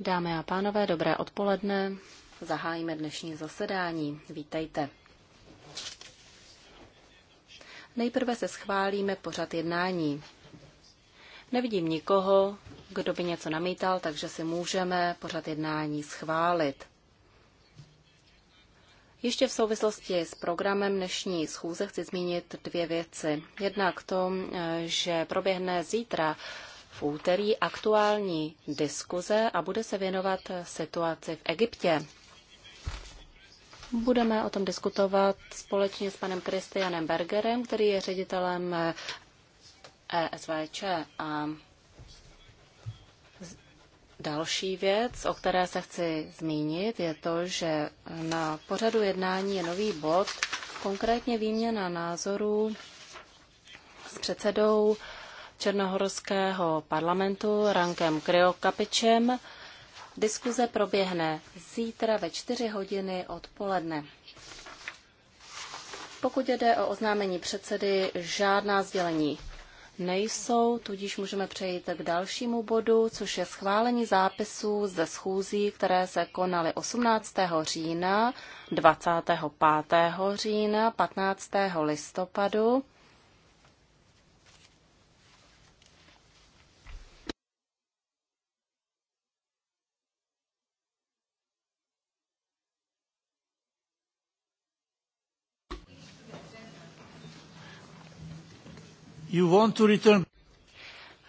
Dámy a pánové, dobré odpoledne. Zahájíme dnešní zasedání. Vítejte. Nejprve se schválíme pořad jednání. Nevidím nikoho, kdo by něco namítal, takže si můžeme pořad jednání schválit. Ještě v souvislosti s programem dnešní schůze chci zmínit dvě věci. k to, eh, že proběhne zítra v úterý aktuální diskuze a bude se věnovat situaci v Egyptě. Budeme o tom diskutovat společně s panem Kristianem Bergerem, který je ředitelem ESVČ eh, e a Další věc, o které se chci zmínit, je to, že na pořadu jednání je nový bod, konkrétně výměna názorů s předsedou Černohorského parlamentu Rankem Kryokapičem. Diskuze proběhne zítra ve 4 hodiny odpoledne. Pokud jde o oznámení předsedy, žádná sdělení nejsou, tudíž můžeme přejít k dalšímu bodu, což je schválení zápisů ze schůzí, které se konaly 18. října, 25. října, 15. listopadu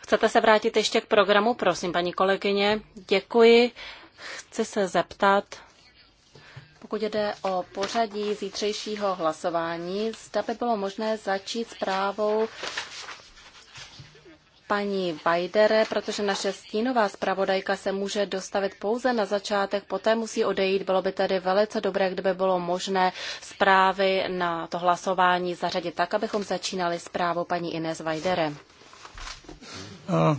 Chcete se vrátit ještě k programu? Prosím, paní kolegyně. Děkuji. Chci se zeptat, pokud jde o pořadí zítřejšího hlasování, zda by bylo možné začít zprávou paní Bajdere, protože naše stínová zpravodajka se může dostavit pouze na začátek, poté musí odejít. Bylo by tedy velice dobré, kdyby bylo možné zprávy na to hlasování zařadit tak, abychom začínali zprávou paní Ines Bajdere. Uh,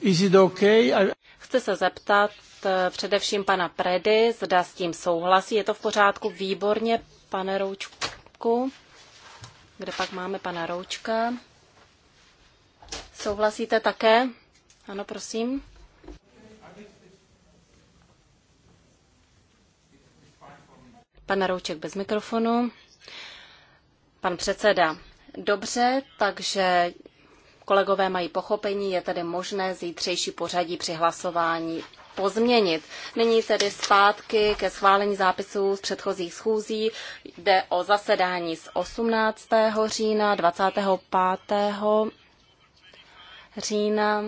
is it okay? I... Chci se zeptat eh, především pana Predy, zda s tím souhlasí. Je to v pořádku? Výborně, pane Roučku. Kde pak máme pana Roučka? Souhlasíte také? Ano, prosím. Pan Rouček bez mikrofonu. Pan předseda. Dobře, takže kolegové mají pochopení, je tedy možné zítřejší pořadí při hlasování pozměnit. Nyní tedy zpátky ke schválení zápisů z předchozích schůzí. Jde o zasedání z 18. října, 25 října,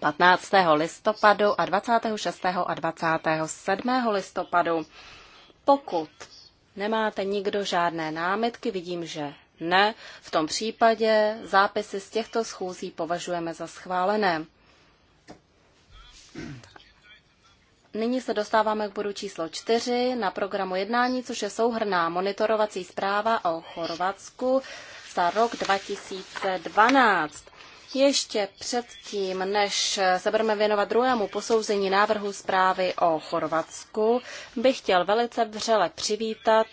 15. listopadu a 26. a 27. listopadu. Pokud nemáte nikdo žádné námitky, vidím, že ne, v tom případě zápisy z těchto schůzí považujeme za schválené. Nyní se dostáváme k bodu číslo 4 na programu jednání, což je souhrná monitorovací zpráva o Chorvatsku za rok 2012. Ještě předtím, než se budeme věnovat druhému posouzení návrhu zprávy o Chorvatsku, bych chtěl velice vřele přivítat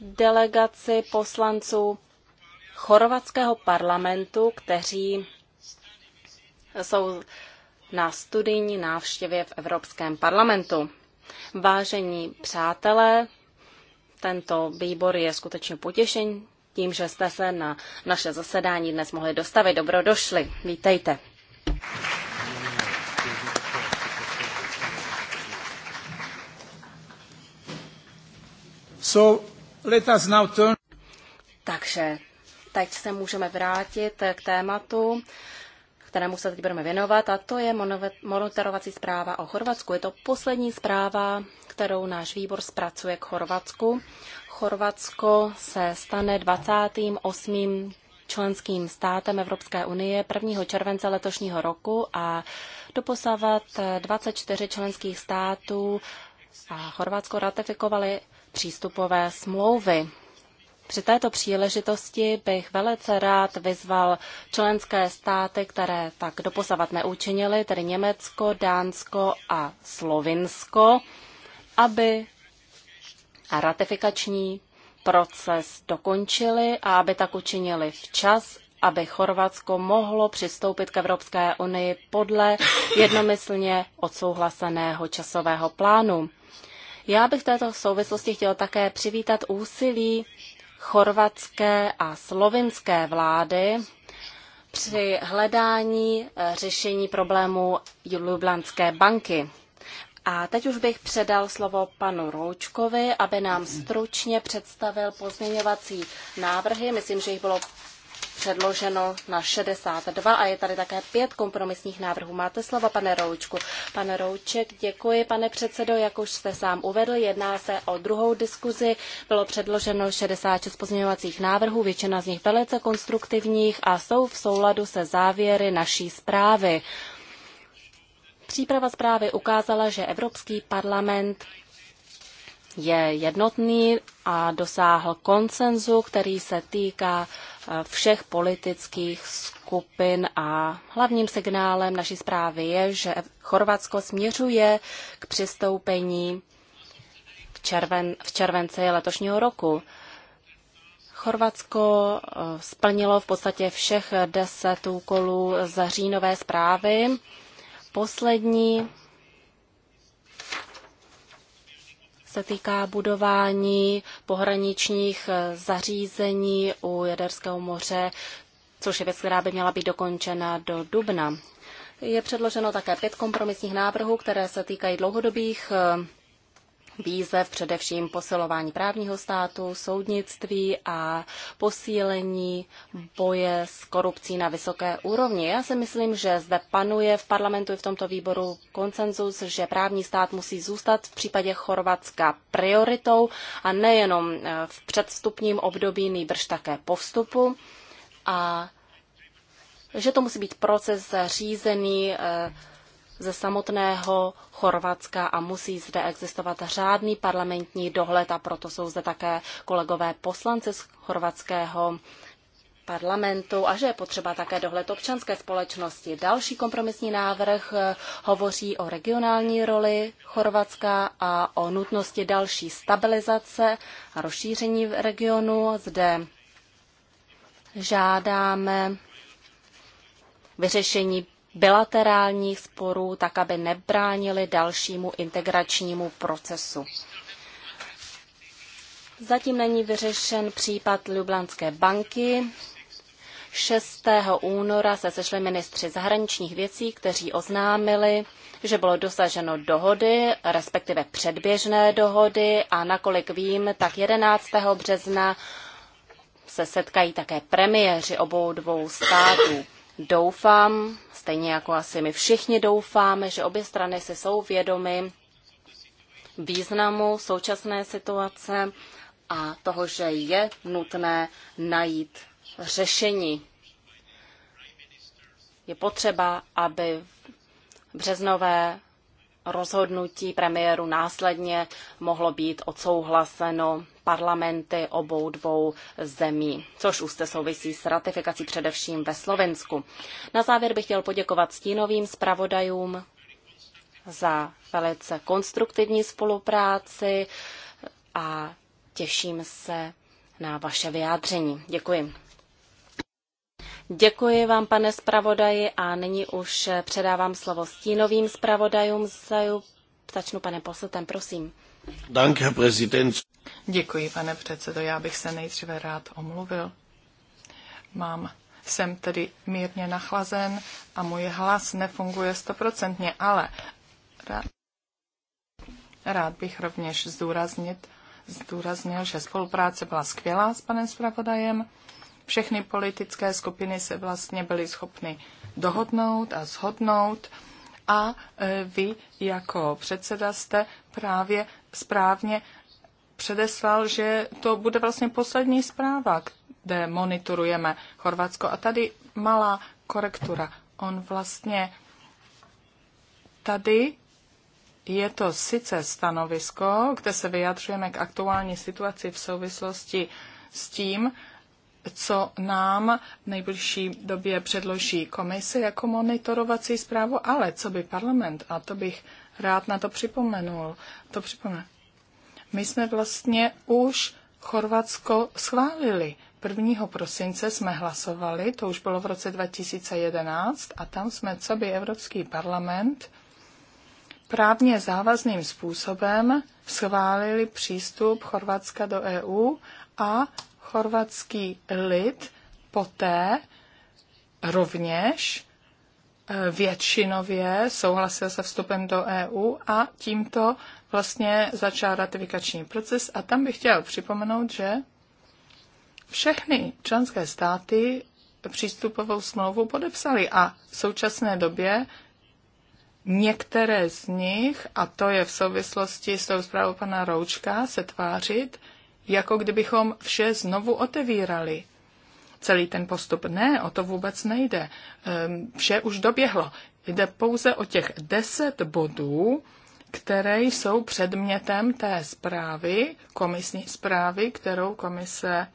delegaci poslanců chorvatského parlamentu, kteří jsou na studijní návštěvě v Evropském parlamentu. Vážení přátelé, tento výbor je skutečně potěšení tím, že jste se na naše zasedání dnes mohli dostavit. Dobrodošli. Vítejte. So, let us now turn... Takže teď se můžeme vrátit k tématu, kterému se teď budeme věnovat, a to je monitorovací zpráva o Chorvatsku. Je to poslední zpráva, kterou náš výbor zpracuje k Chorvatsku. Chorvatsko se stane 28. členským státem Evropské unie 1. července letošního roku a doposavat 24 členských států a Chorvatsko ratifikovali přístupové smlouvy. Při této příležitosti bych velice rád vyzval členské státy, které tak doposavat neučinily, tedy Německo, Dánsko a Slovinsko, aby ratifikační proces dokončili a aby tak učinili včas, aby Chorvatsko mohlo přistoupit k Evropské unii podle jednomyslně odsouhlaseného časového plánu. Já bych v této souvislosti chtěl také přivítat úsilí chorvatské a slovinské vlády při hledání eh, řešení problému Ljubljanské banky. A teď už bych předal slovo panu Roučkovi, aby nám stručně představil pozměňovací návrhy. Myslím, že jich bylo předloženo na 62 a je tady také pět kompromisních návrhů. Máte slovo, pane Roučku. Pane Rouček, děkuji, pane předsedo, jak už jste sám uvedl, jedná se o druhou diskuzi. Bylo předloženo 66 pozměňovacích návrhů, většina z nich velice konstruktivních a jsou v souladu se závěry naší zprávy. Příprava zprávy ukázala, že Evropský parlament je jednotný a dosáhl konsenzu, který se týká eh, všech politických skupin a hlavním signálem naší zprávy je, že Chorvatsko směřuje k přistoupení v, červen, v červenci letošního roku. Chorvatsko eh, splnilo v podstatě všech deset úkolů z říjnové zprávy poslední se týká budování pohraničních eh, zařízení u Jaderského moře, což je věc, která by měla být dokončena do dubna. Je předloženo také pět kompromisních návrhů, které se týkají dlouhodobých eh, výzev, především posilování právního státu, soudnictví a posílení boje s korupcí na vysoké úrovni. Já si myslím, že zde panuje v parlamentu i v tomto výboru konsenzus, že právní stát musí zůstat v případě Chorvatska prioritou a nejenom eh, v předstupním období, nejbrž také po vstupu. A že to musí být proces řízený eh, ze samotného Chorvatska a musí zde existovat řádný parlamentní dohled a proto jsou zde také kolegové poslanci z chorvatského parlamentu a že je potřeba také dohled občanské společnosti. Další kompromisní návrh eh, hovoří o regionální roli Chorvatska a o nutnosti další stabilizace a rozšíření regionu. Zde žádáme vyřešení bilaterálních sporů, tak aby nebránili dalšímu integračnímu procesu. Zatím není vyřešen případ Ljubljanské banky. 6. února se sešli ministři zahraničních věcí, kteří oznámili, že bylo dosaženo dohody, respektive předběžné dohody a nakolik vím, tak 11. března se setkají také premiéři obou dvou států. Doufám, stejně jako asi my všichni doufáme, že obě strany si jsou vědomy významu současné situace a toho, že je nutné najít řešení. Je potřeba, aby březnové rozhodnutí premiéru následně mohlo být odsouhlaseno parlamenty obou dvou zemí, což se souvisí s ratifikací především ve Slovensku. Na závěr bych chtěl poděkovat stínovým zpravodajům za velice konstruktivní spolupráci a těším se na vaše vyjádření. Děkuji. Děkuji vám, pane zpravodaji, a nyní už předávám slovo stínovým zpravodajům. Začnu panem posletem, prosím. Danke, prezident. Děkuji, pane předsedo. Já bych se nejdříve rád omluvil. Mám jsem tedy mírně nachlazen a můj hlas nefunguje stoprocentně, ale rád, rád bych rovněž zdůraznit, zdůraznil, že spolupráce byla skvělá s panem zpravodajem všechny politické skupiny se vlastně byly schopny dohodnout a shodnout a e, vy jako předseda jste právě správně předeslal, že to bude vlastně poslední zpráva, kde monitorujeme Chorvatsko. A tady malá korektura. On vlastně tady je to sice stanovisko, kde se vyjadřujeme k aktuální situaci v souvislosti s tím, co nám v nejbližší době předloží komise jako monitorovací zprávu, ale co by parlament, a to bych rád na to připomenul, to připomenul. My jsme vlastně už Chorvatsko schválili. 1. prosince jsme hlasovali, to už bylo v roce 2011, a tam jsme, co by Evropský parlament, právně závazným způsobem schválili přístup Chorvatska do EU a chorvatský lid poté rovněž eh, většinově souhlasil se vstupem do EU a tímto vlastně začal ratifikační proces. A tam bych chtěl připomenout, že všechny členské státy přístupovou smlouvu podepsali a v současné době některé z nich, a to je v souvislosti s tou zprávou pana Roučka, se tvářit, jako kdybychom vše znovu otevírali. Celý ten postup ne, o to vůbec nejde. Ehm, vše už doběhlo. Jde pouze o těch deset bodů, které jsou předmětem té zprávy, komisní zprávy, kterou komise,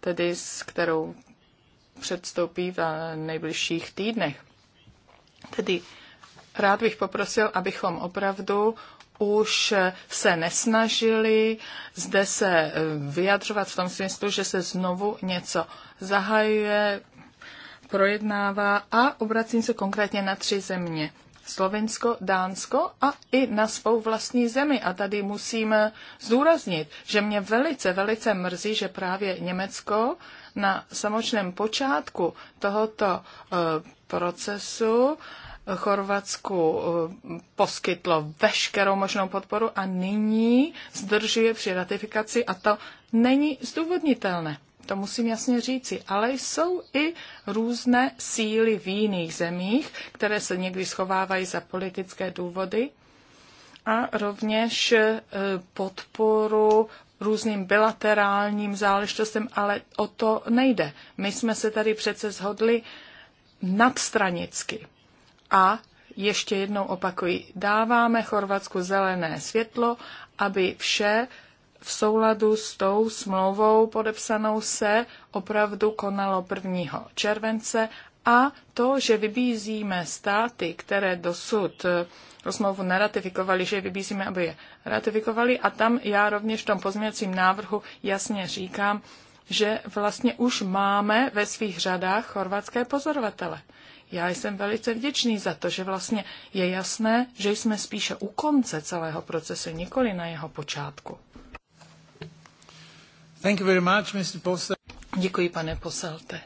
tedy s kterou předstoupí v nejbližších týdnech. Tedy rád bych poprosil, abychom opravdu už se nesnažili zde se eh, vyjadřovat v tom smyslu, že se znovu něco zahajuje, projednává a obracím se konkrétně na tři země. Slovensko, Dánsko a i na svou vlastní zemi. A tady musím zdůraznit, že mě velice, velice mrzí, že právě Německo na samotném počátku tohoto eh, procesu Chorvatsku eh, poskytlo veškerou možnou podporu a nyní zdržuje při ratifikaci a to není zdůvodnitelné. To musím jasně říci, ale jsou i různé síly v jiných zemích, které se někdy schovávají za politické důvody a rovněž eh, podporu různým bilaterálním záležitostem, ale o to nejde. My jsme se tady přece shodli nadstranicky a ještě jednou opakuji, dáváme Chorvatsku zelené světlo, aby vše v souladu s tou smlouvou podepsanou se opravdu konalo 1. července a to, že vybízíme státy, které dosud eh, smlouvu neratifikovali, že vybízíme, aby je ratifikovali a tam já rovněž v tom pozměňovacím návrhu jasně říkám, že vlastně už máme ve svých řadách chorvatské pozorovatele. Já jsem velice vděčný za to, že vlastně je jasné, že jsme spíše u konce celého procesu, nikoli na jeho počátku. Thank you very much, Mr. Posel. Děkuji, pane Poselte.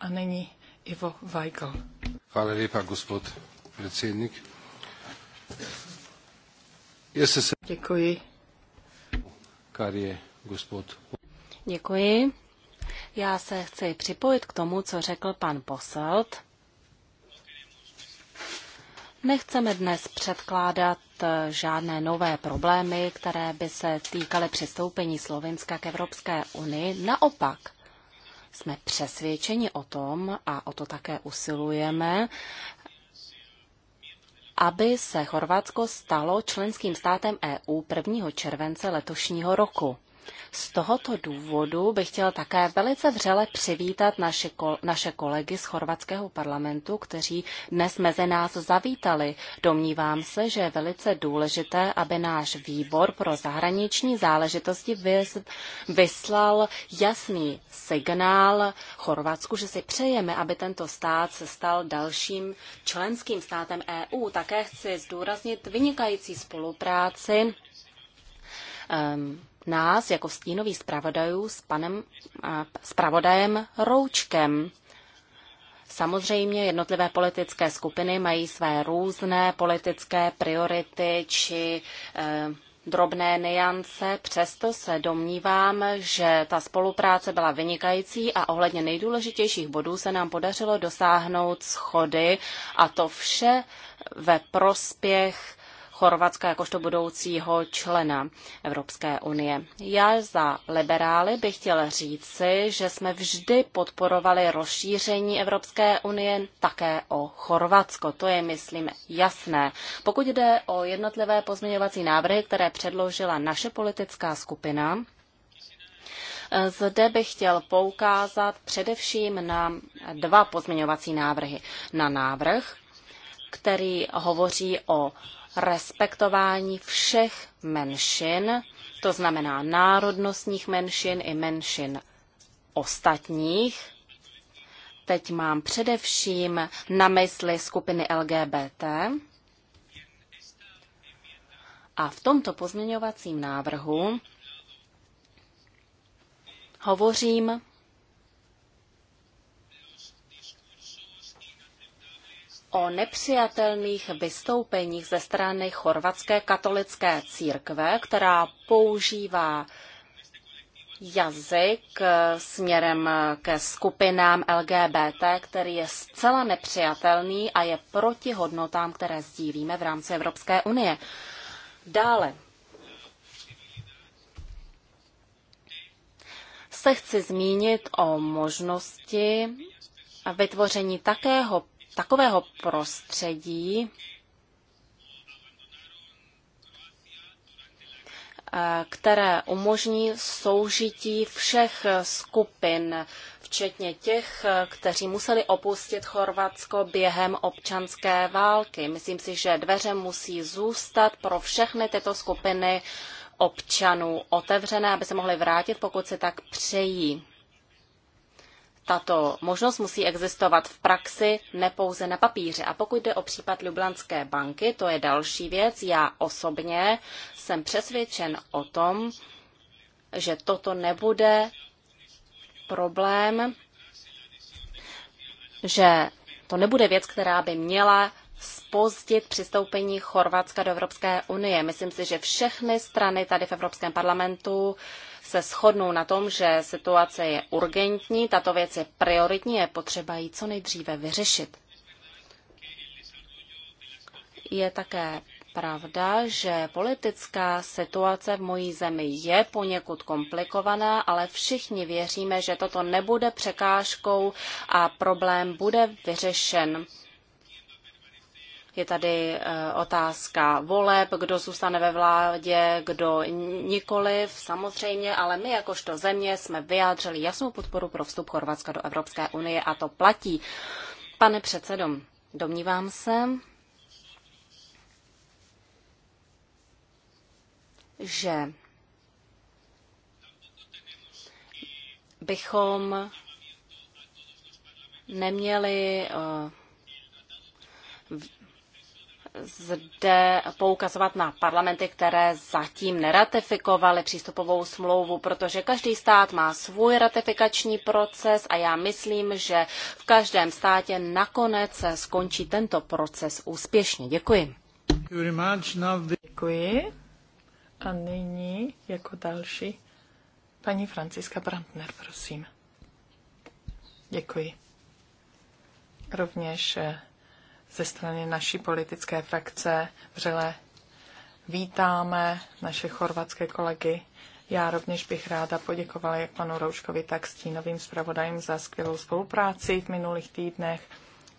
A nyní Ivo Weigl. Hvala lepa, gospod predsednik. se... Děkuji. Kar je gospod. Děkuji. Já se chci připojit k tomu, co řekl pan Poselt. Nechceme dnes předkládat eh, žádné nové problémy, které by se týkaly přistoupení Slovenska k Evropské unii. Naopak, jsme přesvědčeni o tom, a o to také usilujeme, aby se Chorvatsko stalo členským státem EU 1. července letošního roku. Z tohoto důvodu bych chtěl také velice vřele přivítat naše, naše kolegy z chorvatského parlamentu, kteří dnes mezi nás zavítali. Domnívám se, že je velice důležité, aby náš výbor pro zahraniční záležitosti vyslal jasný signál Chorvatsku, že si přejeme, aby tento stát se stal dalším členským státem EU. Také chci zdůraznit vynikající spolupráci um, nás jako stínových zpravodajů s panem zpravodajem Roučkem. Samozřejmě jednotlivé politické skupiny mají své různé politické priority či e, drobné niance, přesto se domnívám, že ta spolupráce byla vynikající a ohledně nejdůležitějších bodů se nám podařilo dosáhnout schody a to vše ve prospěch Chorvatska jakožto budoucího člena Evropské unie. Já za liberály bych chtěl říci, že jsme vždy podporovali rozšíření Evropské unie také o Chorvatsko. To je, myslím, jasné. Pokud jde o jednotlivé pozměňovací návrhy, které předložila naše politická skupina, zde bych chtěl poukázat především na dva pozměňovací návrhy. Na návrh, který hovoří o respektování všech menšin, to znamená národnostních menšin i menšin ostatních. Teď mám především na mysli skupiny LGBT. A v tomto pozměňovacím návrhu hovořím o nepřijatelných vystoupeních ze strany chorvatské katolické církve, která používá jazyk eh, směrem ke skupinám LGBT, který je zcela nepřijatelný a je proti hodnotám, které sdílíme v rámci Evropské unie. Dále se chci zmínit o možnosti vytvoření takého takového prostředí, které umožní soužití všech skupin, včetně těch, kteří museli opustit Chorvatsko během občanské války. Myslím si, že dveře musí zůstat pro všechny tyto skupiny občanů otevřené, aby se mohli vrátit, pokud se tak přejí tato možnost musí existovat v praxi, ne pouze na papíře. A pokud jde o případ Lublanské banky, to je další věc. Já osobně jsem přesvědčen o tom, že toto nebude problém, že to nebude věc, která by měla spozdit přistoupení Chorvatska do Evropské unie. Myslím si, že všechny strany tady v Evropském parlamentu uh, se shodnou na tom, že situace je urgentní, tato věc je prioritní, je potřeba ji co nejdříve vyřešit. Je také pravda, že politická situace v mojí zemi je poněkud komplikovaná, ale všichni věříme, že toto nebude překážkou a problém bude vyřešen. Je tady eh, otázka voleb, kdo zůstane ve vládě, kdo nikoliv, samozřejmě, ale my jakožto země jsme vyjádřili jasnou podporu pro vstup Chorvatska do Evropské unie a to platí. Pane předsedo, domnívám se, že bychom neměli eh, zde poukazovat na parlamenty, které zatím neratifikovaly přístupovou smlouvu, protože každý stát má svůj ratifikační proces a já myslím, že v každém státě nakonec skončí tento proces úspěšně. Děkuji. Děkuji. A nyní jako další paní Franciska Brandner, prosím. Děkuji. Rovněž eh, ze strany naší politické frakce vřele vítáme naše chorvatské kolegy. Já rovněž bych ráda poděkovala jak panu Rouškovi, tak stínovým zpravodajům za skvělou spolupráci v minulých týdnech.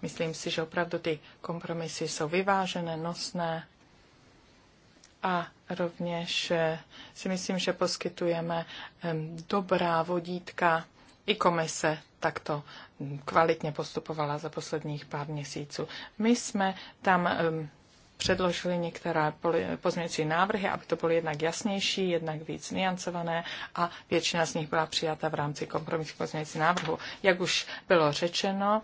Myslím si, že opravdu ty kompromisy jsou vyvážené, nosné a rovněž eh, si myslím, že poskytujeme dobrá vodítka i komise takto kvalitně postupovala za posledních pár měsíců. My jsme tam um, předložili některé pozměňující návrhy, aby to bylo jednak jasnější, jednak víc niancované a většina z nich byla přijata v rámci kompromisu pozměňujících návrhu, Jak už bylo řečeno,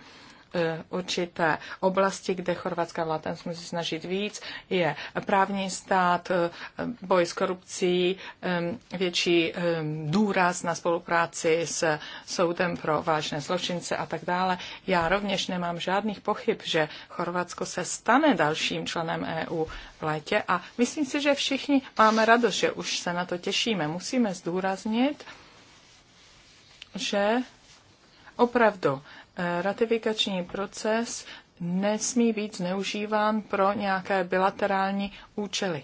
E, určité oblasti, kde chorvatská vláda musí snažit víc, je právní stát, e, boj s korupcí, e, větší důraz na spolupráci s soudem pro vážné zločince a tak dále. Já rovněž nemám žádných pochyb, že Chorvatsko se stane dalším členem EU v létě a myslím si, že všichni máme radost, že už se na to těšíme. Musíme zdůraznit, že opravdu ratifikační proces nesmí být zneužíván pro nějaké bilaterální účely.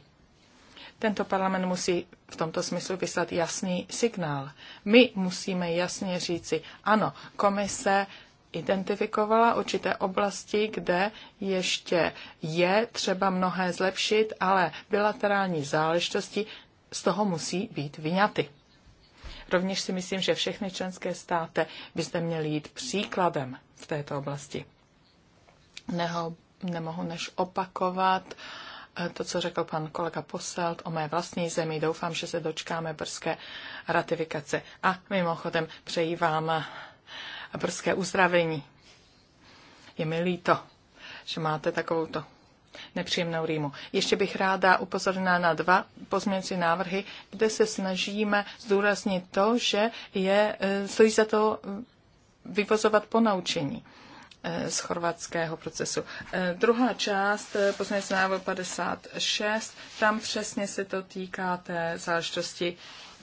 Tento parlament musí v tomto smyslu vyslat jasný signál. My musíme jasně říci, ano, komise identifikovala určité oblasti, kde ještě je třeba mnohé zlepšit, ale bilaterální záležitosti z toho musí být vyňaty. Rovněž si myslím, že všechny členské státy by zde měly jít příkladem v této oblasti. Neho, nemohu než opakovat eh, to, co řekl pan kolega Poselt o mé vlastní zemi. Doufám, že se dočkáme brzké ratifikace. A mimochodem přeji vám eh, brzké uzdravení. Je mi líto, že máte takovouto nepříjemnou rýmu. Ještě bych ráda upozornila na dva pozměňující návrhy, kde se snažíme zdůraznit to, že je, e, stojí za to e, vyvozovat ponaučení e, z chorvatského procesu. Druhá část, poslanec návrh 56, tam přesně se to týká té záležitosti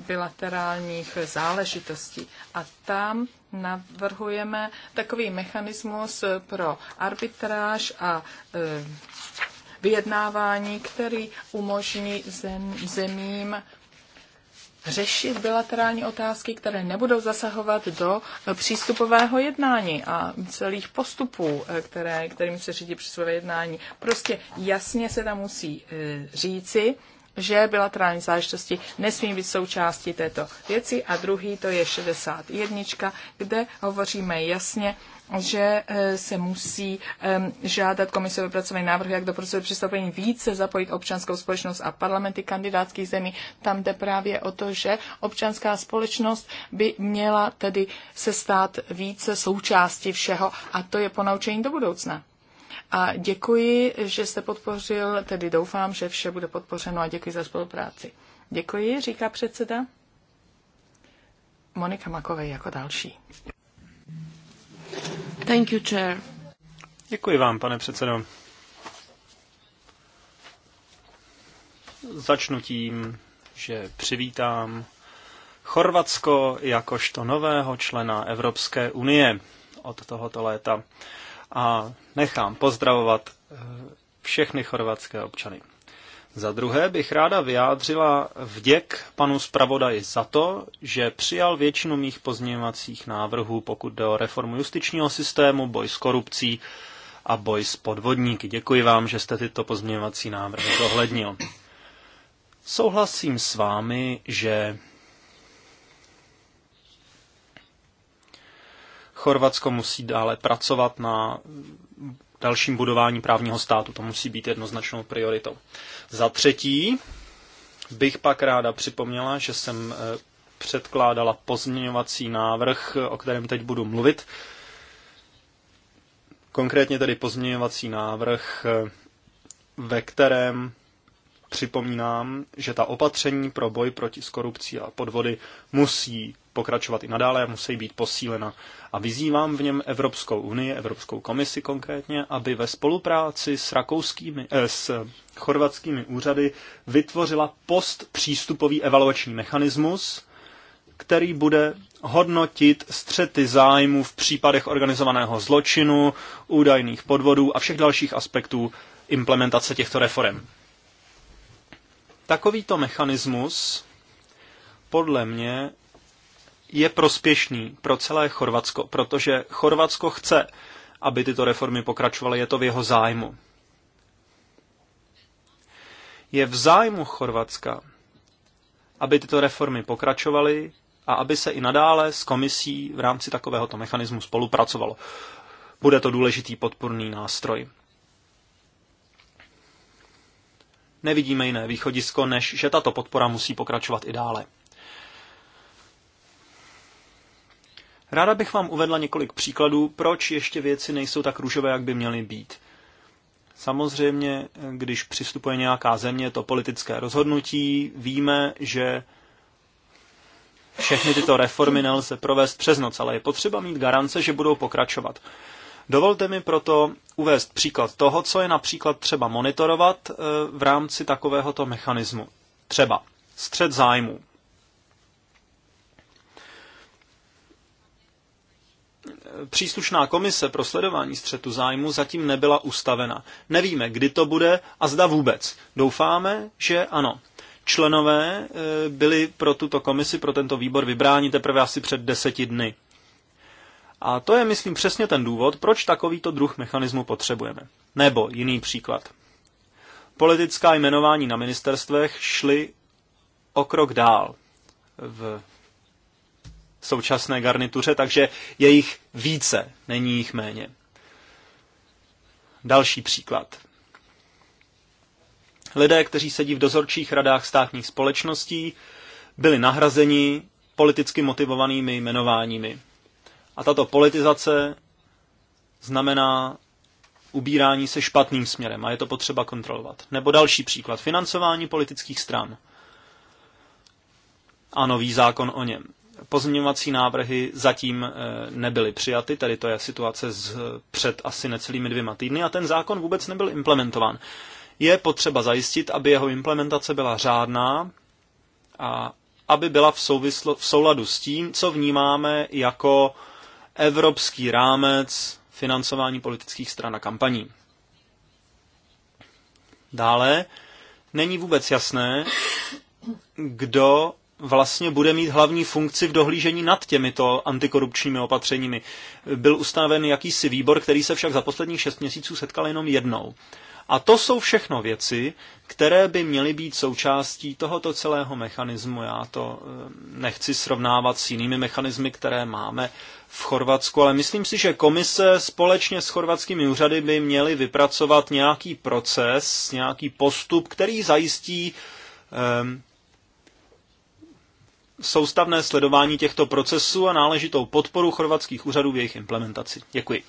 bilaterálních záležitostí. A tam navrhujeme takový mechanismus pro arbitráž a e, vyjednávání, který umožní zem, zemím řešit bilaterální otázky, které nebudou zasahovat do přístupového jednání a celých postupů, e, které, kterým se řídí přístupové jednání. Prostě jasně se tam musí e, říci, že bilaterální záležitosti nesmí být součástí této věci a druhý to je 61, kde hovoříme jasně, že eh, se musí ehm, žádat komise vypracovaný návrh, jak do procesu přistoupení více zapojit občanskou společnost a parlamenty kandidátských zemí. Tam jde právě o to, že občanská společnost by měla tedy se stát více součástí všeho a to je ponaučení do budoucna. A děkuji, že jste podpořil, tedy doufám, že vše bude podpořeno a děkuji za spolupráci. Děkuji, říká předseda. Monika Makovej jako další. Thank you, chair. Děkuji vám, pane předsedo. Začnu tím, že přivítám Chorvatsko jakožto nového člena Evropské unie od tohoto léta a nechám pozdravovat eh, všechny chorvatské občany. Za druhé bych ráda vyjádřila vděk panu zpravodaji za to, že přijal většinu mých pozměňovacích návrhů, pokud jde o reformu justičního systému, boj s korupcí a boj s podvodníky. Děkuji vám, že jste tyto pozměňovací návrhy zohlednil. Souhlasím s vámi, že Chorvatsko musí dále pracovat na dalším budování právního státu. To musí být jednoznačnou prioritou. Za třetí bych pak ráda připomněla, že jsem eh, předkládala pozměňovací návrh, o kterém teď budu mluvit. Konkrétně tedy pozměňovací návrh, eh, ve kterém připomínám, že ta opatření pro boj proti korupci a podvody musí pokračovat i nadále a musí být posílena. A vyzývám v něm Evropskou unii, Evropskou komisi konkrétně, aby ve spolupráci s, rakouskými, eh, s chorvatskými úřady vytvořila postpřístupový evaluační mechanismus, který bude hodnotit střety zájmu v případech organizovaného zločinu, údajných podvodů a všech dalších aspektů implementace těchto reform. Takovýto mechanismus podle mě je prospěšný pro celé Chorvatsko, protože Chorvatsko chce, aby tyto reformy pokračovaly, je to v jeho zájmu. Je v zájmu Chorvatska, aby tyto reformy pokračovaly a aby se i nadále s komisí v rámci takovéhoto mechanismu spolupracovalo. Bude to důležitý podporný nástroj. Nevidíme jiné východisko, než že tato podpora musí pokračovat i dále. Ráda bych vám uvedla několik příkladů, proč ještě věci nejsou tak růžové, jak by měly být. Samozřejmě, když přistupuje nějaká země, to politické rozhodnutí. Víme, že všechny tyto reformy nelze provést přes noc, ale je potřeba mít garance, že budou pokračovat. Dovolte mi proto uvést příklad toho, co je například třeba monitorovat eh, v rámci takovéhoto mechanismu. Třeba střed zájmů. příslušná komise pro sledování střetu zájmu zatím nebyla ustavena. Nevíme, kdy to bude a zda vůbec. Doufáme, že ano. Členové e, byli pro tuto komisi, pro tento výbor vybráni teprve asi před deseti dny. A to je, myslím, přesně ten důvod, proč takovýto druh mechanismu potřebujeme. Nebo jiný příklad. Politická jmenování na ministerstvech šly o krok dál v současné garnituře, takže je jich více, není jich méně. Další příklad. Lidé, kteří sedí v dozorčích radách státních společností, byli nahrazeni politicky motivovanými jmenováními. A tato politizace znamená ubírání se špatným směrem a je to potřeba kontrolovat. Nebo další příklad, financování politických stran a nový zákon o něm. Pozměňovací návrhy zatím eh, nebyly přijaty, tedy to je situace z před asi necelými dvěma týdny a ten zákon vůbec nebyl implementován. Je potřeba zajistit, aby jeho implementace byla řádná a aby byla v, souvislo, v souladu s tím, co vnímáme jako evropský rámec financování politických stran a kampaní. Dále není vůbec jasné, kdo vlastně bude mít hlavní funkci v dohlížení nad těmito antikorupčními opatřeními. Byl ustaven jakýsi výbor, který se však za posledních šest měsíců setkal jenom jednou. A to jsou všechno věci, které by měly být součástí tohoto celého mechanismu. Já to eh, nechci srovnávat s jinými mechanismy, které máme v Chorvatsku, ale myslím si, že komise společně s chorvatskými úřady by měly vypracovat nějaký proces, nějaký postup, který zajistí ehm, soustavné sledování těchto procesů a náležitou podporu chorvatských úřadů v jejich implementaci. Děkuji.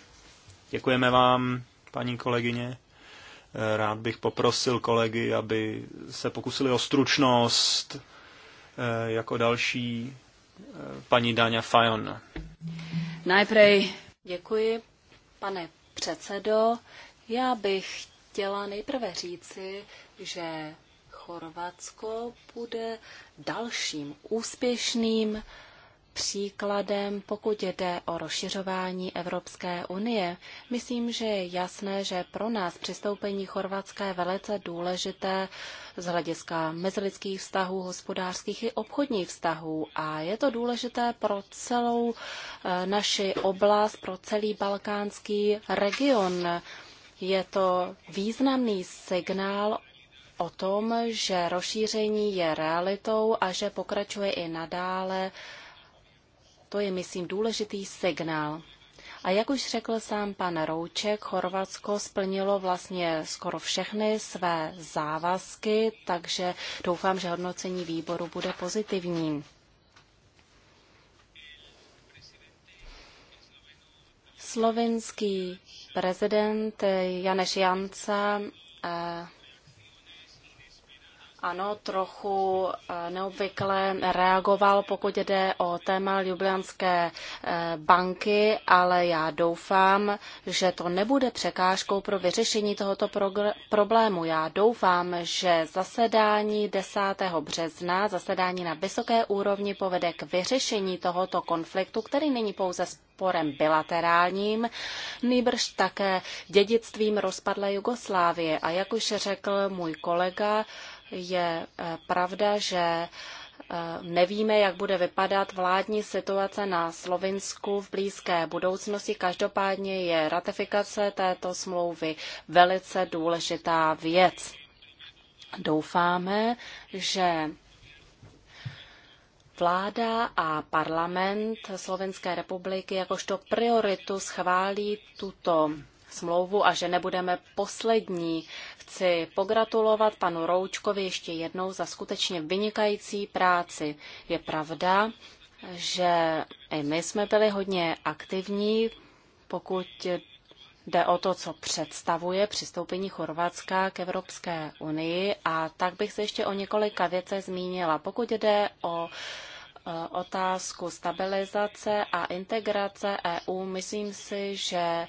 Děkujeme vám, paní kolegyně. Eh, rád bych poprosil kolegy, aby se pokusili o stručnost eh, jako další eh, paní Dáňa Fajon. Najprej děkuji, pane předsedo. Já bych chtěla nejprve říci, že Chorvatsko bude dalším úspěšným příkladem, pokud jde o rozšiřování Evropské unie. Myslím, že je jasné, že pro nás přistoupení Chorvatska je velice důležité z hlediska mezilidských vztahů, hospodářských i obchodních vztahů. A je to důležité pro celou eh, naši oblast, pro celý balkánský region. Je to významný signál o tom, že rozšíření je realitou a že pokračuje i nadále. To je, myslím, důležitý signál. A jak už řekl sám pan Rouček, Chorvatsko splnilo vlastně skoro všechny své závazky, takže doufám, že hodnocení výboru bude pozitivní. Slovinský prezident Janeš Janca eh, ano, trochu eh, neobvykle reagoval, pokud jde o téma Ljubljanské eh, banky, ale já doufám, že to nebude překážkou pro vyřešení tohoto problému. Já doufám, že zasedání 10. března, zasedání na vysoké úrovni povede k vyřešení tohoto konfliktu, který není pouze sporem bilaterálním, nýbrž také dědictvím rozpadlé Jugoslávie. A jak už řekl můj kolega, je eh, pravda, že eh, Nevíme, jak bude vypadat vládní situace na Slovinsku v blízké budoucnosti. Každopádně je ratifikace této smlouvy velice důležitá věc. Doufáme, že vláda a parlament Slovenské republiky jakožto prioritu schválí tuto smlouvu a že nebudeme poslední. Chci pogratulovat panu Roučkovi ještě jednou za skutečně vynikající práci. Je pravda, že i my jsme byli hodně aktivní, pokud Jde o to, co představuje přistoupení Chorvatska k Evropské unii a tak bych se ještě o několika věce zmínila. Pokud jde o e, otázku stabilizace a integrace EU, myslím si, že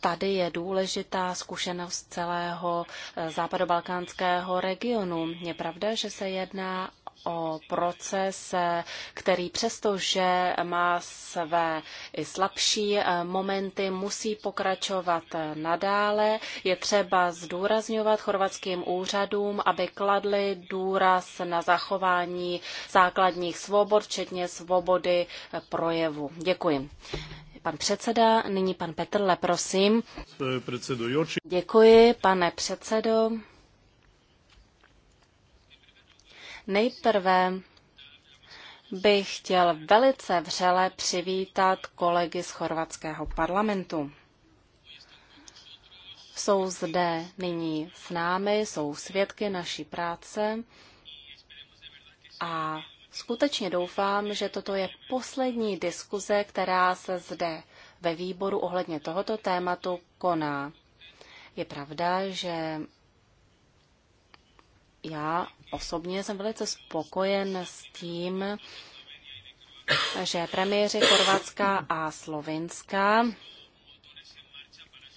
tady je důležitá zkušenost celého eh, západobalkánského regionu. Je pravda, že se jedná o proces, který přestože má své i slabší eh, momenty, musí pokračovat nadále. Je třeba zdůrazňovat chorvatským úřadům, aby kladli důraz na zachování základních svobod, včetně svobody eh, projevu. Děkuji pan předseda, nyní pan Petrle, prosím. Děkuji, pane předsedo. Nejprve bych chtěl velice vřele přivítat kolegy z chorvatského parlamentu. Jsou zde nyní s námi, jsou svědky naší práce a Skutečně doufám, že toto je poslední diskuze, která se zde ve výboru ohledně tohoto tématu koná. Je pravda, že já osobně jsem velice spokojen s tím, že premiéři Chorvatska a Slovinska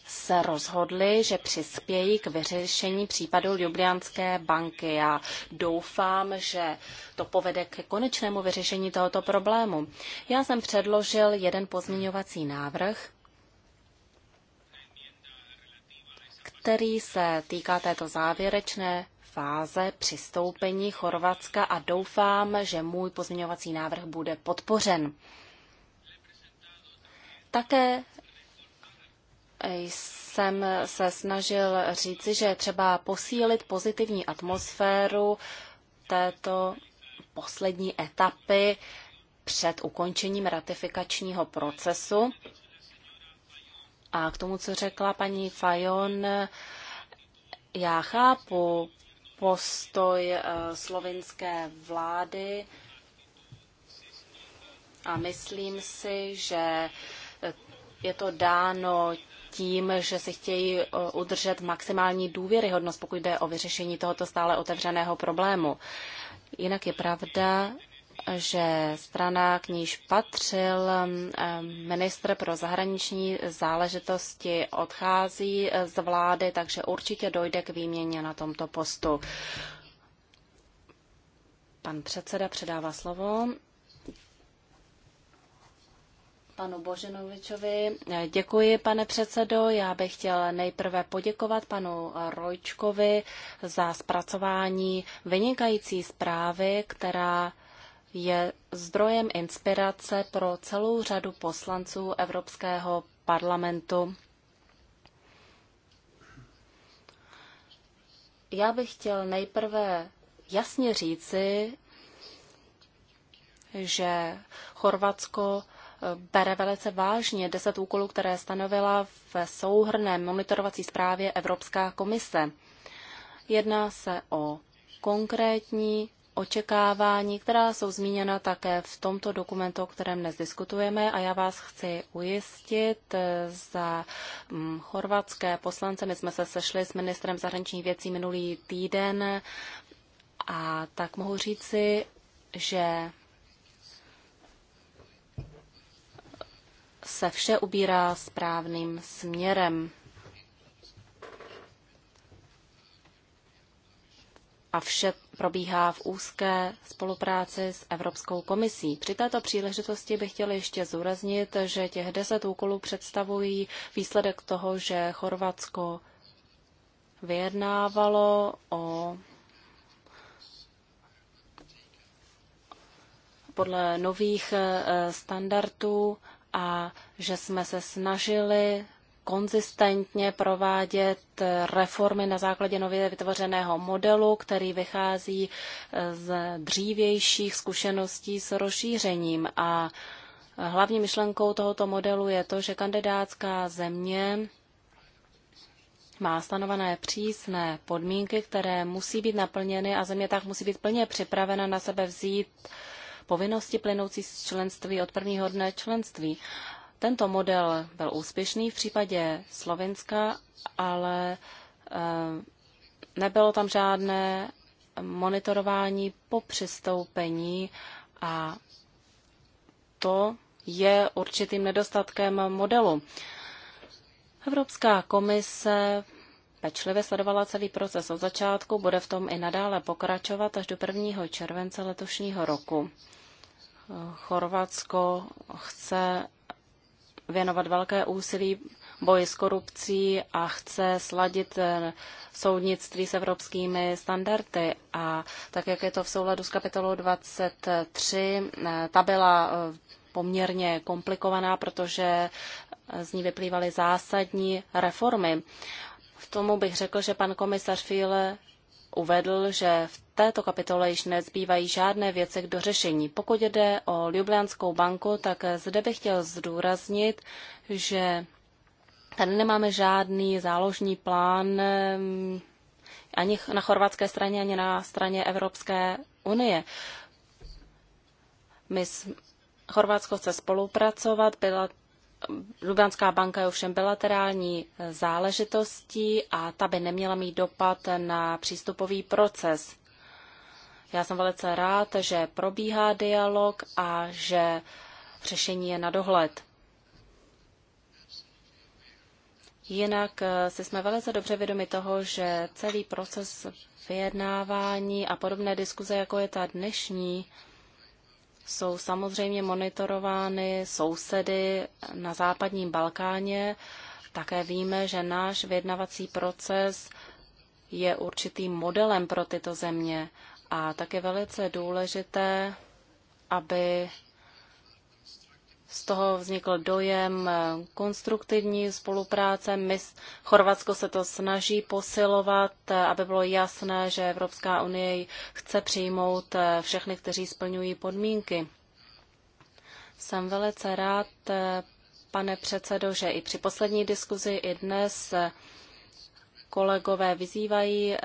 se rozhodli, že přispějí k vyřešení případu Ljubljanské banky. Já doufám, že to povede k konečnému vyřešení tohoto problému. Já jsem předložil jeden pozměňovací návrh, který se týká této závěrečné fáze přistoupení Chorvatska a doufám, že můj pozměňovací návrh bude podpořen. Také jsem se snažil říci, že je třeba posílit pozitivní atmosféru této poslední etapy před ukončením ratifikačního procesu. A k tomu, co řekla paní Fajon, já chápu postoj eh, slovinské vlády a myslím si, že je to dáno tím, že si chtějí eh, udržet maximální důvěryhodnost, pokud jde o vyřešení tohoto stále otevřeného problému. Jinak je pravda, že strana, k níž patřil eh, ministr pro zahraniční záležitosti, odchází eh, z vlády, takže určitě dojde k výměně na tomto postu. Pan předseda předává slovo panu Boženovičovi. Děkuji, pane předsedo. Já bych chtěl nejprve poděkovat panu Rojčkovi za zpracování vynikající zprávy, která je zdrojem inspirace pro celou řadu poslanců Evropského parlamentu. Já bych chtěl nejprve jasně říci, že Chorvatsko bere velice vážně deset úkolů, které stanovila v souhrné monitorovací zprávě Evropská komise. Jedná se o konkrétní očekávání, která jsou zmíněna také v tomto dokumentu, o kterém dnes diskutujeme a já vás chci ujistit eh, za mm, chorvatské poslance. My jsme se sešli s ministrem zahraničních věcí minulý týden a tak mohu říci, že se vše ubírá správným směrem. A vše probíhá v úzké spolupráci s Evropskou komisí. Při této příležitosti bych chtěl ještě zúraznit, že těch deset úkolů představují výsledek toho, že Chorvatsko vyjednávalo o podle nových eh, standardů a že jsme se snažili konzistentně provádět reformy na základě nově vytvořeného modelu, který vychází e, z dřívějších zkušeností s rozšířením. A hlavní myšlenkou tohoto modelu je to, že kandidátská země má stanovené přísné podmínky, které musí být naplněny a země tak musí být plně připravena na sebe vzít povinnosti plynoucí z členství od prvního dne členství. Tento model byl úspěšný v případě Slovenska, ale eh, nebylo tam žádné monitorování po přistoupení a to je určitým nedostatkem modelu. Evropská komise pečlivě sledovala celý proces od začátku, bude v tom i nadále pokračovat až do 1. července letošního roku. Chorvatsko chce věnovat velké úsilí boji s korupcí a chce sladit eh, soudnictví s evropskými standardy. A tak, jak je to v souladu s kapitolou 23, eh, ta byla eh, poměrně komplikovaná, protože z ní vyplývaly zásadní reformy. V tomu bych řekl, že pan komisař Fiele uvedl, že v této kapitole již nezbývají žádné věci k dořešení. Pokud jde o Ljubljanskou banku, tak zde bych chtěl zdůraznit, že tady nemáme žádný záložní plán ani na chorvatské straně, ani na straně Evropské unie. My Chorvatsko chce spolupracovat, byla Ljubljanská banka je ovšem bilaterální eh, záležitostí a ta by neměla mít dopad na přístupový proces. Já jsem velice rád, že probíhá dialog a že řešení je na dohled. Jinak eh, si jsme velice dobře vědomi toho, že celý proces vyjednávání a podobné diskuze, jako je ta dnešní, jsou samozřejmě monitorovány sousedy na západním Balkáně. Také víme, že náš vyjednavací proces je určitým modelem pro tyto země a tak je velice důležité, aby z toho vznikl dojem eh, konstruktivní spolupráce. My, Chorvatsko se to snaží posilovat, eh, aby bylo jasné, že Evropská unie chce přijmout eh, všechny, kteří splňují podmínky. Jsem velice rád, pane předsedo, že i při poslední diskuzi i dnes kolegové vyzývají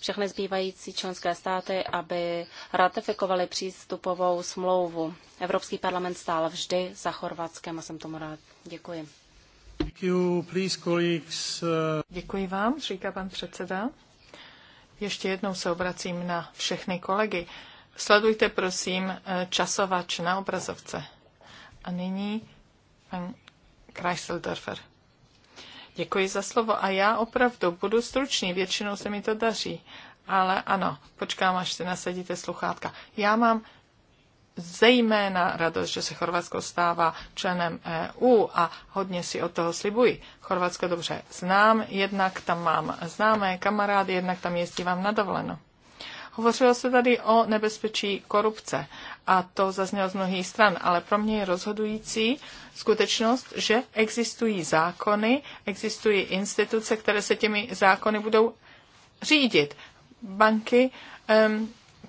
všechny zbývající členské státy, aby ratifikovali přístupovou smlouvu. Evropský parlament stál vždy za Chorvatskem a jsem tomu rád. Děkuji. Uh, Děkuji vám, říká pan předseda. Ještě jednou se obracím na všechny kolegy. Sledujte prosím eh, časovač na obrazovce. A nyní pan Kreiseldorfer. Děkuji za slovo a já opravdu budu stručný, většinou se mi to daří. Ale ano, počkám, až si nasadíte sluchátka. Já mám zejména radost, že se Chorvatsko stává členem EU a hodně si od toho slibuji. Chorvatsko dobře znám, jednak tam mám známé kamarády, jednak tam jezdívám na dovolenou. Hovořilo se tady o nebezpečí korupce a to zaznělo z mnohých stran, ale pro mě je rozhodující skutečnost, že existují zákony, existují instituce, které se těmi zákony budou řídit. Banky,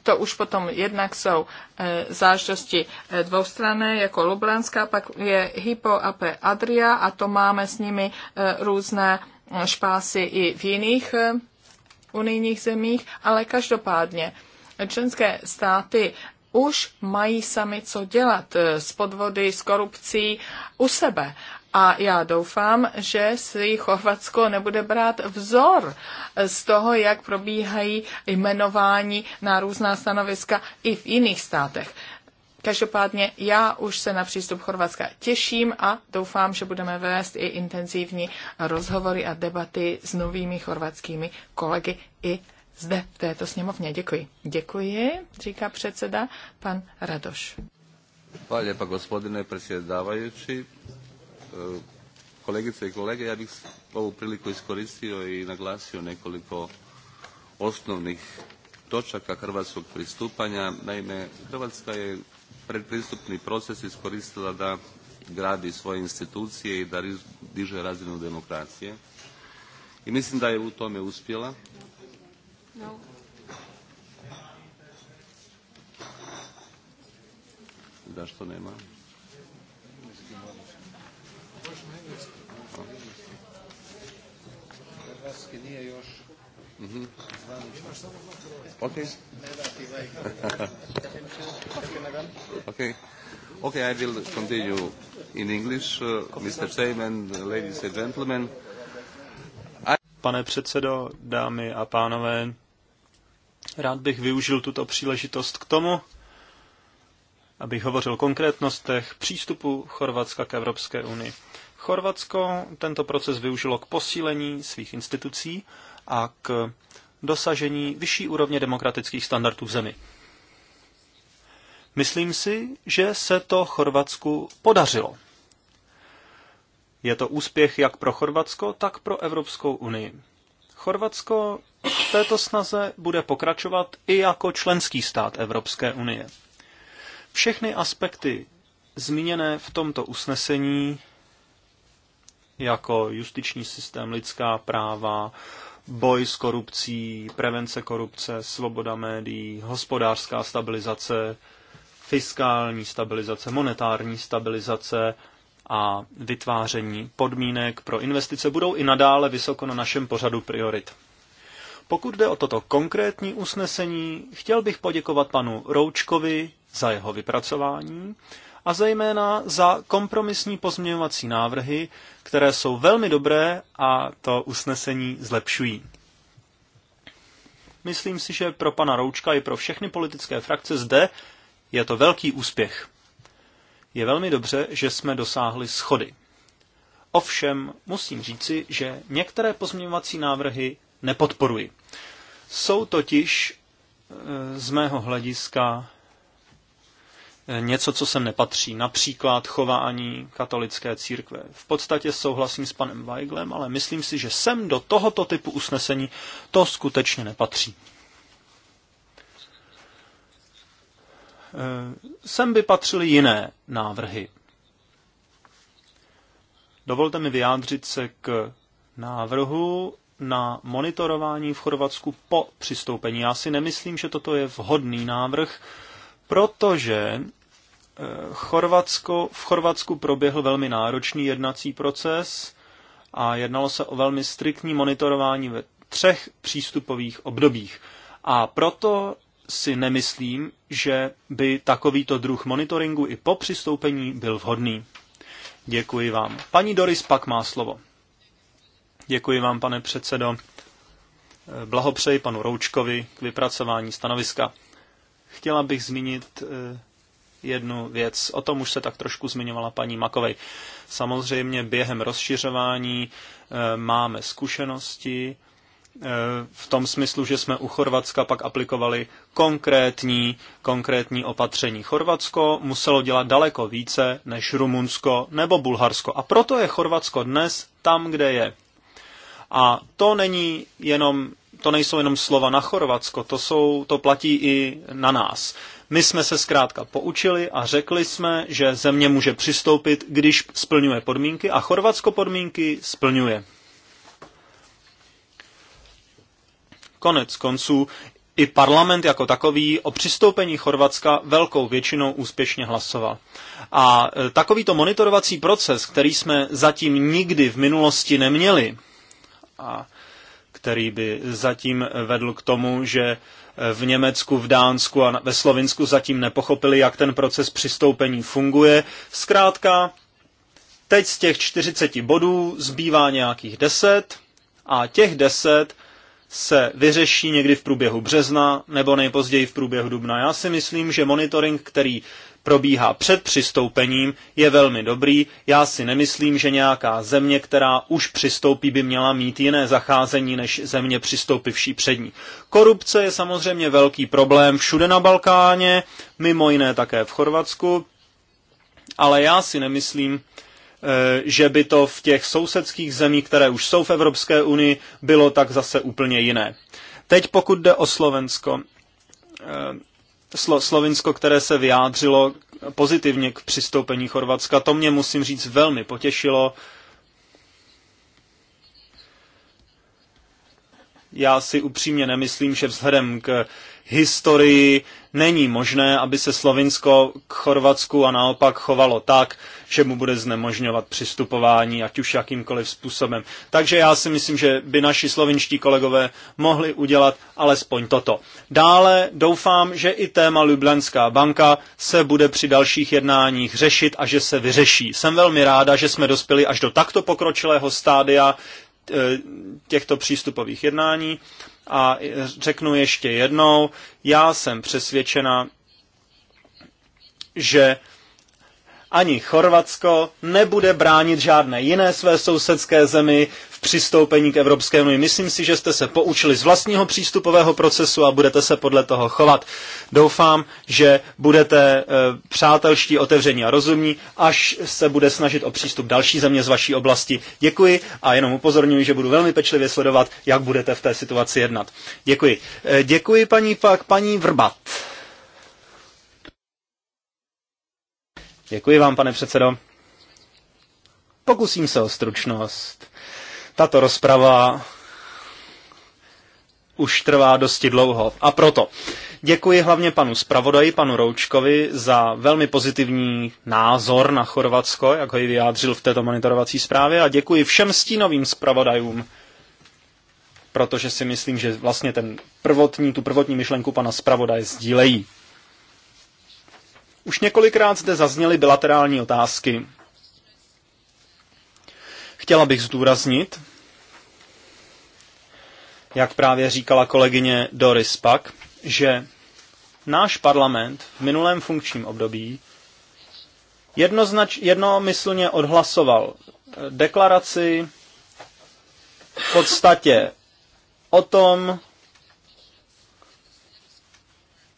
to už potom jednak jsou eh, záždosti eh, dvoustrané, jako Lublanská, pak je Hypo AP Adria a to máme s nimi eh, různé špásy i v jiných unijních zemích, ale každopádně členské státy už mají sami co dělat eh, s podvody, s korupcí u sebe. A já doufám, že si Chorvatsko nebude brát vzor z toho, jak probíhají jmenování na různá stanoviska i v jiných státech. Každopádně já už se na přístup Chorvatska těším a doufám, že budeme vést i intenzivní rozhovory a debaty s novými chorvatskými kolegy i zde v této sněmovně. Děkuji. Děkuji, říká předseda pan Radoš. Hvala lijepa gospodine predsjedavajući. Kolegice i kolege, ja bih ovu priliku iskoristio i naglasio nekoliko osnovnih točaka hrvatskog pristupanja. Naime, Hrvatska je predpristupni proces iskoristila da gradi svoje institucije i da diže razinu demokracije. I mislim da je u tome uspjela. Zašto nema? Hrvatski nije još Mm-hmm. Okay. okay. Okay, I will continue in English, uh, Mr. Chairman, ladies and gentlemen. I... Pane předsedo, dámy a pánové, rád bych využil tuto příležitost k tomu, abych hovořil o konkrétnostech přístupu Chorvatska k Evropské unii. Chorvatsko tento proces využilo k posílení svých institucí, a k dosažení vyšší úrovně demokratických standardů v zemi. Myslím si, že se to Chorvatsku podařilo. Je to úspěch jak pro Chorvatsko, tak pro Evropskou unii. Chorvatsko v této snaze bude pokračovat i jako členský stát Evropské unie. Všechny aspekty zmíněné v tomto usnesení, jako justiční systém, lidská práva, boj s korupcí, prevence korupce, svoboda médií, hospodářská stabilizace, fiskální stabilizace, monetární stabilizace a vytváření podmínek pro investice budou i nadále vysoko na našem pořadu priorit. Pokud jde o toto konkrétní usnesení, chtěl bych poděkovat panu Roučkovi za jeho vypracování a zejména za kompromisní pozměňovací návrhy, které jsou velmi dobré a to usnesení zlepšují. Myslím si, že pro pana Roučka i pro všechny politické frakce zde je to velký úspěch. Je velmi dobře, že jsme dosáhli schody. Ovšem musím říci, že některé pozměňovací návrhy nepodporuji. Jsou totiž eh, z mého hlediska něco, co sem nepatří, například chování katolické církve. V podstatě souhlasím s panem Weiglem, ale myslím si, že sem do tohoto typu usnesení to skutečně nepatří. E, sem by patřily jiné návrhy. Dovolte mi vyjádřit se k návrhu na monitorování v Chorvatsku po přistoupení. Já si nemyslím, že toto je vhodný návrh, protože Chorvatsko, v Chorvatsku proběhl velmi náročný jednací proces a jednalo se o velmi striktní monitorování ve třech přístupových obdobích. A proto si nemyslím, že by takovýto druh monitoringu i po přistoupení byl vhodný. Děkuji vám. Paní Doris pak má slovo. Děkuji vám, pane předsedo. Blahopřeji panu Roučkovi k vypracování stanoviska. Chtěla bych zmínit eh, jednu věc. O tom už se tak trošku zmiňovala paní Makovej. Samozřejmě během rozšiřování eh, máme zkušenosti eh, v tom smyslu, že jsme u Chorvatska pak aplikovali konkrétní, konkrétní opatření. Chorvatsko muselo dělat daleko více než Rumunsko nebo Bulharsko. A proto je Chorvatsko dnes tam, kde je. A to není jenom to nejsou jenom slova na Chorvatsko, to, jsou, to platí i na nás. My jsme se zkrátka poučili a řekli jsme, že země může přistoupit, když splňuje podmínky a Chorvatsko podmínky splňuje. Konec konců i parlament jako takový o přistoupení Chorvatska velkou většinou úspěšně hlasoval. A e, takovýto monitorovací proces, který jsme zatím nikdy v minulosti neměli, a který by zatím vedl k tomu, že v Německu, v Dánsku a ve Slovinsku zatím nepochopili, jak ten proces přistoupení funguje. Zkrátka, teď z těch 40 bodů zbývá nějakých 10 a těch 10 se vyřeší někdy v průběhu března nebo nejpozději v průběhu dubna. Já si myslím, že monitoring, který probíhá před přistoupením, je velmi dobrý. Já si nemyslím, že nějaká země, která už přistoupí, by měla mít jiné zacházení než země přistoupivší před ní. Korupce je samozřejmě velký problém všude na Balkáně, mimo jiné také v Chorvatsku, ale já si nemyslím, eh, že by to v těch sousedských zemích, které už jsou v Evropské unii, bylo tak zase úplně jiné. Teď pokud jde o Slovensko, eh, Slo, Slovinsko, které se vyjádřilo pozitivně k přistoupení Chorvatska, to mě musím říct velmi potěšilo. Já si upřímně nemyslím, že vzhledem k historii Není možné, aby se Slovinsko k Chorvatsku a naopak chovalo tak, že mu bude znemožňovat přistupování, ať už jakýmkoliv způsobem. Takže já si myslím, že by naši slovinští kolegové mohli udělat alespoň toto. Dále doufám, že i téma Ljubljanská banka se bude při dalších jednáních řešit a že se vyřeší. Jsem velmi ráda, že jsme dospěli až do takto pokročilého stádia eh, těchto přístupových jednání a řeknu ještě jednou, já jsem přesvědčena, že ani Chorvatsko nebude bránit žádné jiné své sousedské zemi v přistoupení k Evropské unii. Myslím si, že jste se poučili z vlastního přístupového procesu a budete se podle toho chovat. Doufám, že budete e, přátelští, otevření a rozumní, až se bude snažit o přístup další země z vaší oblasti. Děkuji a jenom upozorňuji, že budu velmi pečlivě sledovat, jak budete v té situaci jednat. Děkuji. E, děkuji paní pak, paní Vrbat. Děkuji vám, pane předsedo. Pokusím se o stručnost. Tato rozprava už trvá dosti dlouho. A proto děkuji hlavně panu zpravodaji, panu Roučkovi, za velmi pozitivní názor na Chorvatsko, jak ho i vyjádřil v této monitorovací zprávě, a děkuji všem stínovým zpravodajům, protože si myslím, že vlastně ten prvotní, tu prvotní myšlenku pana zpravodaje sdílejí. Už několikrát zde zazněly bilaterální otázky. Chtěla bych zdůraznit, jak právě říkala kolegyně Doris Pak, že náš parlament v minulém funkčním období jednoznač, jednomyslně odhlasoval eh, deklaraci v podstatě o tom,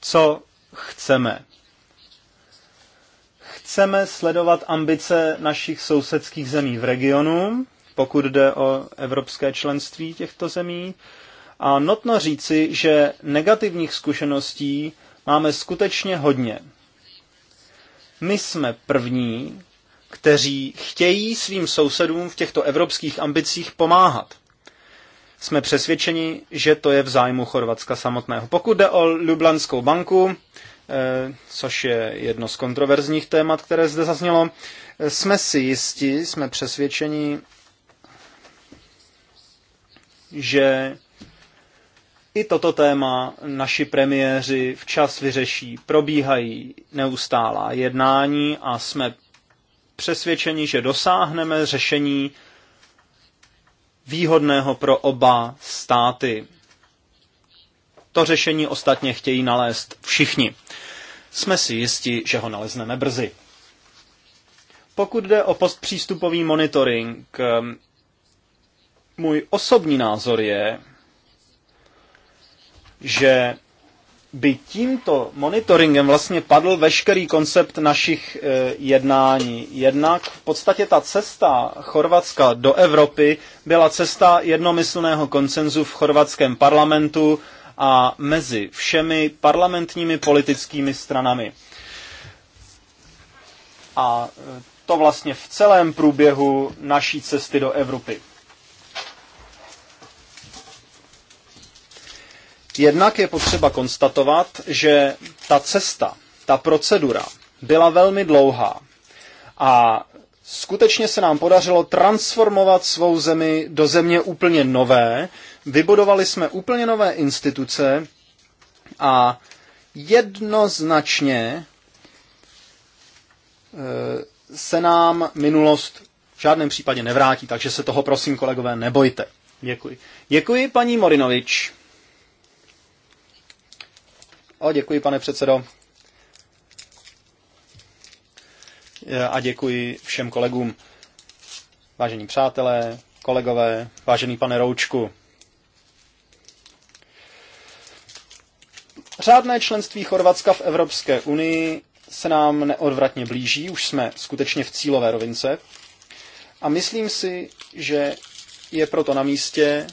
co chceme. Chceme sledovat ambice našich sousedských zemí v regionu, pokud jde o evropské členství těchto zemí. A notno říci, že negativních zkušeností máme skutečně hodně. My jsme první, kteří chtějí svým sousedům v těchto evropských ambicích pomáhat. Jsme přesvědčeni, že to je v zájmu Chorvatska samotného. Pokud jde o Ljubljanskou banku, Eh, což je jedno z kontroverzních témat, které zde zaznělo. Eh, jsme si jistí, jsme přesvědčeni, že i toto téma naši premiéři včas vyřeší. Probíhají neustálá jednání a jsme přesvědčeni, že dosáhneme řešení výhodného pro oba státy. To řešení ostatně chtějí nalézt všichni. Jsme si jisti, že ho nalezneme brzy. Pokud jde o postpřístupový monitoring, ehm, můj osobní názor je, že by tímto monitoringem vlastně padl veškerý koncept našich eh, jednání. Jednak v podstatě ta cesta Chorvatska do Evropy byla cesta jednomyslného koncenzu v chorvatském parlamentu, a mezi všemi parlamentními politickými stranami. A e, to vlastně v celém průběhu naší cesty do Evropy. Jednak je potřeba konstatovat, že ta cesta, ta procedura byla velmi dlouhá a skutečně se nám podařilo transformovat svou zemi do země úplně nové, Vybudovali jsme úplně nové instituce a jednoznačně e, se nám minulost v žádném případě nevrátí, takže se toho prosím, kolegové, nebojte. Děkuji. Děkuji, paní Morinovič. O, děkuji, pane předsedo. E, a děkuji všem kolegům. Vážení přátelé, kolegové, vážený pane Roučku. Řádné členství Chorvatska v Evropské unii se nám neodvratně blíží, už jsme skutečně v cílové rovince a myslím si, že je proto na místě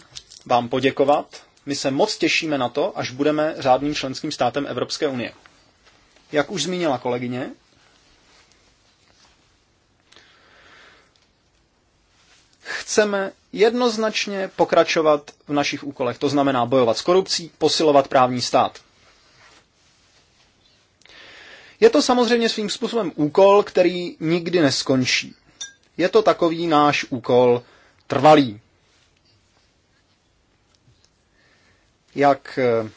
vám poděkovat. My se moc těšíme na to, až budeme řádným členským státem Evropské unie. Jak už zmínila kolegyně, chceme jednoznačně pokračovat v našich úkolech, to znamená bojovat s korupcí, posilovat právní stát. Je to samozřejmě svým způsobem úkol, který nikdy neskončí. Je to takový náš úkol trvalý. Jak eh,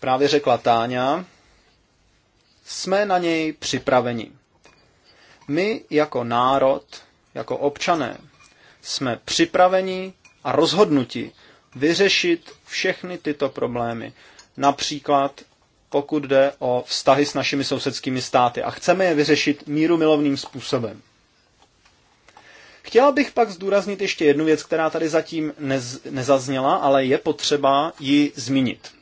právě řekla Táňa, jsme na něj připraveni. My jako národ, jako občané, jsme připraveni a rozhodnuti vyřešit všechny tyto problémy. Například pokud jde o vztahy s našimi sousedskými státy a chceme je vyřešit míru milovným způsobem. Chtěla bych pak zdůraznit ještě jednu věc, která tady zatím nez, nezazněla, ale je potřeba ji zmínit.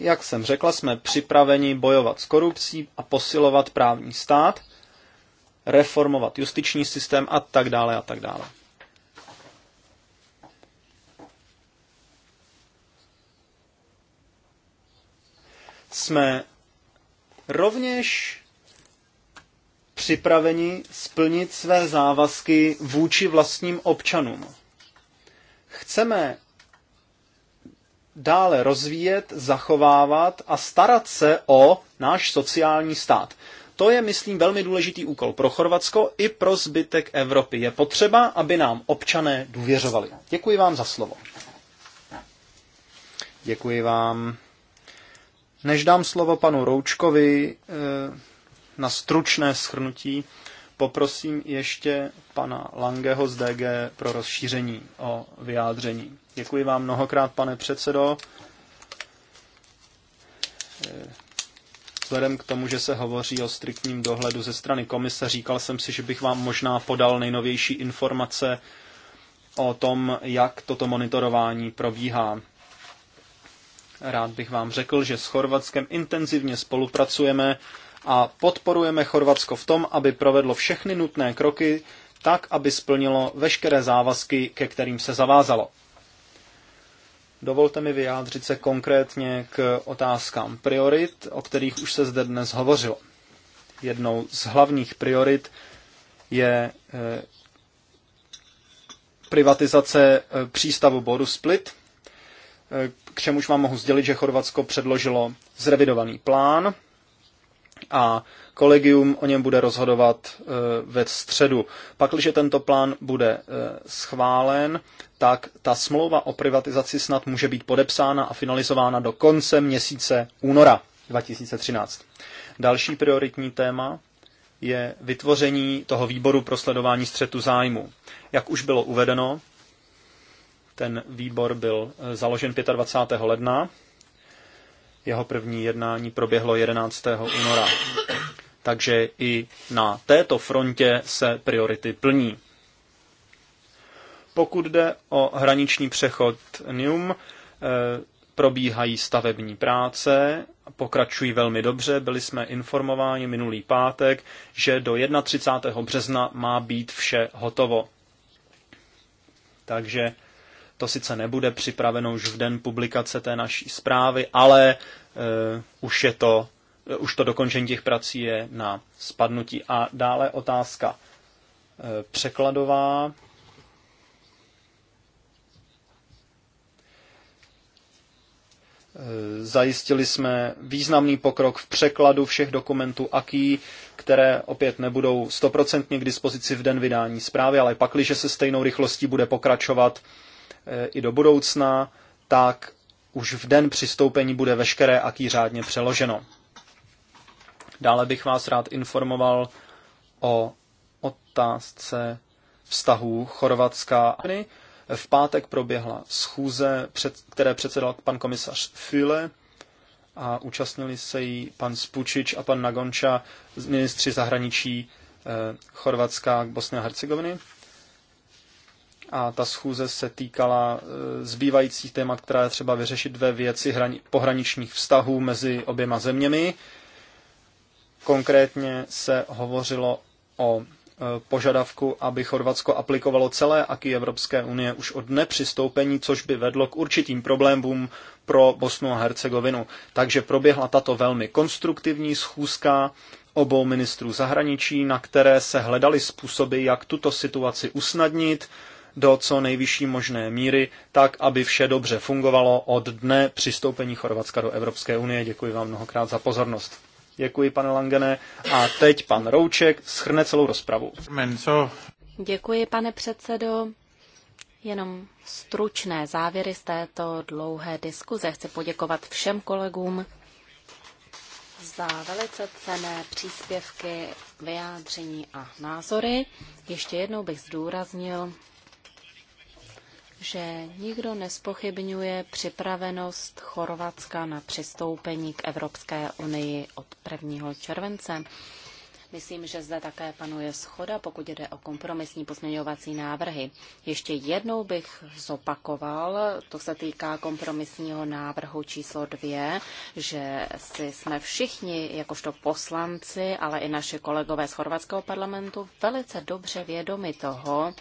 Jak jsem řekla, jsme připraveni bojovat s korupcí a posilovat právní stát, reformovat justiční systém a tak dále a tak dále. jsme rovněž připraveni splnit své závazky vůči vlastním občanům. Chceme dále rozvíjet, zachovávat a starat se o náš sociální stát. To je, myslím, velmi důležitý úkol pro Chorvatsko i pro zbytek Evropy. Je potřeba, aby nám občané důvěřovali. Děkuji vám za slovo. Děkuji vám. Než dám slovo panu Roučkovi eh, na stručné schrnutí, poprosím ještě pana Langeho z DG pro rozšíření o vyjádření. Děkuji vám mnohokrát, pane předsedo. Eh, vzhledem k tomu, že se hovoří o striktním dohledu ze strany komise, říkal jsem si, že bych vám možná podal nejnovější informace o tom, jak toto monitorování probíhá. Rád bych vám řekl, že s Chorvatskem intenzivně spolupracujeme a podporujeme Chorvatsko v tom, aby provedlo všechny nutné kroky tak, aby splnilo veškeré závazky, ke kterým se zavázalo. Dovolte mi vyjádřit se konkrétně k otázkám priorit, o kterých už se zde dnes hovořilo. Jednou z hlavních priorit je e, privatizace e, přístavu Boru Split, Eh, k čemuž vám mohu sdělit, že Chorvatsko předložilo zrevidovaný plán a kolegium o něm bude rozhodovat eh, ve středu. Pak, když tento plán bude eh, schválen, tak ta smlouva o privatizaci snad může být podepsána a finalizována do konce měsíce února 2013. Další prioritní téma je vytvoření toho výboru pro sledování střetu zájmu. Jak už bylo uvedeno, ten výbor byl eh, založen 25. ledna. Jeho první jednání proběhlo 11. února. Takže i na této frontě se priority plní. Pokud jde o hraniční přechod NIUM, eh, probíhají stavební práce, pokračují velmi dobře. Byli jsme informováni minulý pátek, že do 31. března má být vše hotovo. Takže to sice nebude připraveno už v den publikace té naší zprávy, ale uh, už je to, uh, už to dokončení těch prací je na spadnutí. A dále otázka uh, překladová. Zajistili jsme významný pokrok v překladu všech dokumentů AKI, které opět nebudou stoprocentně k dispozici v den vydání zprávy, ale pakliže se stejnou rychlostí bude pokračovat, Eh, i do budoucna, tak už v den přistoupení bude veškeré aký řádně přeloženo. Dále bych vás rád informoval o otázce vztahů Chorvatska. V pátek proběhla schůze, které předsedal pan komisař Füle a účastnili se jí pan Spučič a pan Nagonča, ministři zahraničí eh, Chorvatská k Bosně a Hercegoviny a ta schůze se týkala e, zbývajících témat, která je třeba vyřešit ve věci hrani- pohraničních vztahů mezi oběma zeměmi. Konkrétně se hovořilo o e, požadavku, aby Chorvatsko aplikovalo celé aky Evropské unie už od nepřistoupení, což by vedlo k určitým problémům pro Bosnu a Hercegovinu. Takže proběhla tato velmi konstruktivní schůzka obou ministrů zahraničí, na které se hledali způsoby, jak tuto situaci usnadnit do co nejvyšší možné míry, tak, aby vše dobře fungovalo od dne přistoupení Chorvatska do Evropské unie. Děkuji vám mnohokrát za pozornost. Děkuji, pane Langene. A teď pan Rouček schrne celou rozpravu. Děkuji, pane předsedo. Jenom stručné závěry z této dlouhé diskuze. Chci poděkovat všem kolegům za velice cené příspěvky, vyjádření a názory. Ještě jednou bych zdůraznil, že nikdo nespochybňuje připravenost Chorvatska na přistoupení k Evropské unii od 1. července. Myslím, že zde také panuje schoda, pokud jde o kompromisní pozměňovací návrhy. Ještě jednou bych zopakoval, to se týká kompromisního návrhu číslo dvě, že si jsme všichni, jakožto poslanci, ale i naši kolegové z Chorvatského parlamentu, velice dobře vědomi toho,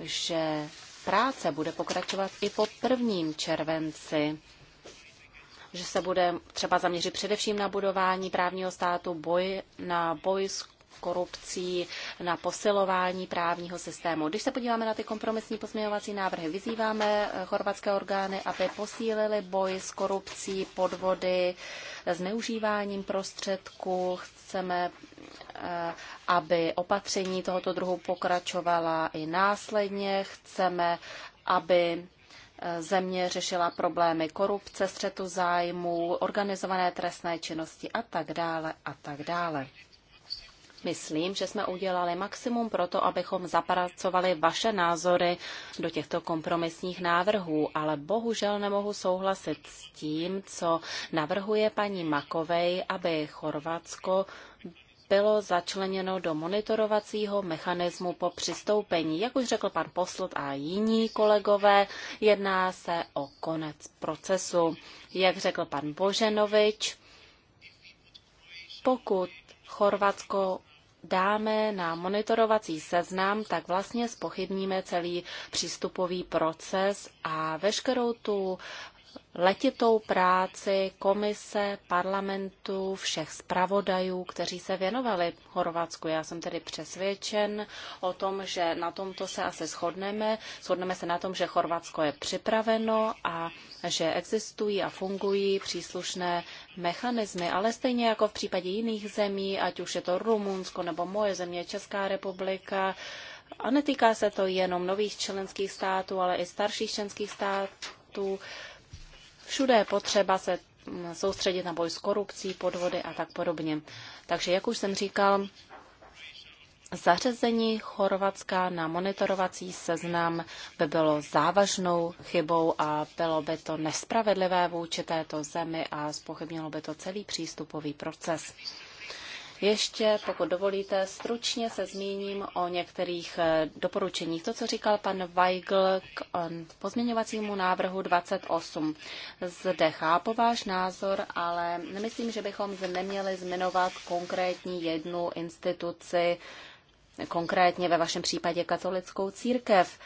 že práce bude pokračovat i po prvním červenci že se bude třeba zaměřit především na budování právního státu, boj, na boj s korupcí, na posilování právního systému. Když se podíváme na ty kompromisní pozměňovací návrhy, vyzýváme eh, chorvatské orgány, aby posílili boj s korupcí, podvody, zneužíváním prostředků. Chceme eh, aby opatření tohoto druhu pokračovala i následně. Chceme, aby eh, země řešila problémy korupce, střetu zájmů, organizované trestné činnosti a tak dále a tak dále. Myslím, že jsme udělali maximum pro to, abychom zapracovali vaše názory do těchto kompromisních návrhů, ale bohužel nemohu souhlasit s tím, co navrhuje paní Makovej, aby Chorvatsko bylo začleněno do monitorovacího mechanismu po přistoupení. Jak už řekl pan Poslot a jiní kolegové, jedná se o konec procesu. Jak řekl pan Boženovič, pokud Chorvatsko dáme na monitorovací seznam, tak vlastně spochybníme celý přístupový proces a veškerou tu letitou práci komise, parlamentu, všech zpravodajů, kteří se věnovali Chorvatsku. Já jsem tedy přesvědčen o tom, že na tomto se asi shodneme. Shodneme se na tom, že Chorvatsko je připraveno a že existují a fungují příslušné mechanismy, ale stejně jako v případě jiných zemí, ať už je to Rumunsko nebo moje země Česká republika, a netýká se to jenom nových členských států, ale i starších členských států, států Všude je potřeba se soustředit na boj s korupcí, podvody a tak podobně. Takže, jak už jsem říkal, zařazení Chorvatska na monitorovací seznam by bylo závažnou chybou a bylo by to nespravedlivé vůči této zemi a spochybnilo by to celý přístupový proces. Ještě, pokud dovolíte, stručně se zmíním o některých eh, doporučeních. To, co říkal pan Weigl k ehm, pozměňovacímu návrhu 28. Zde chápu váš názor, ale nemyslím, že bychom zde neměli zmenovat konkrétní jednu instituci, konkrétně ve vašem případě katolickou církev.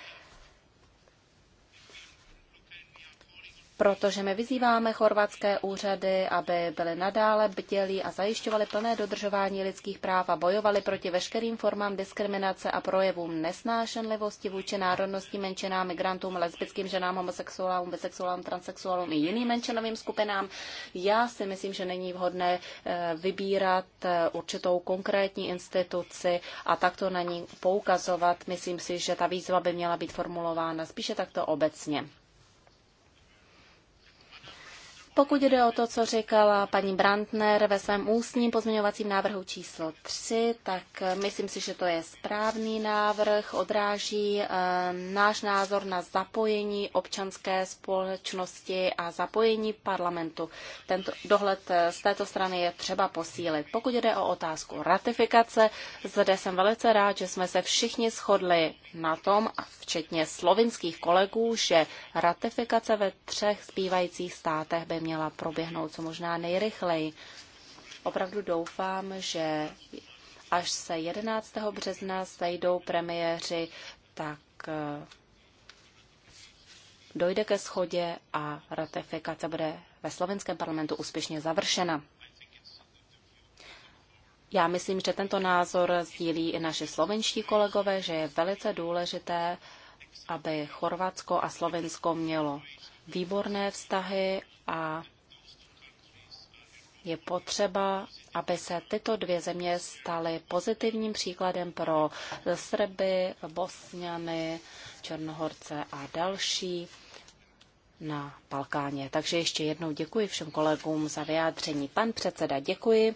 protože my vyzýváme chorvatské úřady, aby byly nadále bdělí a zajišťovali plné dodržování lidských práv a bojovali proti veškerým formám diskriminace a projevům nesnášenlivosti vůči národnosti menšinám, migrantům, lesbickým ženám, homosexuálům, bisexuálům, transexuálům i jiným menšinovým skupinám. Já si myslím, že není vhodné eh, vybírat eh, určitou konkrétní instituci a takto na ní poukazovat. Myslím si, že ta výzva by měla být formulována spíše takto obecně. Pokud jde o to, co říkala paní Brandner ve svém ústním pozměňovacím návrhu číslo 3, tak eh, myslím si, že to je správný návrh, odráží eh, náš názor na zapojení občanské společnosti a zapojení parlamentu. Tento dohled eh, z této strany je třeba posílit. Pokud jde o otázku ratifikace, zde jsem velice rád, že jsme se všichni shodli na tom, a včetně slovinských kolegů, že ratifikace ve třech zbývajících státech by měla měla proběhnout co možná nejrychleji. Opravdu doufám, že až se 11. března sejdou premiéři, tak eh, dojde ke schodě a ratifikace bude ve slovenském parlamentu úspěšně završena. Já myslím, že tento názor sdílí i naši slovenští kolegové, že je velice důležité, aby Chorvatsko a Slovensko mělo výborné vztahy a je potřeba, aby se tyto dvě země staly pozitivním příkladem pro Srby, Bosňany, Černohorce a další na Balkáně. Takže ještě jednou děkuji všem kolegům za vyjádření. Pan předseda, děkuji.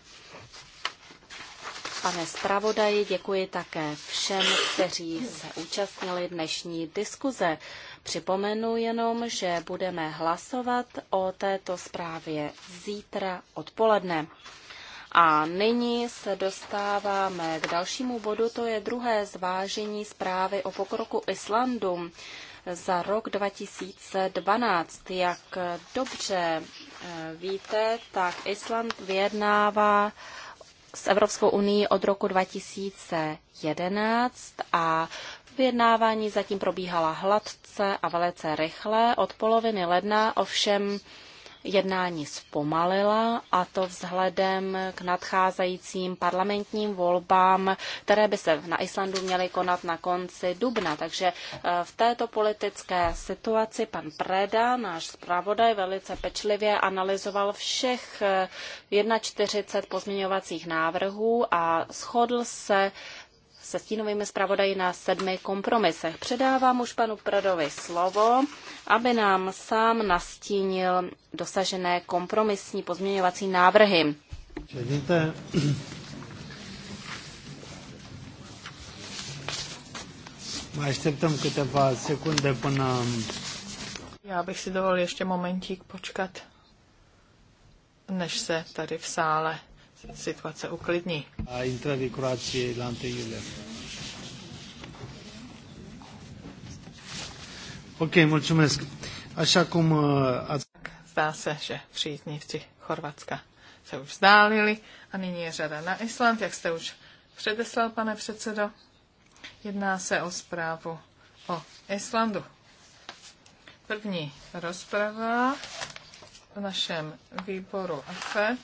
Pane zpravodaji, děkuji také všem, kteří se účastnili dnešní diskuze. Připomenu jenom, že budeme hlasovat o této zprávě zítra odpoledne. A nyní se dostáváme k dalšímu bodu, to je druhé zvážení zprávy o pokroku Islandu za rok 2012. Jak dobře eh, víte, tak Island vyjednává s Evropskou unii od roku 2011 a Vyjednávání zatím probíhala hladce a velice rychle. Od poloviny ledna ovšem jednání zpomalila a to vzhledem k nadcházejícím parlamentním volbám, které by se na Islandu měly konat na konci dubna. Takže eh, v této politické situaci pan Preda, náš zpravodaj, velice pečlivě analyzoval všech 41 eh, pozměňovacích návrhů a shodl se se stínovými zpravodaji na sedmi kompromisech. Předávám už panu Pradovi slovo, aby nám sám nastínil dosažené kompromisní pozměňovací návrhy. Předíte. Mai așteptăm câteva secunde până... Já bych si dovolil ještě momentík počkat, než se tady v sále situace uklidní. A intra di Croazie l'ante Ok, mulțumesc. Așa cum uh, ați... Zdá se, že příznivci Chorvatska se už vzdálili a nyní je řada na Island, jak jste už předeslal, pane předsedo. Jedná se o zprávu o Islandu. První rozprava v našem výboru AFED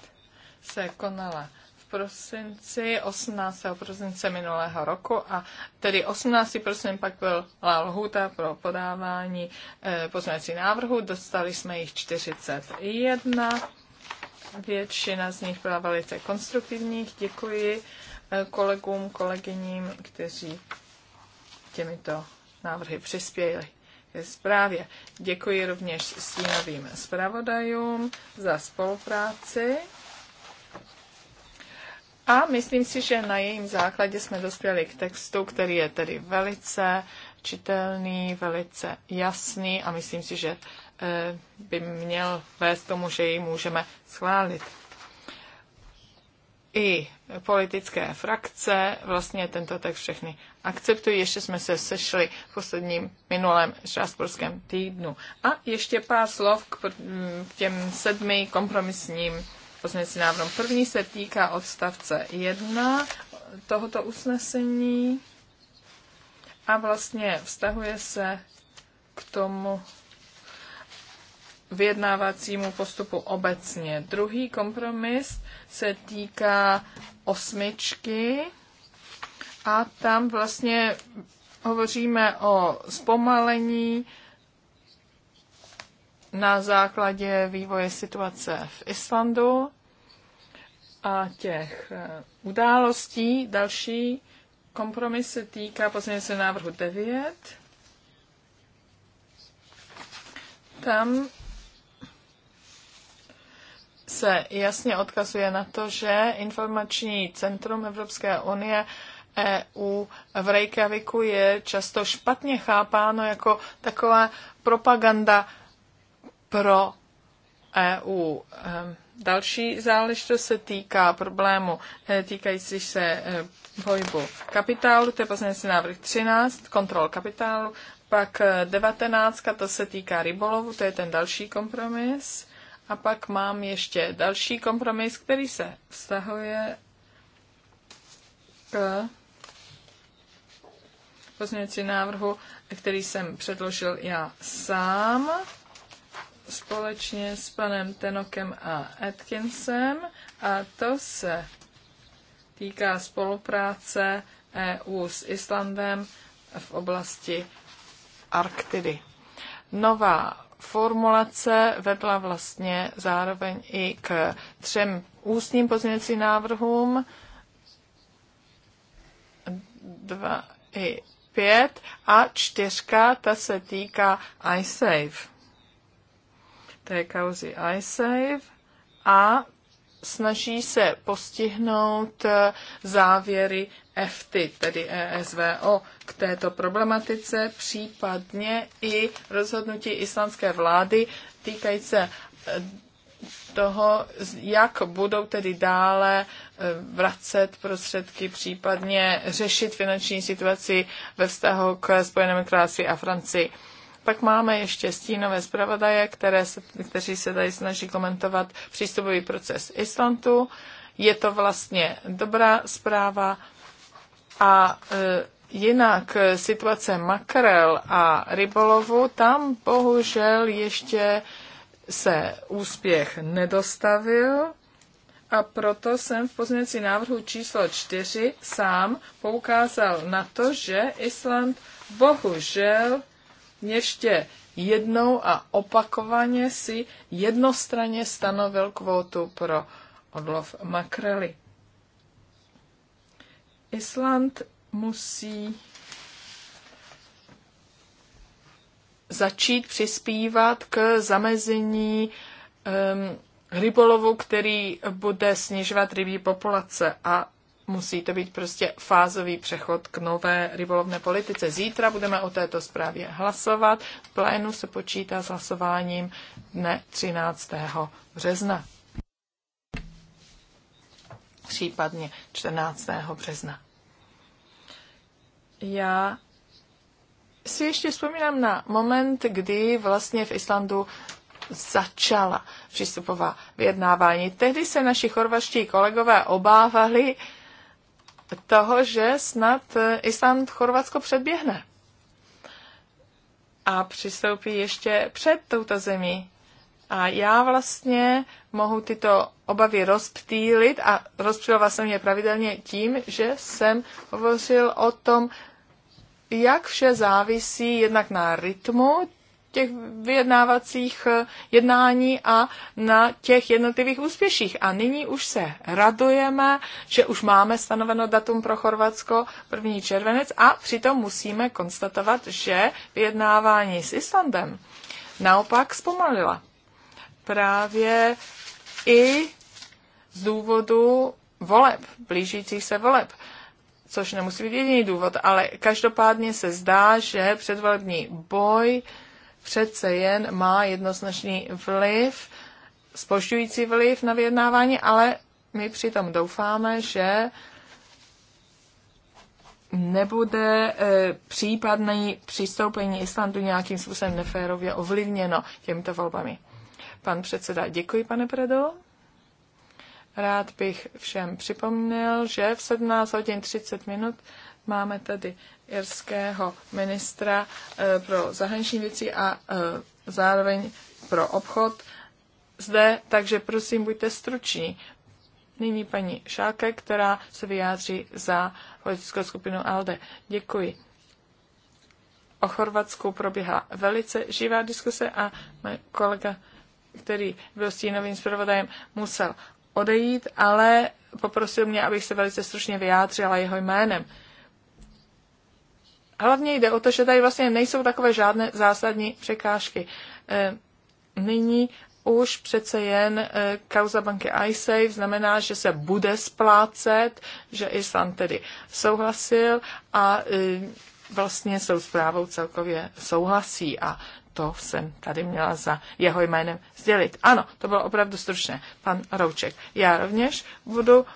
se konala v prosinci, 18. prosince minulého roku a tedy 18. prosince pak byla lhůta pro podávání e, eh, pozměňovacích návrhů. Dostali jsme jich 41. Většina z nich byla velice konstruktivních. Děkuji eh, kolegům, kolegyním, kteří těmito návrhy přispěli ke zprávě. Děkuji rovněž stínovým zpravodajům za spolupráci a myslím si, že na jejím základě jsme dospěli k textu, který je tedy velice čitelný, velice jasný a myslím si, že eh, by měl vést tomu, že ji můžeme schválit. I politické frakce vlastně tento text všechny akceptují. Ještě jsme se sešli v posledním minulém šásporském týdnu. A ještě pár slov k těm sedmi kompromisním pozměňovacím návrhům. První se týká odstavce 1 tohoto usnesení a vlastně vztahuje se k tomu vyjednávacímu postupu obecně. Druhý kompromis se týká osmičky a tam vlastně hovoříme o zpomalení na základě vývoje situace v Islandu a těch eh, událostí. Další kompromis se týká pozměňovacího návrhu 9. Tam se jasně odkazuje na to, že informační centrum Evropské unie EU v Reykjaviku je často špatně chápáno jako taková propaganda pro EU. Ehm, další záležitost se týká problému eh, týkající se eh, pohybu kapitálu, to je si návrh 13, kontrol kapitálu, pak 19, eh, to se týká rybolovu, to je ten další kompromis. A pak mám ještě další kompromis, který se vztahuje k pozměňovací návrhu, který jsem předložil já sám společně s panem Tenokem a Atkinsem a to se týká spolupráce EU s Islandem v oblasti Arktidy. Nová formulace vedla vlastně zároveň i k třem ústním pozměňovacím návrhům. Dva i pět a čtyřka, ta se týká iSafe té kauzy iSave a snaží se postihnout eh, závěry FT, tedy ESVO, k této problematice, případně i rozhodnutí islandské vlády týkající se toho, jak budou tedy dále eh, vracet prostředky, případně řešit finanční situaci ve vztahu k Spojenému království a Francii. Pak máme ještě stínové zpravodaje, které se, kteří se tady snaží komentovat přístupový proces Islandu. Je to vlastně dobrá zpráva a e, jinak e, situace makrel a rybolovu, tam bohužel ještě se úspěch nedostavil a proto jsem v pozměnci návrhu číslo 4 sám poukázal na to, že Island bohužel ještě jednou a opakovaně si jednostranně stanovil kvótu pro odlov makrely. Island musí začít přispívat k zamezení um, rybolovu, který bude snižovat rybí populace. A musí to být prostě fázový přechod k nové rybolovné politice. Zítra budeme o této zprávě hlasovat. Plénu se počítá s hlasováním dne 13. března. Případně 14. března. Já si ještě vzpomínám na moment, kdy vlastně v Islandu začala přístupová vyjednávání. Tehdy se naši chorvaští kolegové obávali, toho, že snad e, Island Chorvatsko předběhne a přistoupí ještě před touto zemí. A já vlastně mohu tyto obavy rozptýlit a rozptýlovala jsem je pravidelně tím, že jsem hovořil o tom, jak vše závisí jednak na rytmu těch vyjednávacích eh, jednání a na těch jednotlivých úspěších. A nyní už se radujeme, že už máme stanoveno datum pro Chorvatsko 1. červenec a přitom musíme konstatovat, že vyjednávání s Islandem naopak zpomalila. Právě i z důvodu voleb, blížících se voleb což nemusí být jediný důvod, ale každopádně se zdá, že předvolební boj přece jen má jednoznačný vliv, spošťující vliv na vyjednávání, ale my přitom doufáme, že nebude e, případné přistoupení Islandu nějakým způsobem neférově ovlivněno těmito volbami. Pan předseda, děkuji, pane Predo. Rád bych všem připomněl, že v 17 hodin 30 minut máme tady irského ministra eh, pro zahraniční věci a eh, zároveň pro obchod zde, takže prosím, buďte struční. Nyní paní Šáke, která se vyjádří za politickou skupinu ALDE. Děkuji. O Chorvatsku proběhla velice živá diskuse a můj kolega, který byl stínovým zpravodajem, musel odejít, ale poprosil mě, abych se velice stručně vyjádřila jeho jménem. Hlavně jde o to, že tady vlastně nejsou takové žádné zásadní překážky. Eh, nyní už přece jen eh, kauza banky iSafe znamená, že se bude splácet, že Island tedy souhlasil a eh, vlastně s tou zprávou celkově souhlasí a to jsem tady měla za jeho jménem sdělit. Ano, to bylo opravdu stručné, pan Rouček. Já rovněž budu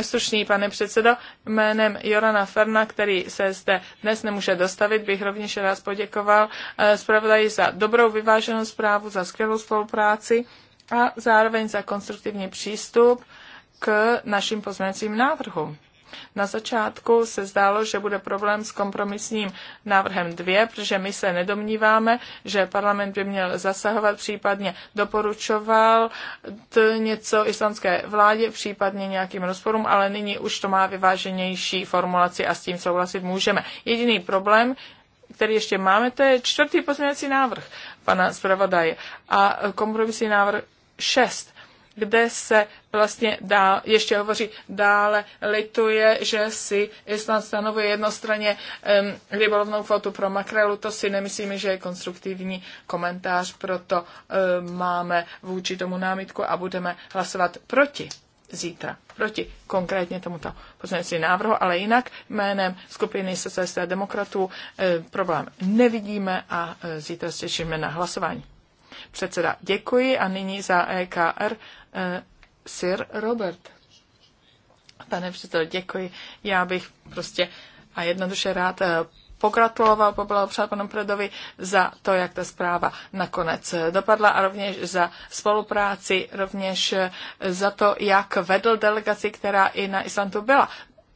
Slušný pane předsedo, jménem Jorana Ferna, který se zde dnes nemůže dostavit, bych rovněž rád poděkoval eh, zpravodaji za dobrou vyváženou zprávu, za skvělou spolupráci a zároveň za konstruktivní přístup k našim pozměňovacím návrhům. Na začátku se zdálo, že bude problém s kompromisním návrhem 2, protože my se nedomníváme, že parlament by měl zasahovat, případně doporučoval něco islamské vládě, případně nějakým rozporům, ale nyní už to má vyváženější formulaci a s tím souhlasit můžeme. Jediný problém, který ještě máme, to je čtvrtý pozměňovací návrh pana zpravodaje a kompromisní návrh 6 kde se vlastně dál, ještě hovoří dále, lituje, že si Island stanovuje jednostranně um, rybolovnou fotu pro makrelu. To si nemyslíme, že je konstruktivní komentář, proto um, máme vůči tomu námitku a budeme hlasovat proti zítra proti konkrétně tomuto pozměňovacímu návrhu, ale jinak jménem skupiny SSD demokratů e, problém nevidíme a e, zítra se těšíme na hlasování. Předseda, děkuji a nyní za EKR Eh, Sir Robert. Pane předsedo, děkuji. Já bych prostě a jednoduše rád eh, pogratuloval, poblahopřál panu Predovi za to, jak ta zpráva nakonec eh, dopadla a rovněž za spolupráci, rovněž za to, jak vedl delegaci, která i na Islandu byla.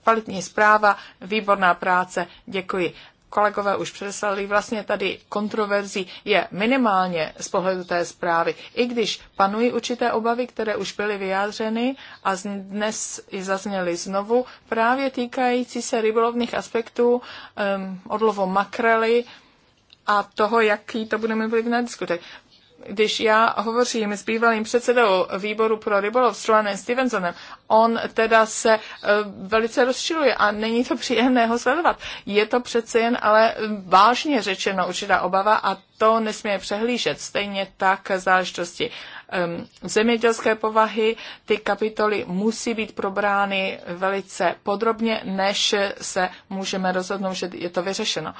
Kvalitní zpráva, výborná práce, děkuji kolegové už přeslali, vlastně tady kontroverzí je minimálně z pohledu té zprávy. I když panují určité obavy, které už byly vyjádřeny a dnes i zazněly znovu, právě týkající se rybolovných aspektů um, odlovo makrely, a toho, jaký to budeme mít vliv na diskutek když já hovořím s bývalým předsedou výboru pro rybolov Struanem Stevensonem, on teda se eh, velice rozčiluje a není to příjemné ho sledovat. Je to přece jen ale eh, vážně řečeno určitá obava a to nesmíme přehlížet. Stejně tak záležitosti ehm, zemědělské povahy, ty kapitoly musí být probrány velice podrobně, než se můžeme rozhodnout, že je to vyřešeno.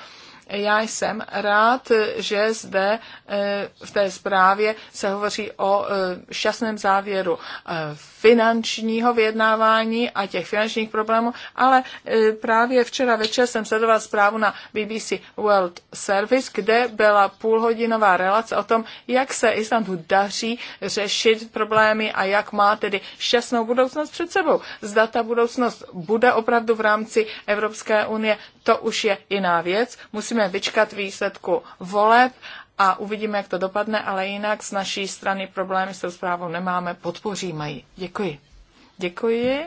Já jsem rád, že zde eh, v té zprávě se hovoří o eh, šťastném závěru eh, finančního vyjednávání a těch finančních problémů, ale právě včera večer jsem sledoval zprávu na BBC World Service, kde byla půlhodinová relace o tom, jak se Islandu daří řešit problémy a jak má tedy šťastnou budoucnost před sebou. Zda ta budoucnost bude opravdu v rámci Evropské unie, to už je jiná věc. Musíme Musíme vyčkat výsledku voleb a uvidíme, jak to dopadne, ale jinak z naší strany problémy se zprávou nemáme, podpoříme ji. Děkuji. Děkuji.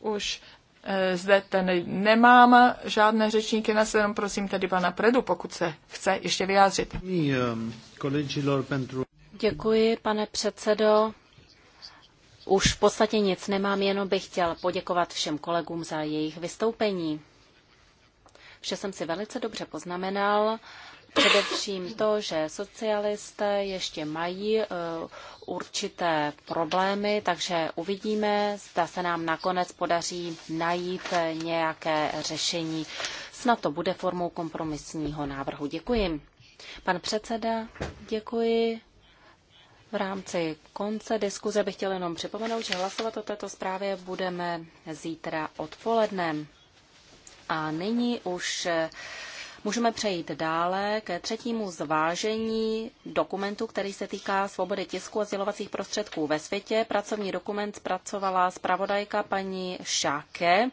Už eh, zde ten nemám žádné řečníky na sedm, prosím tedy pana Predu, pokud se chce ještě vyjádřit. Eh, Děkuji, pane předsedo. Už v podstatě nic nemám, jenom bych chtěl poděkovat všem kolegům za jejich vystoupení že jsem si velice dobře poznamenal především to, že socialisté ještě mají eh, určité problémy, takže uvidíme, zda se nám nakonec podaří najít nějaké řešení. Snad to bude formou kompromisního návrhu. Děkuji. Pan předseda, děkuji. V rámci konce diskuze bych chtěl jenom připomenout, že hlasovat o této zprávě budeme zítra odpoledne. A nyní už eh, Můžeme přejít dále ke třetímu zvážení dokumentu, který se týká svobody tisku a sdělovacích prostředků ve světě. Pracovní dokument zpracovala zpravodajka paní Šáke.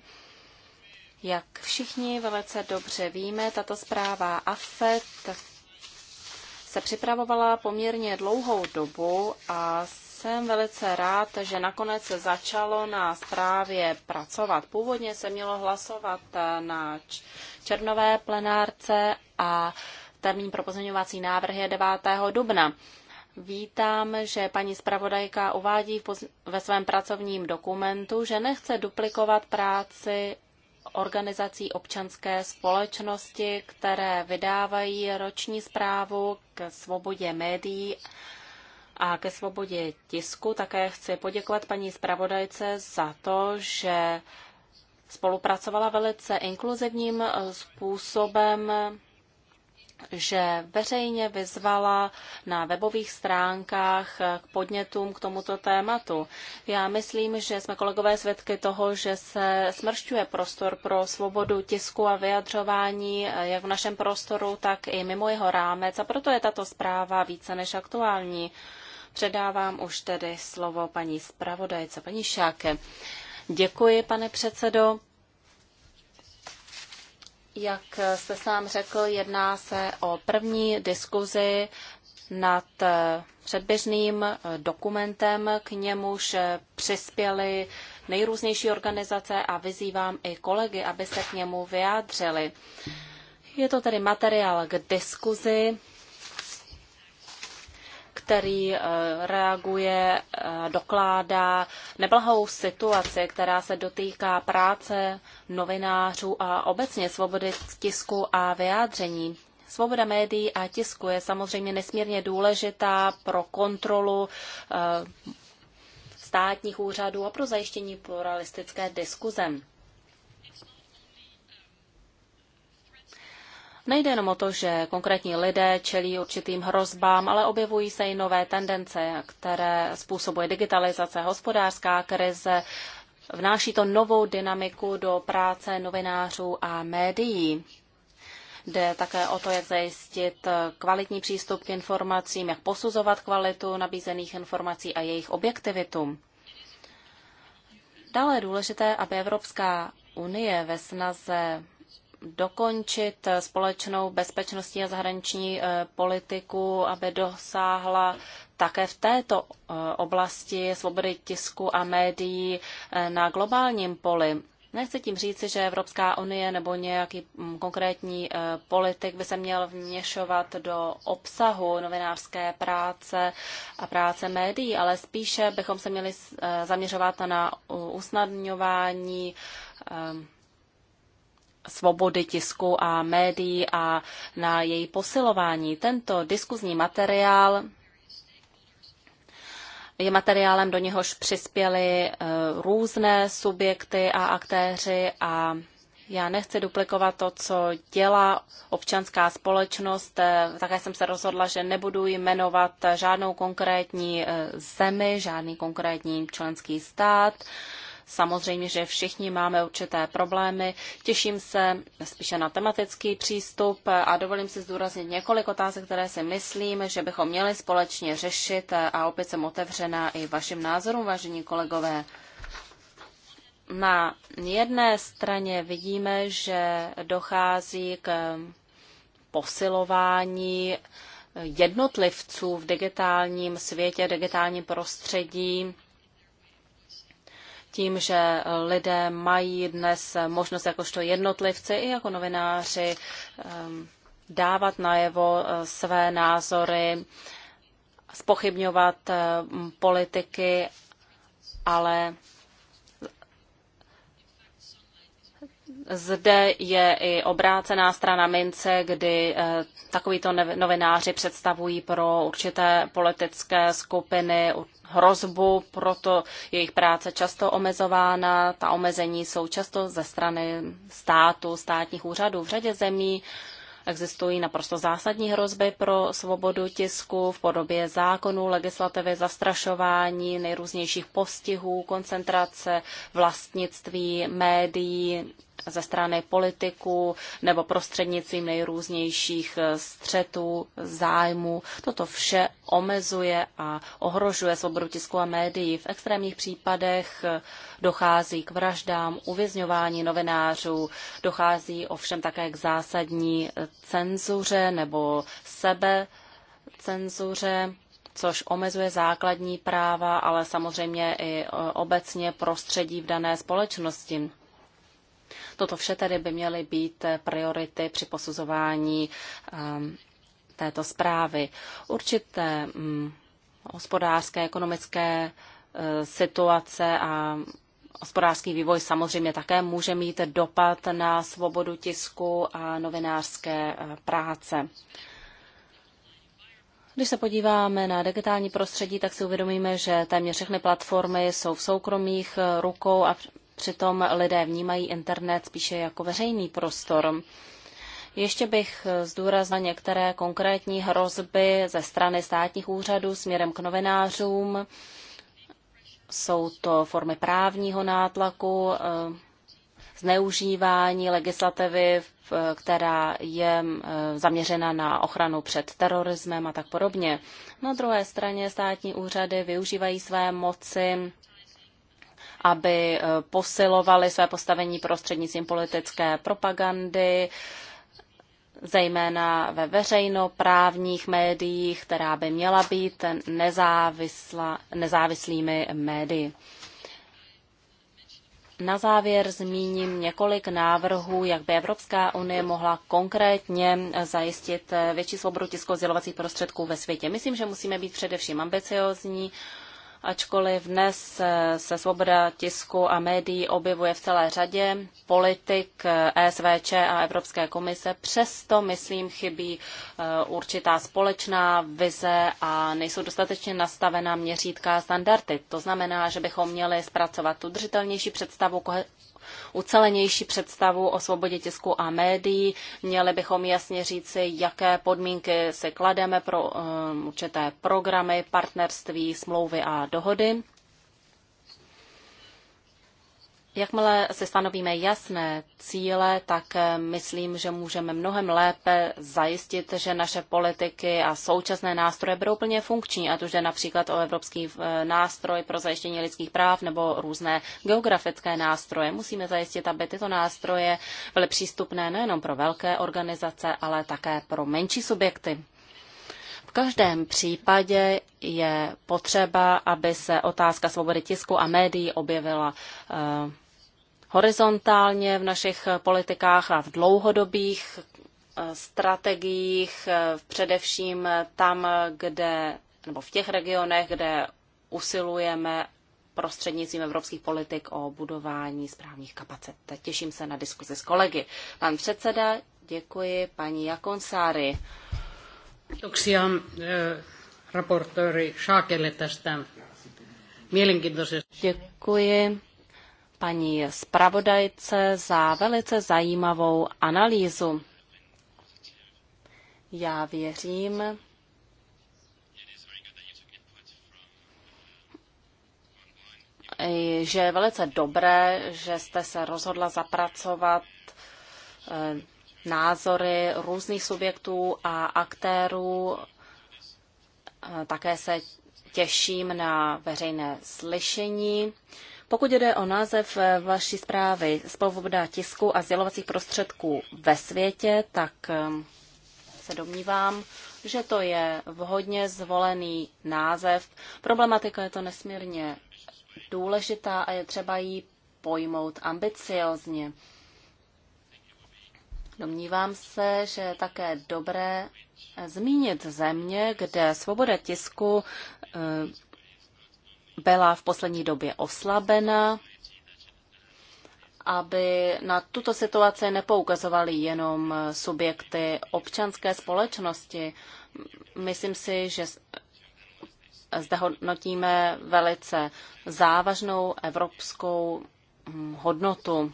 Jak všichni velice dobře víme, tato zpráva AFET se připravovala poměrně dlouhou dobu a jsem velice rád, že nakonec se začalo na zprávě pracovat. Původně se mělo hlasovat eh, na černové plenárce a termín pro pozměňovací návrh je 9. dubna. Vítám, že paní zpravodajka uvádí ve svém pracovním dokumentu, že nechce duplikovat práci organizací občanské společnosti, které vydávají roční zprávu k svobodě médií a ke svobodě tisku. Také chci poděkovat paní zpravodajce za to, že spolupracovala velice inkluzivním eh, způsobem že veřejně vyzvala na webových stránkách eh, k podnětům k tomuto tématu. Já myslím, že jsme kolegové svědky toho, že se smršťuje prostor pro svobodu tisku a vyjadřování eh, jak v našem prostoru, tak i mimo jeho rámec a proto je tato zpráva více než aktuální. Předávám už tedy slovo paní zpravodajce, paní Šáke. Děkuji, pane předsedo. Jak jste sám řekl, jedná se o první diskuzi nad předběžným dokumentem, k němuž přispěly nejrůznější organizace a vyzývám i kolegy, aby se k němu vyjádřili. Je to tedy materiál k diskuzi, který eh, reaguje, eh, dokládá neblahou situaci, která se dotýká práce novinářů a obecně svobody tisku a vyjádření. Svoboda médií a tisku je samozřejmě nesmírně důležitá pro kontrolu eh, státních úřadů a pro zajištění pluralistické diskuze. Nejde jenom o to, že konkrétní lidé čelí určitým hrozbám, ale objevují se i nové tendence, které způsobuje digitalizace, hospodářská krize. Vnáší to novou dynamiku do práce novinářů a médií. Jde také o to, jak zajistit kvalitní přístup k informacím, jak posuzovat kvalitu nabízených informací a jejich objektivitu. Dále je důležité, aby Evropská unie ve snaze dokončit společnou bezpečnostní a zahraniční eh, politiku, aby dosáhla také v této eh, oblasti svobody tisku a médií eh, na globálním poli. Nechci tím říci, že Evropská unie nebo nějaký mm, konkrétní politik by se měl vměšovat do obsahu novinářské práce a práce médií, ale spíše bychom se měli zaměřovat na usnadňování svobody tisku a médií a na její posilování. Tento diskuzní materiál je materiálem, do něhož přispěly eh, různé subjekty a aktéři a já nechci duplikovat to, co dělá občanská společnost. Eh, také jsem se rozhodla, že nebudu jmenovat žádnou konkrétní eh, zemi, žádný konkrétní členský stát. Samozřejmě, že všichni máme určité problémy. Těším se spíše na tematický přístup a dovolím si zdůraznit několik otázek, které si myslím, že bychom měli společně řešit a opět jsem otevřená i vašim názorům, vážení kolegové. Na jedné straně vidíme, že dochází k posilování jednotlivců v digitálním světě, digitálním prostředí tím, že lidé mají dnes možnost jakožto jednotlivci i jako novináři ehm, dávat najevo eh, své názory, spochybňovat ehm, politiky, ale Zde je i obrácená strana mince, kdy eh, takovýto novináři představují pro určité politické skupiny hrozbu, proto jejich práce často omezována. Ta omezení jsou často ze strany státu, státních úřadů v řadě zemí. Existují naprosto zásadní hrozby pro svobodu tisku v podobě zákonů, legislativy, zastrašování, nejrůznějších postihů, koncentrace vlastnictví médií, ze strany politiků nebo prostřednicím nejrůznějších eh, střetů, zájmů. Toto vše omezuje a ohrožuje svobodu tisku a médií. V extrémních případech eh, dochází k vraždám, uvězňování novinářů, dochází ovšem také k zásadní eh, cenzuře nebo sebe cenzuře což omezuje základní práva, ale samozřejmě i obecně prostředí v dané společnosti. Toto vše tedy by měly být priority při posuzování ehm, této zprávy. Určité mm, hospodářské, ekonomické eh, situace a hospodářský vývoj samozřejmě také může mít dopad na svobodu tisku a novinářské eh, práce. Když se podíváme na digitální prostředí, tak si uvědomíme, že téměř všechny platformy jsou v soukromých eh, rukou a Přitom lidé vnímají internet spíše jako veřejný prostor. Ještě bych zdůraznil některé konkrétní hrozby ze strany státních úřadů směrem k novinářům. Jsou to formy právního nátlaku, eh, zneužívání legislativy, která je eh, zaměřena na ochranu před terorismem a tak podobně. Na druhé straně státní úřady využívají své moci aby eh, posilovali své postavení prostřednictvím politické propagandy, zejména ve veřejnoprávních médiích, která by měla být nezávisla, nezávislými médii. Na závěr zmíním několik návrhů, jak by Evropská unie mohla konkrétně zajistit eh, větší svobodu tisku prostředků ve světě. Myslím, že musíme být především ambiciozní, ačkoliv dnes eh, se svoboda tisku a médií objevuje v celé řadě politik ESVČ eh, a Evropské komise, přesto, myslím, chybí eh, určitá společná vize a nejsou dostatečně nastavená měřítka a standardy. To znamená, že bychom měli zpracovat udržitelnější představu ucelenější představu o svobodě tisku a médií. Měli bychom jasně říci, jaké podmínky si klademe pro um, určité programy, partnerství, smlouvy a dohody. Jakmile si stanovíme jasné cíle, tak eh, myslím, že můžeme mnohem lépe zajistit, že naše politiky a současné nástroje budou plně funkční, ať už jde například o evropský eh, nástroj pro zajištění lidských práv nebo různé geografické nástroje. Musíme zajistit, aby tyto nástroje byly přístupné nejenom pro velké organizace, ale také pro menší subjekty. V každém případě je potřeba, aby se otázka svobody tisku a médií objevila eh, horizontálně v našich politikách a v dlouhodobých eh, strategiích, eh, především tam, kde, nebo v těch regionech, kde usilujeme prostřednictvím evropských politik o budování správních kapacit. Těším se na diskuzi s kolegy. Pan předseda, děkuji paní Jakonsáry. Kiitoksia eh, raportööri tästä mielenkiintoisesta. Děkuji paní zpravodajce za velice zajímavou analýzu. Já věřím, že je velice dobré, že jste se rozhodla zapracovat eh, názory různých subjektů a aktérů. Také se těším na veřejné slyšení. Pokud jde o název vaší zprávy Svoboda tisku a sdělovacích prostředků ve světě, tak um, se domnívám, že to je vhodně zvolený název. Problematika je to nesmírně důležitá a je třeba ji pojmout ambiciozně. Domnívám se, že je také dobré eh, zmínit země, kde svoboda tisku eh, byla v poslední době oslabena, aby na tuto situaci nepoukazovaly jenom eh, subjekty občanské společnosti. Myslím si, že zde hodnotíme velice závažnou evropskou hm, hodnotu.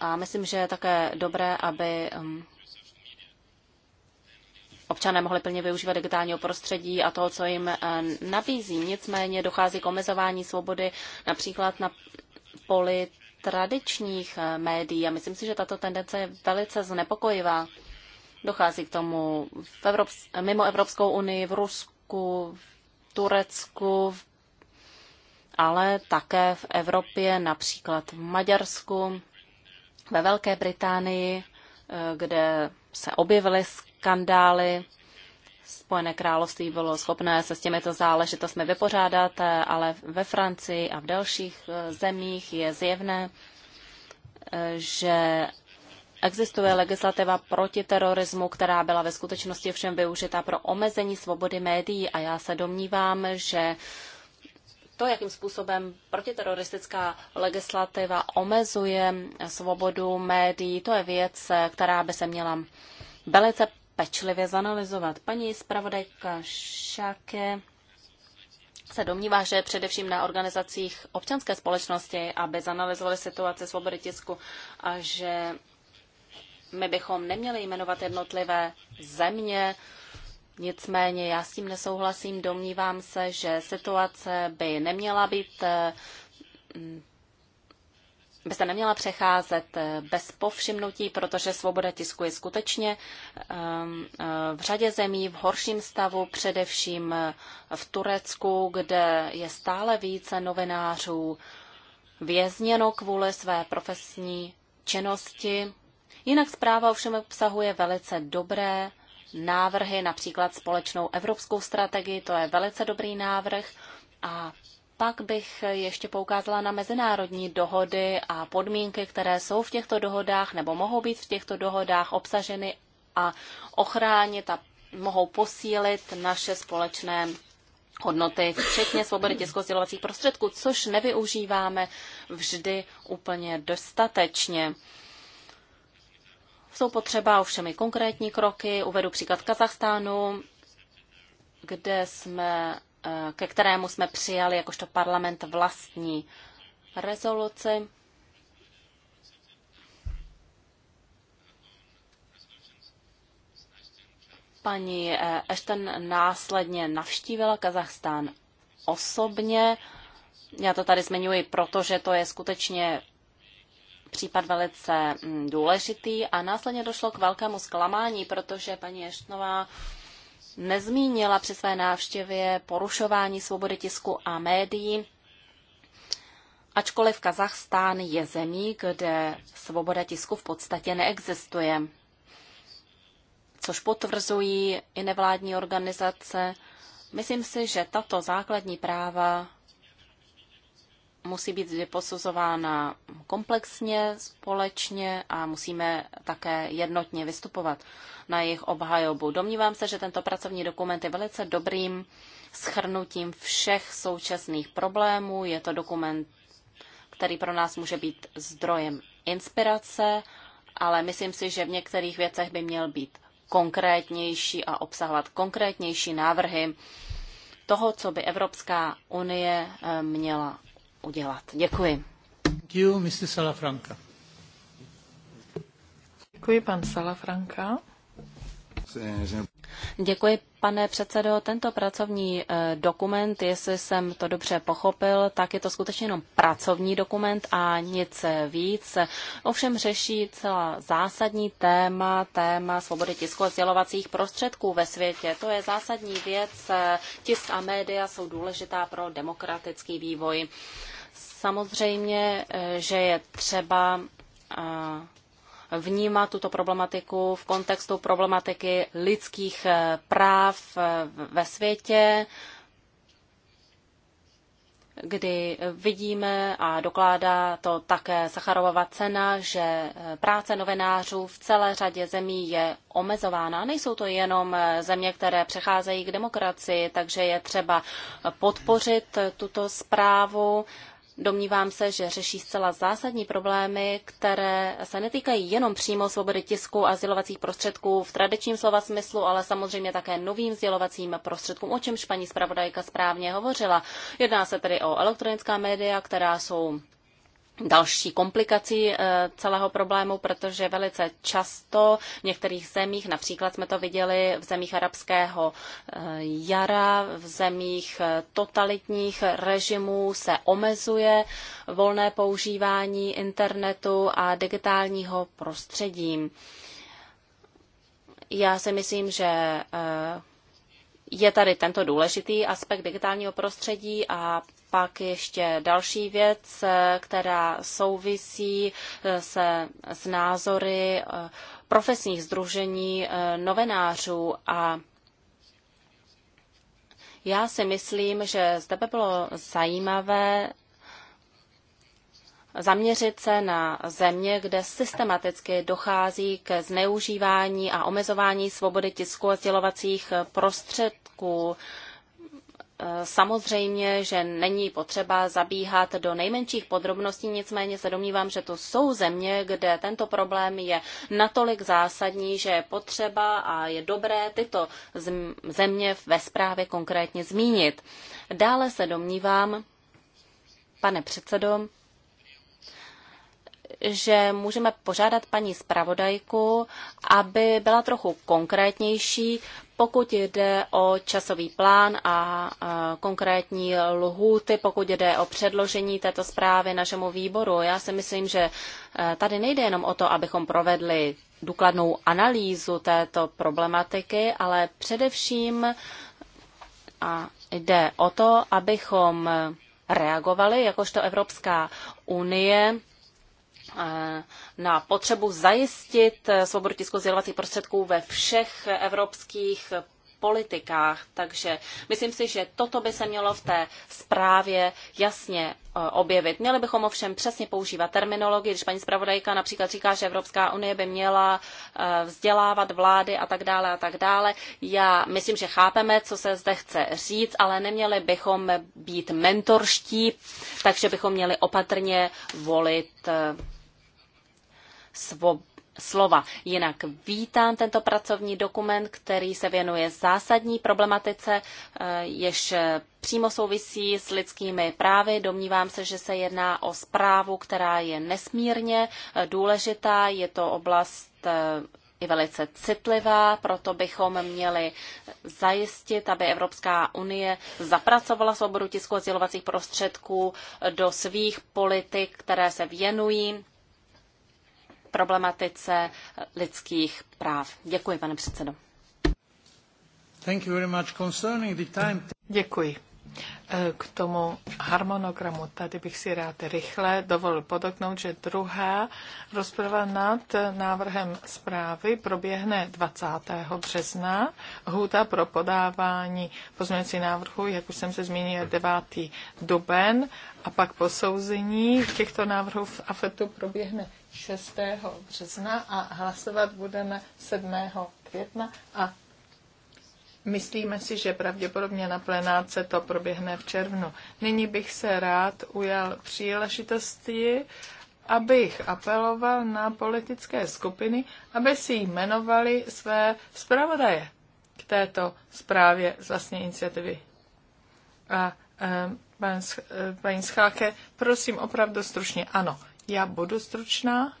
A myslím, že je také dobré, aby um, občané mohli plně využívat digitálního prostředí a toho, co jim eh, nabízí. Nicméně dochází k omezování svobody například na poli tradičních eh, médií a myslím si, že tato tendence je velice znepokojivá. Dochází k tomu v Evrops- mimo Evropskou unii, v Rusku, v Turecku, ale také v Evropě, například v Maďarsku ve Velké Británii, eh, kde se objevily skandály. Spojené království bylo schopné se s těmito záležitostmi vypořádat, eh, ale ve Francii a v dalších eh, zemích je zjevné, že Existuje legislativa proti terorismu, která byla ve skutečnosti všem využita pro omezení svobody médií a já se domnívám, že to, jakým způsobem protiteroristická legislativa omezuje svobodu médií, to je věc, která by se měla velice pečlivě zanalizovat. Paní zpravodajka Šáke se domnívá, že především na organizacích občanské společnosti, aby zanalizovali situaci svobody tisku a že my bychom neměli jmenovat jednotlivé země, Nicméně já s tím nesouhlasím, domnívám se, že situace by neměla být eh, mm, by se neměla přecházet eh, bez povšimnutí, protože svoboda tisku je skutečně ehm, eh, v řadě zemí v horším stavu, především v Turecku, kde je stále více novinářů vězněno kvůli své profesní činnosti. Jinak zpráva ovšem obsahuje velice dobré návrhy, například společnou evropskou strategii, to je velice dobrý návrh. A pak bych ještě poukázala na mezinárodní dohody a podmínky, které jsou v těchto dohodách nebo mohou být v těchto dohodách obsaženy a ochránit a mohou posílit naše společné hodnoty, včetně svobody tisku prostředků, což nevyužíváme vždy úplně dostatečně. Jsou potřeba ovšem i konkrétní kroky. Uvedu příklad Kazachstánu, kde jsme, eh, ke kterému jsme přijali jakožto parlament vlastní rezoluci. Paní Ešten eh, následně navštívila Kazachstán osobně. Já to tady zmiňuji, protože to je skutečně případ velice mm, důležitý a následně došlo k velkému zklamání, protože paní Eštnová nezmínila při své návštěvě porušování svobody tisku a médií, ačkoliv Kazachstán je zemí, kde svoboda tisku v podstatě neexistuje, což potvrzují i nevládní organizace. Myslím si, že tato základní práva musí být posuzována komplexně, společně a musíme také jednotně vystupovat na jejich obhajobu. Domnívám se, že tento pracovní dokument je velice dobrým schrnutím všech současných problémů. Je to dokument, který pro nás může být zdrojem inspirace, ale myslím si, že v některých věcech by měl být konkrétnější a obsahovat konkrétnější návrhy toho, co by Evropská unie eh, měla udělat. Děkuji. Děkuji, pan Salafranca. Děkuji, pane předsedo. Tento pracovní eh, dokument, jestli jsem to dobře pochopil, tak je to skutečně jenom pracovní dokument a nic víc. Ovšem řeší celá zásadní téma, téma svobody tisku a sdělovacích prostředků ve světě. To je zásadní věc. Eh, tisk a média jsou důležitá pro demokratický vývoj Samozřejmě, eh, že je třeba eh, vnímat tuto problematiku v kontextu problematiky lidských eh, práv ve světě, kdy vidíme a dokládá to také Sacharovova cena, že práce novinářů v celé řadě zemí je omezována. Nejsou to jenom země, které přecházejí k demokracii, takže je třeba podpořit tuto zprávu Domnívám se, že řeší zcela zásadní problémy, které se netýkají jenom přímo svobody tisku a sdělovacích prostředků v tradičním slova smyslu, ale samozřejmě také novým sdělovacím prostředkům, o čemž paní zpravodajka správně hovořila. Jedná se tedy o elektronická média, která jsou další komplikací eh, celého problému, protože velice často v některých zemích, například jsme to viděli v zemích arabského eh, jara, v zemích eh, totalitních režimů se omezuje volné používání internetu a digitálního prostředí. Já si myslím, že je tady tento důležitý aspekt digitálního prostředí a pak ještě další věc, eh, která souvisí eh, se s názory eh, profesních združení novinářů a já si myslím, že zde by bylo zajímavé zaměřit se na země, kde systematicky dochází k zneužívání a omezování svobody tisku a sdělovacích prostředků. Samozřejmě, že není potřeba zabíhat do nejmenších podrobností, nicméně se domnívám, že to jsou země, kde tento problém je natolik zásadní, že je potřeba a je dobré tyto země ve zprávě konkrétně zmínit. Dále se domnívám, pane předsedo, že můžeme požádat paní zpravodajku, aby byla trochu konkrétnější, pokud jde o časový plán a konkrétní lhůty, pokud jde o předložení této zprávy našemu výboru, já si myslím, že e, tady nejde jenom o to, abychom provedli důkladnou analýzu této problematiky, ale především e, a jde o to, abychom reagovali jakožto Evropská unie Eh, na potřebu zajistit eh, svobodu tisku sdělovacích prostředků ve všech evropských politikách. Takže myslím si, že toto by se mělo v té zprávě jasně eh, objevit. Měli bychom ovšem přesně používat terminologii, když paní zpravodajka například říká, že Evropská unie by měla vzdělávat vlády a tak dále a tak dále. Já myslím, že chápeme, co se zde chce říct, ale neměli bychom být mentorští, takže bychom měli opatrně volit svob- slova. Jinak vítám tento pracovní dokument, který se věnuje zásadní problematice, eh, jež přímo souvisí s lidskými právy. Domnívám se, že se jedná o zprávu, která je nesmírně eh, důležitá. Je to oblast eh, i velice citlivá, proto bychom měli zajistit, aby Evropská unie zapracovala svobodu tisku a sdělovacích prostředků do svých politik, které se věnují problematice lidských práv. Děkuji, pane předsedo. Děkuji. Eh, k tomu harmonogramu tady bych si rád rychle dovolil podoknout, že druhá rozprava nad návrhem zprávy proběhne 20. března. Hůta pro podávání pozměňovacích návrhů, jak už jsem se zmínil, 9. duben a pak posouzení těchto návrhů v AFETu proběhne 6. března a hlasovat budeme 7. května a myslíme si, že pravděpodobně na plenáce to proběhne v červnu. Nyní bych se rád ujal příležitosti, abych apeloval na politické skupiny, aby si jmenovali své zpravodaje k této zprávě z vlastní iniciativy. A um, paní Scháke, prosím opravdu stručně, ano, já budu stručná,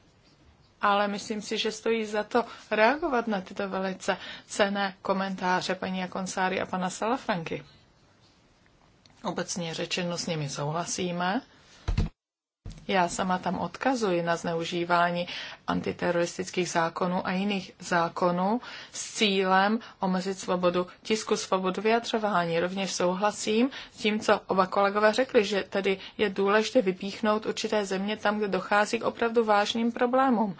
ale myslím si, že stojí za to reagovat na tyto velice cené komentáře paní Jakonsáry a pana Salafranky. Obecně řečeno s nimi souhlasíme já sama tam odkazuji na zneužívání antiteroristických zákonů a jiných zákonů s cílem omezit svobodu tisku, svobodu vyjadřování. Rovněž souhlasím s tím, co oba kolegové řekli, že tedy je důležité vypíchnout určité země tam, kde dochází k opravdu vážným problémům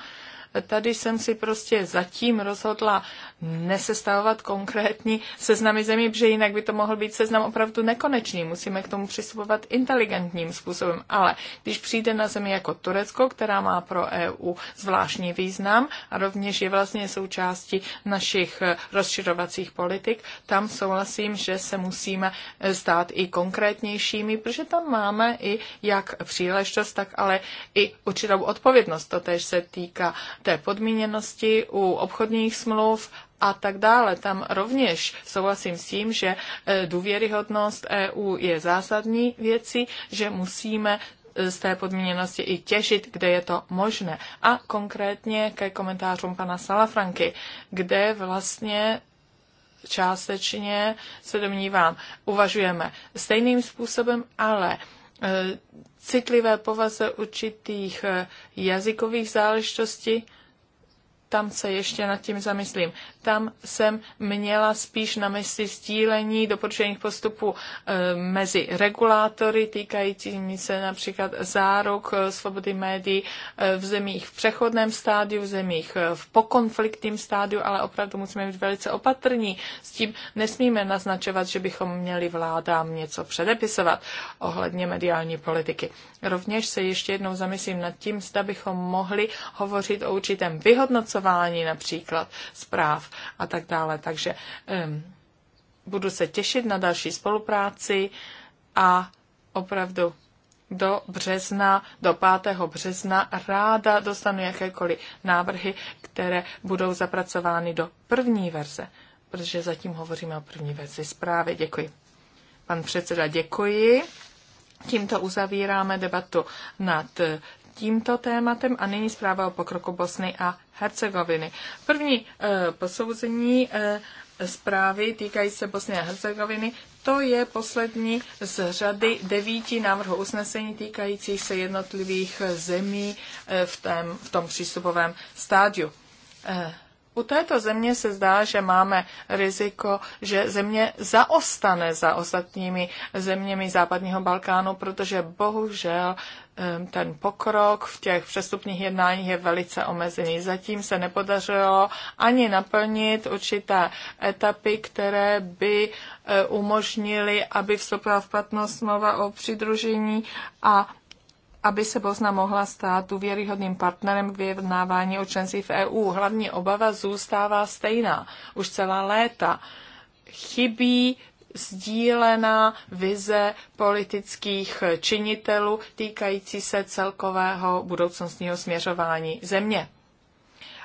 tady jsem si prostě zatím rozhodla nesestavovat konkrétní seznamy zemí, protože jinak by to mohl být seznam opravdu nekonečný. Musíme k tomu přistupovat inteligentním způsobem. Ale když přijde na zemi jako Turecko, která má pro EU zvláštní význam a rovněž je vlastně součástí našich eh, rozširovacích politik, tam souhlasím, že se musíme stát eh, i konkrétnějšími, protože tam máme i jak příležitost, tak ale i určitou odpovědnost. To tež se týká té podmíněnosti u obchodních smluv a tak dále. Tam rovněž souhlasím s tím, že e, důvěryhodnost EU je zásadní věcí, že musíme e, z té podmíněnosti i těžit, kde je to možné. A konkrétně ke komentářům pana Salafranky, kde vlastně částečně se domnívám, uvažujeme stejným způsobem, ale e, citlivé povaze určitých jazykových záležitostí tam se ještě nad tím zamyslím. Tam jsem měla spíš na mysli sdílení doporučených postupů eh, mezi regulátory týkajícími se například záruk eh, svobody médií eh, v zemích v přechodném stádiu, v zemích v pokonfliktním stádiu, ale opravdu musíme být velice opatrní. S tím nesmíme naznačovat, že bychom měli vládám něco předepisovat ohledně mediální politiky. Rovněž se ještě jednou zamyslím nad tím, zda bychom mohli hovořit o určitém vyhodnocení financování například zpráv a tak dále. Takže um, budu se těšit na další spolupráci a opravdu do března, do 5. března ráda dostanu jakékoliv návrhy, které budou zapracovány do první verze, protože zatím hovoříme o první verzi zprávy. Děkuji. Pan předseda, děkuji. Tímto uzavíráme debatu nad tímto tématem a nyní zpráva o pokroku Bosny a Hercegoviny. První e, posouzení e, zprávy týkají se Bosny a Hercegoviny. To je poslední z řady devíti návrhů usnesení týkajících se jednotlivých zemí eh, v, tém, v tom přístupovém stádiu. E, u této země se zdá, že máme riziko, že země zaostane za ostatními zeměmi západního Balkánu, protože bohužel ten pokrok v těch přestupních jednáních je velice omezený. Zatím se nepodařilo ani naplnit určité etapy, které by e, umožnily, aby vstoupila v platnost smlouva o přidružení a aby se Bosna mohla stát důvěryhodným partnerem k vyjednávání o členství v EU. Hlavní obava zůstává stejná už celá léta. Chybí sdílená vize politických činitelů týkající se celkového budoucnostního směřování země.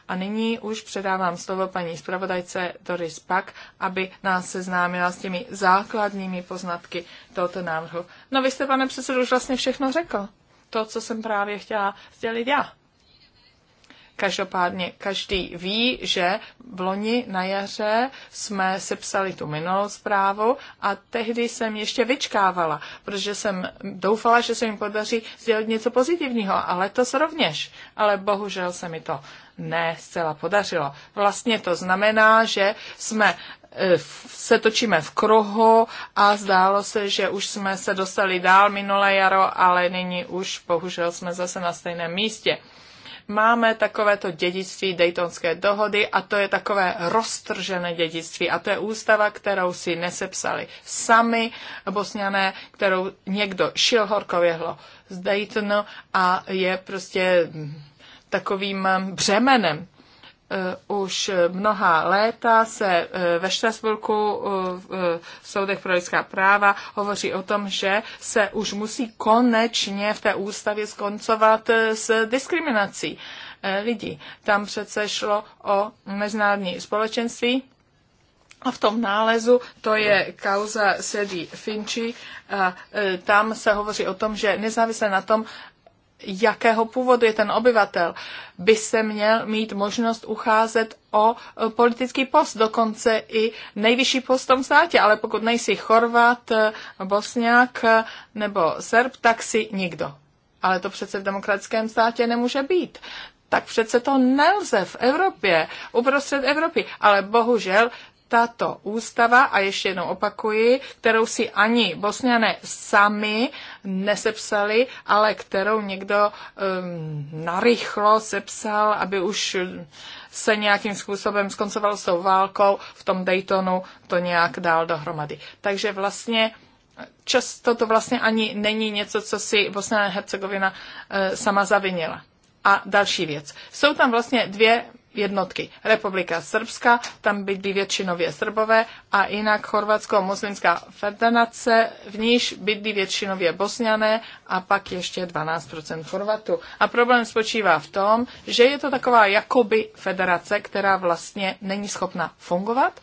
A nyní už předávám slovo paní zpravodajce Doris Pak, aby nás seznámila s těmi základními poznatky tohoto návrhu. No vy jste, pane předsedu, už vlastně všechno řekl to, co jsem právě chtěla sdělit já. Každopádně každý ví, že v loni na jaře jsme sepsali tu minulou zprávu a tehdy jsem ještě vyčkávala, protože jsem doufala, že se mi podaří sdělit něco pozitivního ale to rovněž. Ale bohužel se mi to ne zcela podařilo. Vlastně to znamená, že jsme e, se točíme v kruhu a zdálo se, že už jsme se dostali dál minulé jaro, ale nyní už bohužel jsme zase na stejném místě. Máme takovéto dědictví Daytonské dohody a to je takové roztržené dědictví a to je ústava, kterou si nesepsali sami bosňané, kterou někdo šil horkověhlo z Daytonu a je prostě takovým eh, břemenem. Eh, už mnoha léta se eh, ve Štrasburku v soudech pro lidská práva hovoří o tom, že se už musí konečně v té ústavě skoncovat s diskriminací lidí. Tam přece šlo o mezinárodní společenství, a v tom nálezu to je kauza Sedi Finči. A, tam se hovoří o tom, že nezávisle na tom, jakého původu je ten obyvatel, by se měl mít možnost ucházet o e, politický post, dokonce i nejvyšší post v tom státě, ale pokud nejsi Chorvat, e, Bosňák e, nebo Serb, tak si nikdo. Ale to přece v demokratickém státě nemůže být. Tak přece to nelze v Evropě, uprostřed Evropy. Ale bohužel tato ústava, a ještě jednou opakuji, kterou si ani bosňané sami nesepsali, ale kterou někdo um, narychlo sepsal, aby už se nějakým způsobem skoncoval s tou válkou, v tom Daytonu to nějak dál dohromady. Takže vlastně často to vlastně ani není něco, co si Bosna a Hercegovina e, sama zavinila. A další věc. Jsou tam vlastně dvě jednotky. Republika Srbska, tam bydlí většinově Srbové a jinak Chorvatsko-Muslimská federace, v níž bydlí většinově Bosňané a pak ještě 12% Chorvatu. A problém spočívá v tom, že je to taková jakoby federace, která vlastně není schopna fungovat,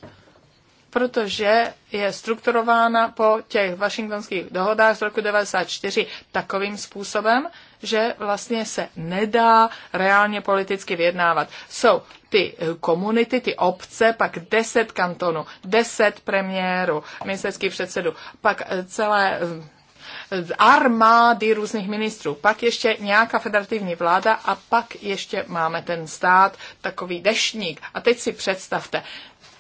protože je strukturována po těch washingtonských dohodách z roku 1994 takovým způsobem, že vlastně se nedá reálně politicky vyjednávat. Jsou ty eh, komunity, ty obce, pak deset kantonů, deset premiérů, ministerský předsedů, pak eh, celé eh, armády různých ministrů, pak ještě nějaká federativní vláda a pak ještě máme ten stát, takový dešník. A teď si představte,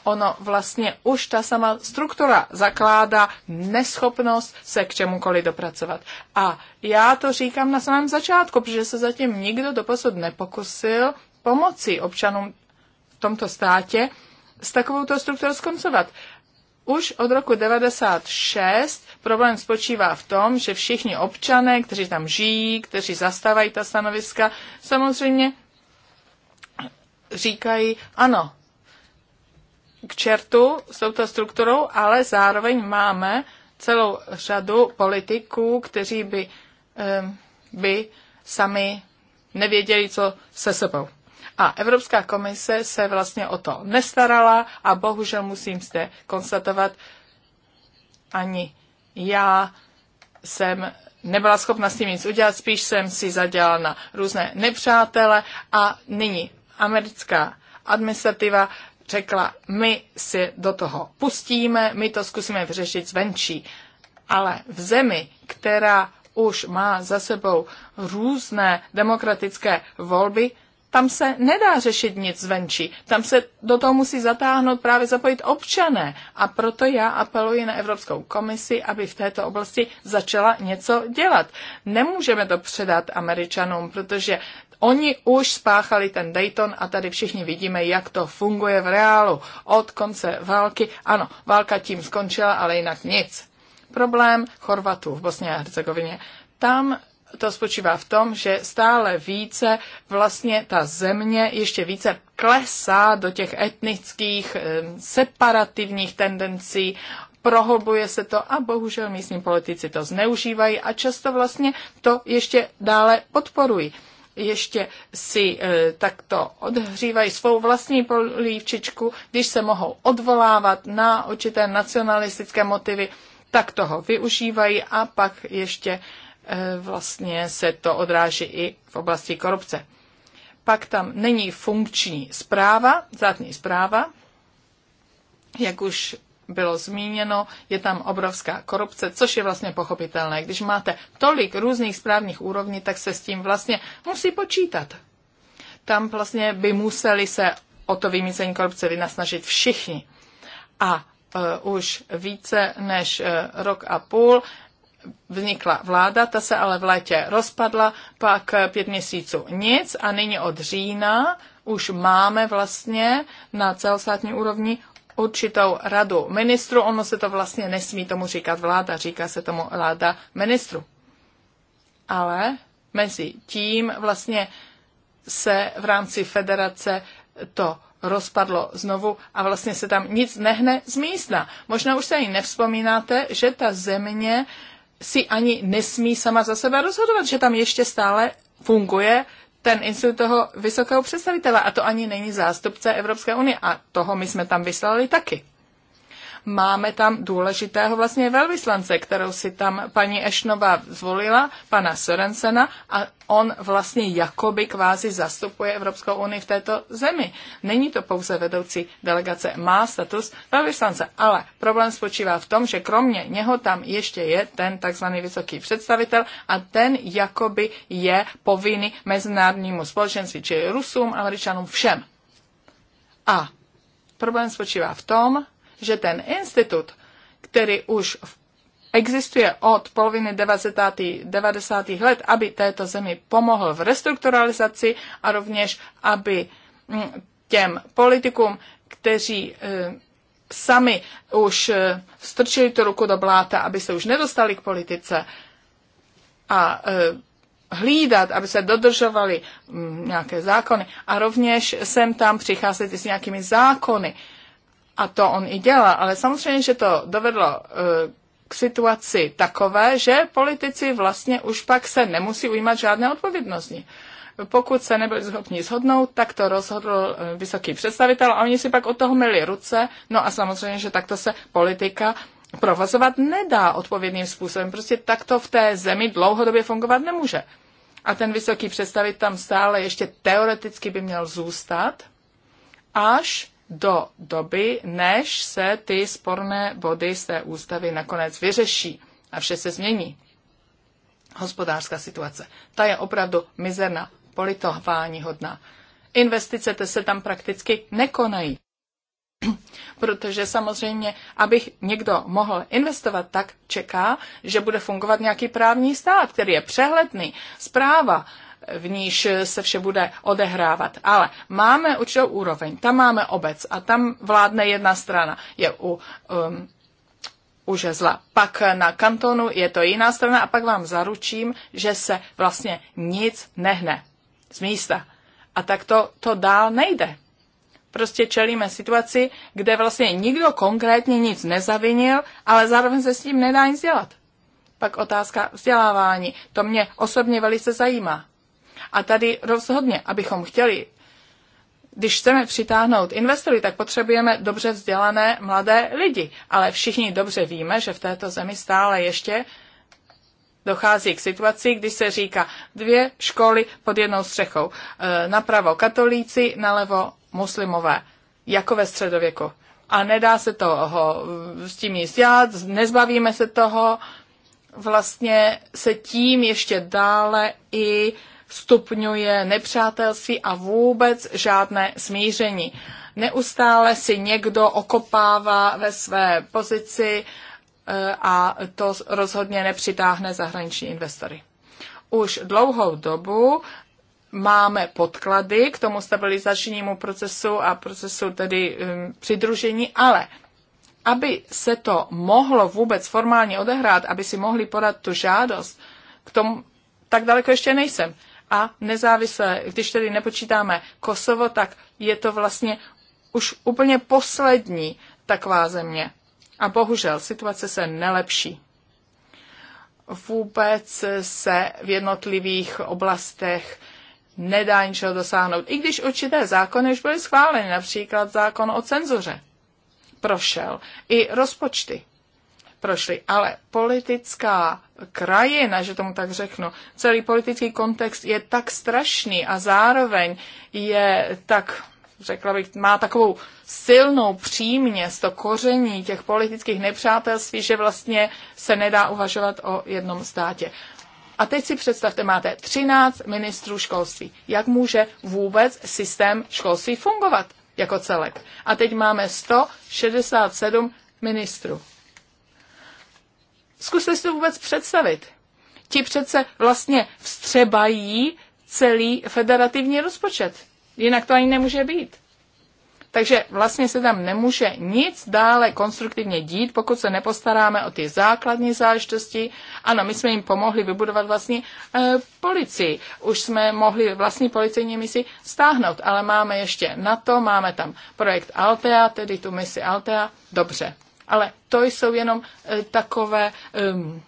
ono vlastně už ta sama struktura zakládá neschopnost se k čemukoliv dopracovat. A já to říkám na samém začátku, protože se zatím nikdo doposud nepokusil pomoci občanům v tomto státě s takovouto strukturou skoncovat. Už od roku 96 problém spočívá v tom, že všichni občané, kteří tam žijí, kteří zastávají ta stanoviska, samozřejmě říkají ano, k čertu s touto strukturou, ale zároveň máme celou řadu politiků, kteří by, eh, by sami nevěděli, co se sebou. A Evropská komise se vlastně o to nestarala a bohužel musím zde konstatovat, ani já jsem nebyla schopna s tím nic udělat, spíš jsem si zadělala na různé nepřátele a nyní americká administrativa řekla, my si do toho pustíme, my to zkusíme vyřešit zvenčí. Ale v zemi, která už má za sebou různé demokratické volby, tam se nedá řešit nic zvenčí. Tam se do toho musí zatáhnout právě zapojit občané. A proto já apeluji na Evropskou komisi, aby v této oblasti začala něco dělat. Nemůžeme to předat Američanům, protože oni už spáchali ten Dayton a tady všichni vidíme, jak to funguje v reálu. Od konce války, ano, válka tím skončila, ale jinak nic. Problém Chorvatů v Bosně a Hercegovině. Tam to spočívá v tom, že stále více vlastně ta země ještě více klesá do těch etnických separativních tendencí, prohlbuje se to a bohužel místní politici to zneužívají a často vlastně to ještě dále podporují ještě si e, takto odhřívají svou vlastní polívčičku, když se mohou odvolávat na určité nacionalistické motivy, tak toho využívají a pak ještě Eh, vlastně se to odráží i v oblasti korupce. Pak tam není funkční zpráva, zátní zpráva, jak už bylo zmíněno, je tam obrovská korupce, což je vlastně pochopitelné. Když máte tolik různých správních úrovní, tak se s tím vlastně musí počítat. Tam vlastně by museli se o to vymícení korupce vynasnažit všichni. A uh, už více než uh, rok a půl vznikla vláda, ta se ale v létě rozpadla, pak pět měsíců nic a nyní od října už máme vlastně na celostátní úrovni určitou radu ministru. Ono se to vlastně nesmí tomu říkat vláda, říká se tomu vláda ministru. Ale mezi tím vlastně se v rámci federace to rozpadlo znovu a vlastně se tam nic nehne z místa. Možná už se ani nevzpomínáte, že ta země si ani nesmí sama za sebe rozhodovat, že tam ještě stále funguje ten institut toho vysokého představitele a to ani není zástupce Evropské unie a toho my jsme tam vyslali taky máme tam důležitého vlastně velvyslance, kterou si tam paní Ešnová zvolila, pana Sorensena, a on vlastně jakoby kvázi zastupuje Evropskou unii v této zemi. Není to pouze vedoucí delegace, má status velvyslance, ale problém spočívá v tom, že kromě něho tam ještě je ten takzvaný vysoký představitel a ten jakoby je povinný mezinárodnímu společenství, čili Rusům, Američanům, všem. A problém spočívá v tom, že ten institut, který už existuje od poloviny 90. 90. let, aby této zemi pomohl v restrukturalizaci a rovněž, aby mm, těm politikům, kteří e, sami už e, strčili tu ruku do bláta, aby se už nedostali k politice a e, hlídat, aby se dodržovali mm, nějaké zákony. A rovněž sem tam přicházet s nějakými zákony, a to on i dělá, ale samozřejmě, že to dovedlo e, k situaci takové, že politici vlastně už pak se nemusí ujímat žádné odpovědnosti. Pokud se nebyli schopni shodnout, tak to rozhodl e, vysoký představitel a oni si pak od toho měli ruce. No a samozřejmě, že takto se politika provozovat nedá odpovědným způsobem. Prostě takto v té zemi dlouhodobě fungovat nemůže. A ten vysoký představitel tam stále ještě teoreticky by měl zůstat, až do doby, než se ty sporné body z té ústavy nakonec vyřeší a vše se změní. Hospodářská situace. Ta je opravdu mizerná, politování hodná. Investice te se tam prakticky nekonají. Protože samozřejmě, abych někdo mohl investovat, tak čeká, že bude fungovat nějaký právní stát, který je přehledný, zpráva, v níž se vše bude odehrávat. Ale máme určitou úroveň, tam máme obec a tam vládne jedna strana. Je u um, u žezla. Pak na kantonu je to jiná strana a pak vám zaručím, že se vlastně nic nehne z místa. A tak to, to dál nejde. Prostě čelíme situaci, kde vlastně nikdo konkrétně nic nezavinil, ale zároveň se s tím nedá nic dělat. Pak otázka vzdělávání. To mě osobně velice zajímá. A tady rozhodně, abychom chtěli když chceme přitáhnout investory, tak potřebujeme dobře vzdělané mladé lidi. Ale všichni dobře víme, že v této zemi stále ještě dochází k situaci, kdy se říká dvě školy pod jednou střechou. E, napravo katolíci, nalevo muslimové, jako ve středověku. A nedá se toho s tím nic dělat, nezbavíme se toho, vlastně se tím ještě dále i uh, stupňuje nepřátelství a vůbec žádné smíření. Neustále si někdo okopává ve své pozici e, a to rozhodně nepřitáhne zahraniční investory. Už dlouhou dobu máme podklady k tomu stabilizačnímu procesu a procesu tedy um, přidružení, ale aby se to mohlo vůbec formálně odehrát, aby si mohli podat tu žádost, k tomu tak daleko ještě nejsem a nezávislé. Když tedy nepočítáme Kosovo, tak je to vlastně už úplně poslední taková země. A bohužel situace se nelepší. Vůbec se v jednotlivých oblastech nedá ničeho dosáhnout. I když určité zákony už byly schváleny, například zákon o cenzuře prošel, i rozpočty prošli. Ale politická krajina, že tomu tak řeknu, celý politický kontext je tak strašný a zároveň je tak řekla bych, má takovou silnou příměs, to koření těch politických nepřátelství, že vlastně se nedá uvažovat o jednom státě. A teď si představte, máte 13 ministrů školství. Jak může vůbec systém školství fungovat jako celek? A teď máme 167 ministrů. Zkuste si to vůbec představit. Ti přece vlastně vstřebají celý federativní rozpočet. Jinak to ani nemůže být. Takže vlastně se tam nemůže nic dále konstruktivně dít, pokud se nepostaráme o ty základní záležitosti. Ano, my jsme jim pomohli vybudovat vlastní e, policii. Už jsme mohli vlastní policejní misi stáhnout, ale máme ještě na to, máme tam projekt Altea, tedy tu misi Altea. Dobře. Ale to jsou jenom eh, takové um,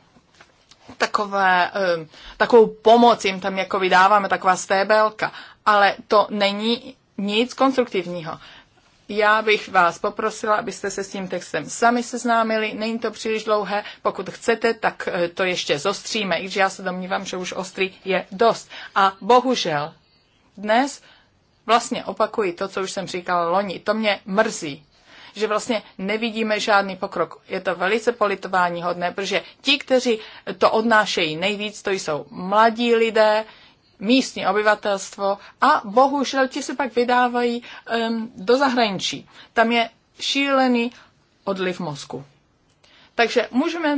takové, um, takovou pomoc jim tam jako vydáváme, taková stébelka. Ale to není nic konstruktivního. Já bych vás poprosila, abyste se s tím textem sami seznámili. Není to příliš dlouhé. Pokud chcete, tak eh, to ještě zostříme, i když já se domnívám, že už ostrý je dost. A bohužel dnes vlastně opakuji to, co už jsem říkala loni. To mě mrzí že vlastně nevidíme žádný pokrok. Je to velice politování protože ti, kteří to odnášejí nejvíc, to jsou mladí lidé, místní obyvatelstvo a bohužel ti se pak vydávají um, do zahraničí. Tam je šílený odliv mozku. Takže můžeme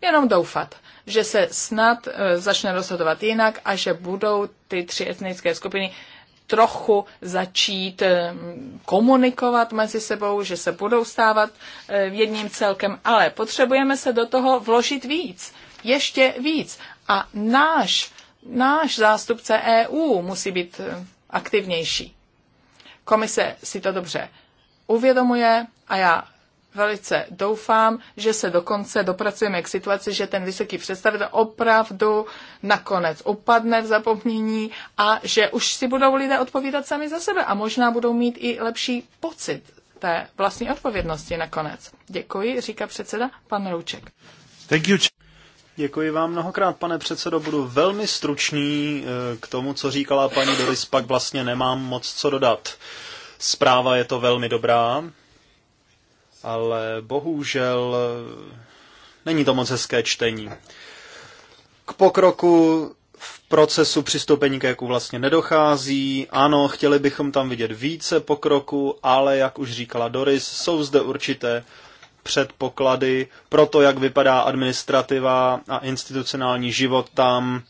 jenom doufat, že se snad uh, začne rozhodovat jinak a že budou ty tři etnické skupiny trochu začít komunikovat mezi sebou, že se budou stávat eh, jedním celkem, ale potřebujeme se do toho vložit víc, ještě víc. A náš, náš zástupce EU musí být eh, aktivnější. Komise si to dobře uvědomuje a já velice doufám, že se dokonce dopracujeme k situaci, že ten vysoký představitel opravdu nakonec upadne v zapomnění a že už si budou lidé odpovídat sami za sebe a možná budou mít i lepší pocit té vlastní odpovědnosti nakonec. Děkuji, říká předseda pan Rouček. Thank you. Děkuji vám mnohokrát, pane předsedo. Budu velmi stručný eh, k tomu, co říkala paní Doris, pak vlastně nemám moc co dodat. Zpráva je to velmi dobrá ale bohužel eh, není to moc hezké čtení. K pokroku v procesu přistoupení k jaku e vlastně nedochází. Ano, chtěli bychom tam vidět více pokroku, ale jak už říkala Doris, jsou zde určité předpoklady pro to, jak vypadá administrativa a institucionální život tam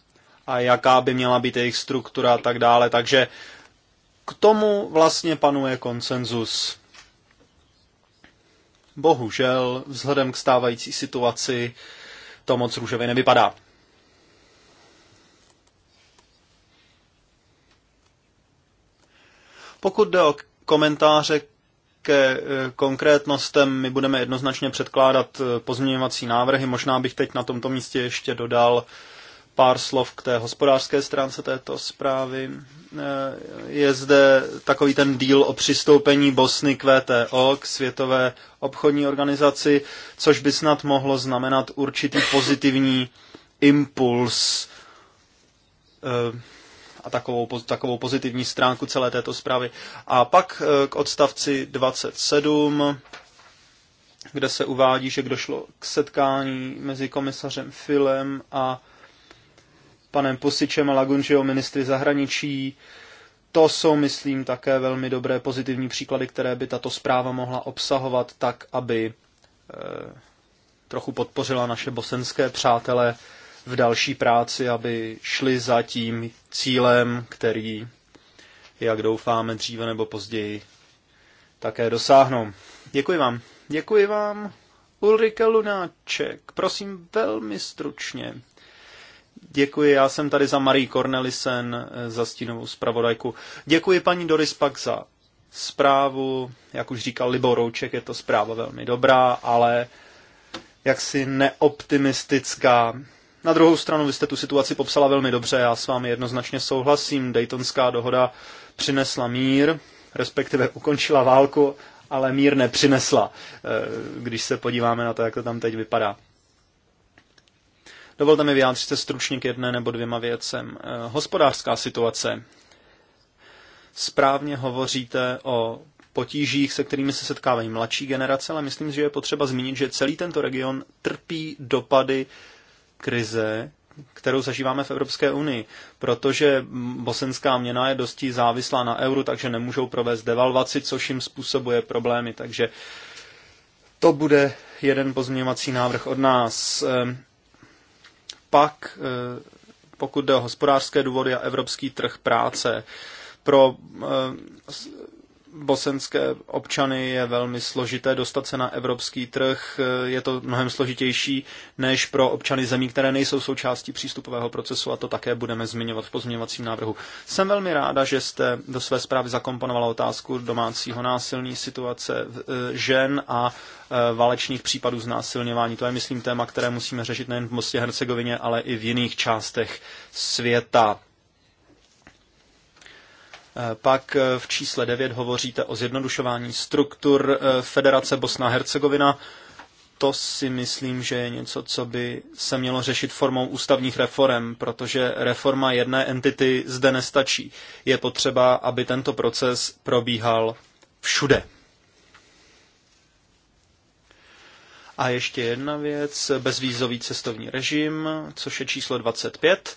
a jaká by měla být jejich struktura a tak dále. Takže k tomu vlastně panuje konsenzus bohužel vzhledem k stávající situaci to moc růžově nevypadá. Pokud jde o komentáře ke eh, konkrétnostem, my budeme jednoznačně předkládat eh, pozměňovací návrhy. Možná bych teď na tomto místě ještě dodal, Pár slov k té hospodářské stránce této zprávy. Eh, je zde takový ten díl o přistoupení Bosny k VTO, k Světové obchodní organizaci, což by snad mohlo znamenat určitý pozitivní impuls eh, a takovou, takovou pozitivní stránku celé této zprávy. A pak eh, k odstavci 27, kde se uvádí, že došlo k setkání mezi komisařem Filem a panem Posičem a Lagunžio ministry zahraničí. To jsou, myslím, také velmi dobré pozitivní příklady, které by tato zpráva mohla obsahovat tak, aby eh, trochu podpořila naše bosenské přátele v další práci, aby šli za tím cílem, který, jak doufáme, dříve nebo později také dosáhnou. Děkuji vám. Děkuji vám. Ulrike Lunáček, prosím velmi stručně. Děkuji, já jsem tady za Marie Cornelisen, eh, za stínovou zpravodajku. Děkuji paní Doris Pak za zprávu. Jak už říkal Libor Rouček, je to zpráva velmi dobrá, ale jaksi neoptimistická. Na druhou stranu, vy jste tu situaci popsala velmi dobře, já s vámi jednoznačně souhlasím. Daytonská dohoda přinesla mír, respektive ukončila válku, ale mír nepřinesla, eh, když se podíváme na to, jak to tam teď vypadá. Dovolte mi vyjádřit se stručně k jedné nebo dvěma věcem. Eh, hospodářská situace. Správně hovoříte o potížích, se kterými se setkávají mladší generace, ale myslím, že je potřeba zmínit, že celý tento region trpí dopady krize, kterou zažíváme v Evropské unii, protože bosenská měna je dosti závislá na euru, takže nemůžou provést devalvaci, což jim způsobuje problémy. Takže to bude jeden pozměňovací návrh od nás. Ehm, pak, eh, pokud jde o hospodářské důvody a evropský trh práce, pro eh, bosenské občany je velmi složité dostat se na evropský trh. Je to mnohem složitější než pro občany zemí, které nejsou součástí přístupového procesu a to také budeme zmiňovat v pozměňovacím návrhu. Jsem velmi ráda, že jste do své zprávy zakomponovala otázku domácího násilní situace eh, žen a eh, válečných případů znásilňování. To je, myslím, téma, které musíme řešit nejen v Mostě Hercegovině, ale i v jiných částech světa. Eh, pak eh, v čísle 9 hovoříte o zjednodušování struktur eh, Federace Bosna-Hercegovina a to si myslím, že je něco, co by se mělo řešit formou ústavních reform, protože reforma jedné entity zde nestačí. Je potřeba, aby tento proces probíhal všude. A ještě jedna věc, bezvízový cestovní režim, což je číslo 25.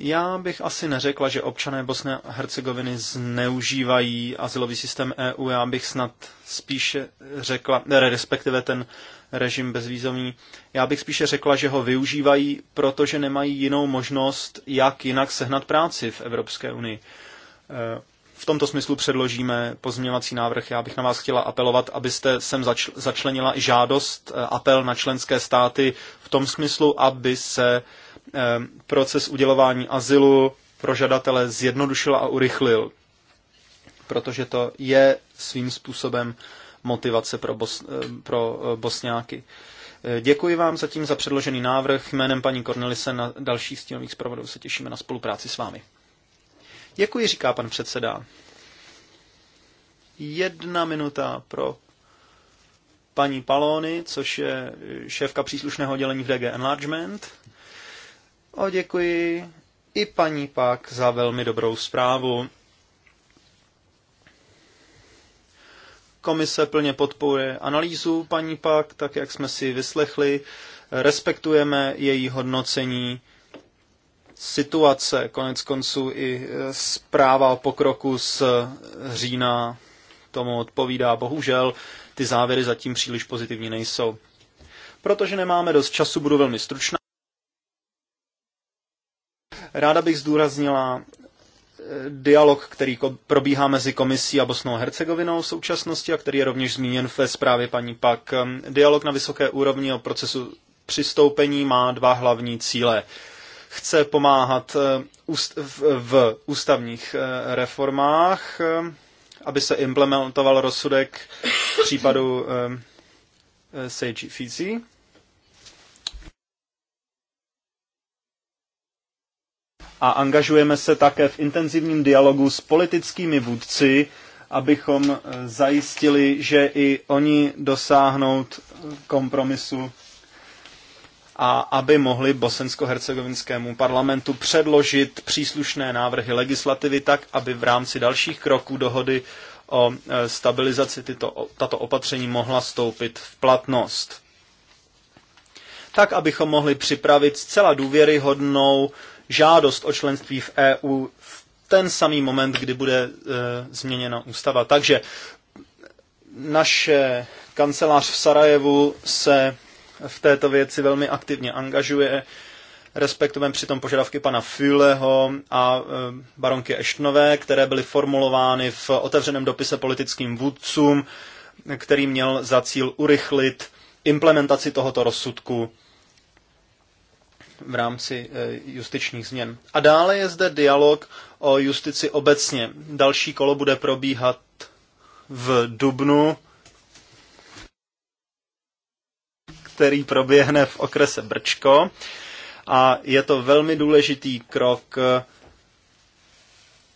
Já bych asi neřekla, že občané Bosné a Hercegoviny zneužívají asilový systém EU. Já bych snad spíše řekla, respektive ten režim bezvízový, já bych spíše řekla, že ho využívají, protože nemají jinou možnost, jak jinak sehnat práci v Evropské unii. E, v tomto smyslu předložíme pozměňovací návrh. Já bych na vás chtěla apelovat, abyste sem začl, začlenila i žádost, e, apel na členské státy v tom smyslu, aby se Ehm, proces udělování azylu pro žadatele zjednodušil a urychlil, protože to je svým způsobem motivace pro, bos, ehm, pro eh, bosňáky. Eh, děkuji vám zatím za předložený návrh. Jménem paní Cornelise na dalších stínových zpravodů se těšíme na spolupráci s vámi. Děkuji, říká pan předseda. Jedna minuta pro paní Palony, což je šéfka příslušného oddělení v DG Enlargement. O, děkuji i paní Pak za velmi dobrou zprávu. Komise plně podporuje analýzu paní Pak, tak jak jsme si vyslechli. Respektujeme její hodnocení situace, konec konců i e, zpráva o pokroku z října tomu odpovídá. Bohužel ty závěry zatím příliš pozitivní nejsou. Protože nemáme dost času, budu velmi stručná. Ráda bych zdůraznila eh, dialog, který probíhá mezi komisí a Bosnou a Hercegovinou v současnosti a který je rovněž zmíněn ve zprávě paní Pak. Ehm, dialog na vysoké úrovni o procesu přistoupení má dva hlavní cíle. Chce pomáhat eh, v ústavních eh, reformách, ehm, aby se implementoval rozsudek v případu ehm, Seiji Fizi a angažujeme se také v intenzivním dialogu s politickými vůdci, abychom eh, zajistili, že i oni dosáhnout eh, kompromisu a aby mohli bosensko-hercegovinskému parlamentu předložit příslušné návrhy legislativy tak, aby v rámci dalších kroků dohody o eh, stabilizaci tyto, tato opatření mohla stoupit v platnost. Tak, abychom mohli připravit zcela důvěryhodnou žádost o členství v EU v ten samý moment, kdy bude e, změněna ústava. Takže naše kancelář v Sarajevu se v této věci velmi aktivně angažuje, respektujeme přitom požadavky pana Füleho a e, baronky Eštnové, které byly formulovány v otevřeném dopise politickým vůdcům, který měl za cíl urychlit implementaci tohoto rozsudku v rámci eh, justičních změn. A dále je zde dialog o justici obecně. Další kolo bude probíhat v Dubnu, který proběhne v okrese Brčko. A je to velmi důležitý krok eh,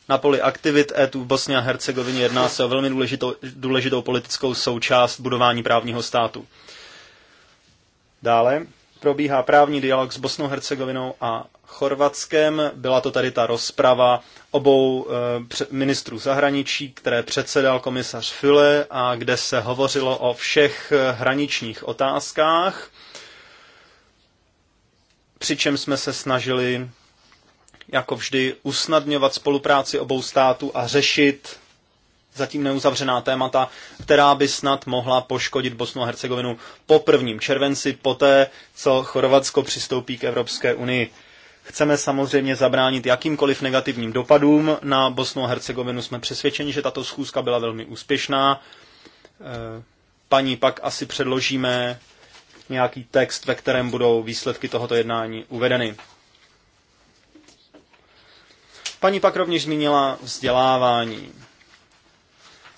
na poli aktivit ETU v Bosně a Hercegovině jedná se o velmi důležitou, důležitou politickou součást budování právního státu. Dále probíhá právní dialog s Bosnou Hercegovinou a Chorvatskem. Byla to tady ta rozprava obou eh, ministrů zahraničí, které předsedal komisař Füle a kde se hovořilo o všech eh, hraničních otázkách, přičem jsme se snažili jako vždy usnadňovat spolupráci obou států a řešit zatím neuzavřená témata, která by snad mohla poškodit Bosnu a Hercegovinu po prvním červenci, poté co Chorvatsko přistoupí k Evropské unii. Chceme samozřejmě zabránit jakýmkoliv negativním dopadům na Bosnu a Hercegovinu. Jsme přesvědčeni, že tato schůzka byla velmi úspěšná. E, paní pak asi předložíme nějaký text, ve kterém budou výsledky tohoto jednání uvedeny. Paní pak rovněž zmínila vzdělávání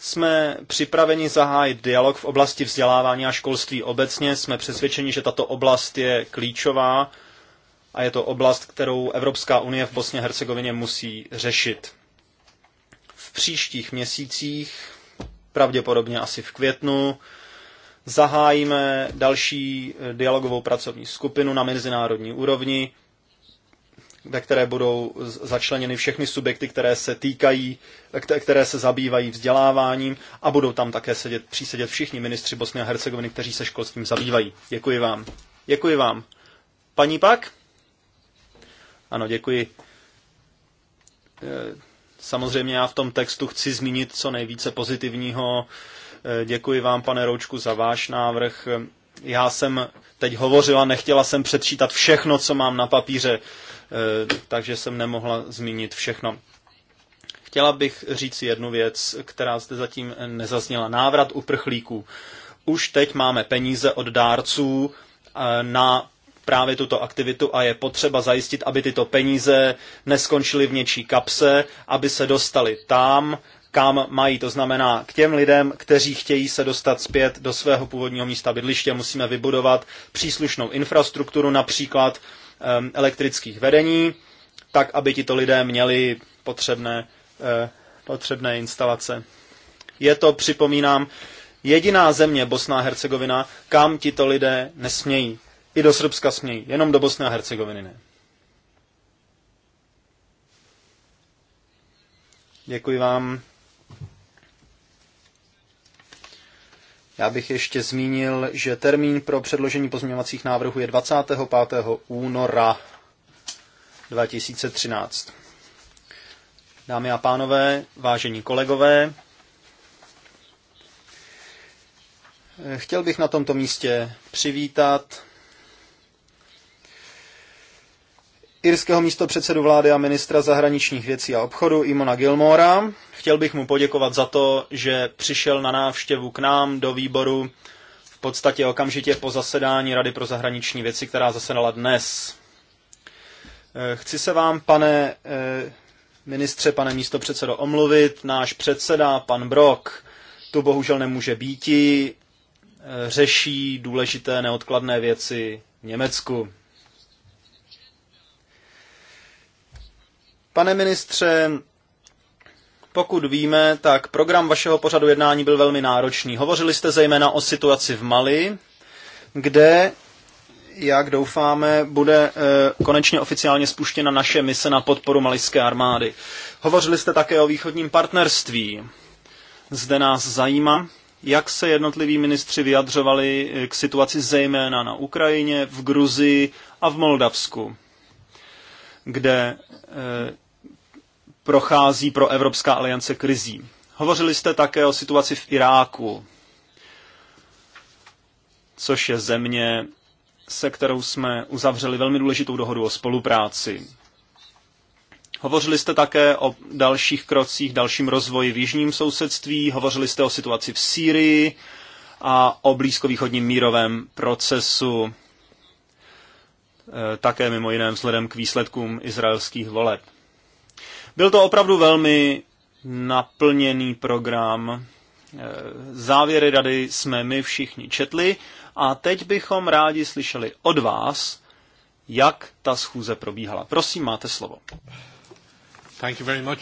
jsme připraveni zahájit dialog v oblasti vzdělávání a školství obecně. Jsme přesvědčeni, že tato oblast je klíčová a je to oblast, kterou Evropská unie v Bosně a Hercegovině musí řešit. V příštích měsících, pravděpodobně asi v květnu, zahájíme další dialogovou pracovní skupinu na mezinárodní úrovni, ve které budou začleněny všechny subjekty, které se týkají, které se zabývají vzděláváním a budou tam také sedět, přísedět všichni ministři Bosny a Hercegoviny, kteří se školstvím zabývají. Děkuji vám. Děkuji vám. Paní Pak? Ano, děkuji. E, samozřejmě já v tom textu chci zmínit co nejvíce pozitivního. E, děkuji vám, pane Roučku, za váš návrh. E, já jsem teď hovořila, nechtěla jsem předčítat všechno, co mám na papíře. Eh, takže jsem nemohla zmínit všechno. Chtěla bych říct jednu věc, která zde zatím nezazněla. Návrat uprchlíků. Už teď máme peníze od dárců eh, na právě tuto aktivitu a je potřeba zajistit, aby tyto peníze neskončily v něčí kapse, aby se dostaly tam, kam mají. To znamená, k těm lidem, kteří chtějí se dostat zpět do svého původního místa bydliště, musíme vybudovat příslušnou infrastrukturu, například Um, elektrických vedení, tak aby tito lidé měli potřebné, eh, potřebné instalace. Je to, připomínám, jediná země Bosna a Hercegovina, kam tito lidé nesmějí. I do Srbska smějí, jenom do Bosny a Hercegoviny ne. Děkuji vám Já bych ještě zmínil, že termín pro předložení pozměňovacích návrhů je 25. února 2013. Dámy a pánové, vážení kolegové, chtěl bych na tomto místě přivítat irského místo předsedu vlády a ministra zahraničních věcí a obchodu Imona Gilmora. Chtěl bych mu poděkovat za to, že přišel na návštěvu k nám do výboru v podstatě okamžitě po zasedání Rady pro zahraniční věci, která zasedala dnes. Eh, chci se vám, pane eh, ministře, pane místopředsedo, omluvit. Náš předseda, pan Brok, tu bohužel nemůže býti, eh, řeší důležité neodkladné věci v Německu. Pane ministře, pokud víme, tak program vašeho pořadu jednání byl velmi náročný. Hovořili jste zejména o situaci v Mali, kde, jak doufáme, bude eh, konečně oficiálně spuštěna naše mise na podporu malijské armády. Hovořili jste také o východním partnerství. Zde nás zajímá, jak se jednotliví ministři vyjadřovali eh, k situaci zejména na Ukrajině, v Gruzii a v Moldavsku, kde eh, prochází pro Evropská aliance krizí. Hovořili jste také o situaci v Iráku, což je země, se kterou jsme uzavřeli velmi důležitou dohodu o spolupráci. Hovořili jste také o dalších krocích, dalším rozvoji v jižním sousedství, hovořili jste o situaci v Sýrii a o blízkovýchodním mírovém procesu, eh, také mimo jiném vzhledem k výsledkům izraelských voleb. Byl to opravdu velmi naplněný program. Eh, závěry rady jsme my všichni četli a teď bychom rádi slyšeli od vás, jak ta schůze probíhala. Prosím, máte slovo. Thank you very much.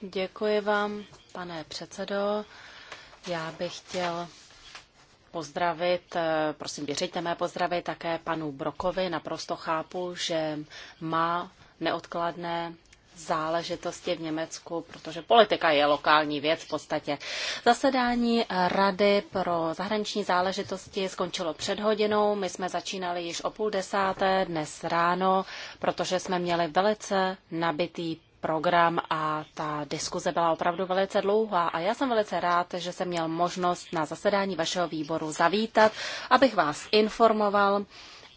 Děkuji vám, pane předsedo. Já bych chtěl pozdravit, eh, prosím, věřejte mé pozdravy také panu Brokovi. Naprosto chápu, že má neodkladné záležitosti v Německu, protože politika je lokální věc v podstatě. Zasedání Rady pro zahraniční záležitosti skončilo před hodinou. My jsme začínali již o půl desáté dnes ráno, protože jsme měli velice nabitý program a ta diskuze byla opravdu velice dlouhá a já jsem velice rád, že jsem měl možnost na zasedání vašeho výboru zavítat, abych vás informoval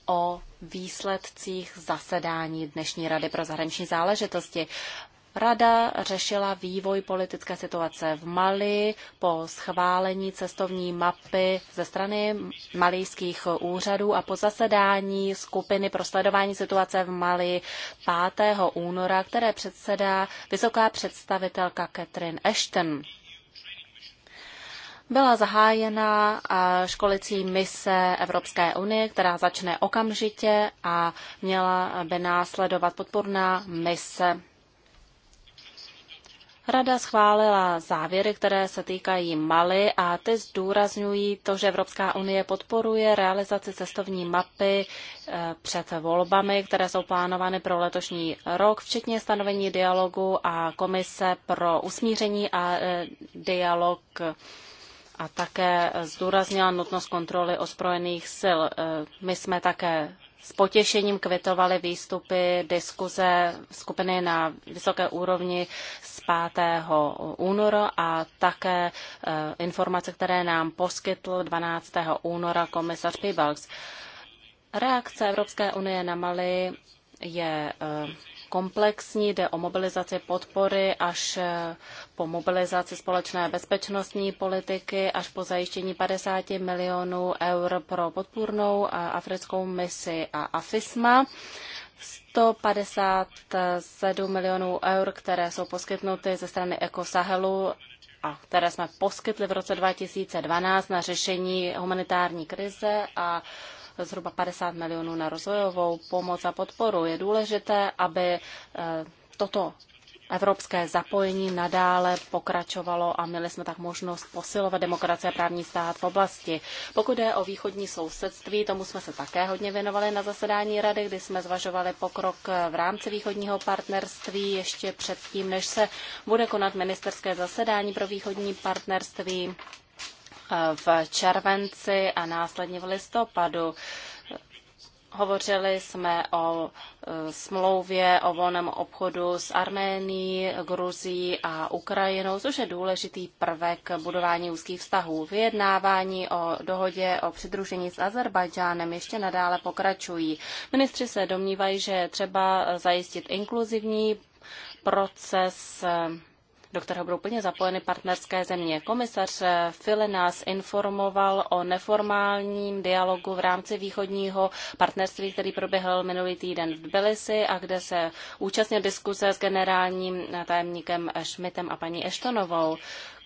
o výsledcích zasedání dnešní Rady pro zahraniční záležitosti. Rada řešila vývoj politické situace v Mali po schválení cestovní mapy ze strany malijských úřadů a po zasedání skupiny pro sledování situace v Mali 5. února, které předsedá vysoká představitelka Catherine Ashton byla zahájena školicí mise Evropské unie, která začne okamžitě a měla by následovat podporná mise. Rada schválila závěry, které se týkají Mali a ty zdůrazňují to, že Evropská unie podporuje realizaci cestovní mapy eh, před volbami, které jsou plánovány pro letošní rok, včetně stanovení dialogu a komise pro usmíření a eh, dialog a také zdůraznila nutnost kontroly ozbrojených sil. E, my jsme také s potěšením kvitovali výstupy diskuze skupiny na vysoké úrovni z 5. února a také e, informace, které nám poskytl 12. února komisař Pibalks. Reakce Evropské unie na Mali je e, komplexní, jde o mobilizaci podpory až eh, po mobilizaci společné bezpečnostní politiky až po zajištění 50 milionů eur pro podpůrnou africkou misi a AFISMA. 157 milionů eur, které jsou poskytnuty ze strany EkoSahelu a které jsme poskytli v roce 2012 na řešení humanitární krize a zhruba 50 milionů na rozvojovou pomoc a podporu. Je důležité, aby eh, toto evropské zapojení nadále pokračovalo a měli jsme tak možnost posilovat demokracie a právní stát v oblasti. Pokud je o východní sousedství, tomu jsme se také hodně věnovali na zasedání rady, kdy jsme zvažovali pokrok v rámci východního partnerství ještě předtím, než se bude konat ministerské zasedání pro východní partnerství v červenci a následně v listopadu. Hovořili jsme o e, smlouvě o volném obchodu s Arménií, Gruzií a Ukrajinou, což je důležitý prvek budování úzkých vztahů. Vyjednávání o dohodě o přidružení s Azerbajdžánem ještě nadále pokračují. Ministři se domnívají, že třeba zajistit inkluzivní proces do kterého budou plně zapojeny partnerské země. Komisař eh, File nás informoval o neformálním dialogu v rámci východního partnerství, který proběhl minulý týden v Tbilisi a kde se účastnil diskuse s generálním eh, tajemníkem Schmidtem a paní Eštonovou.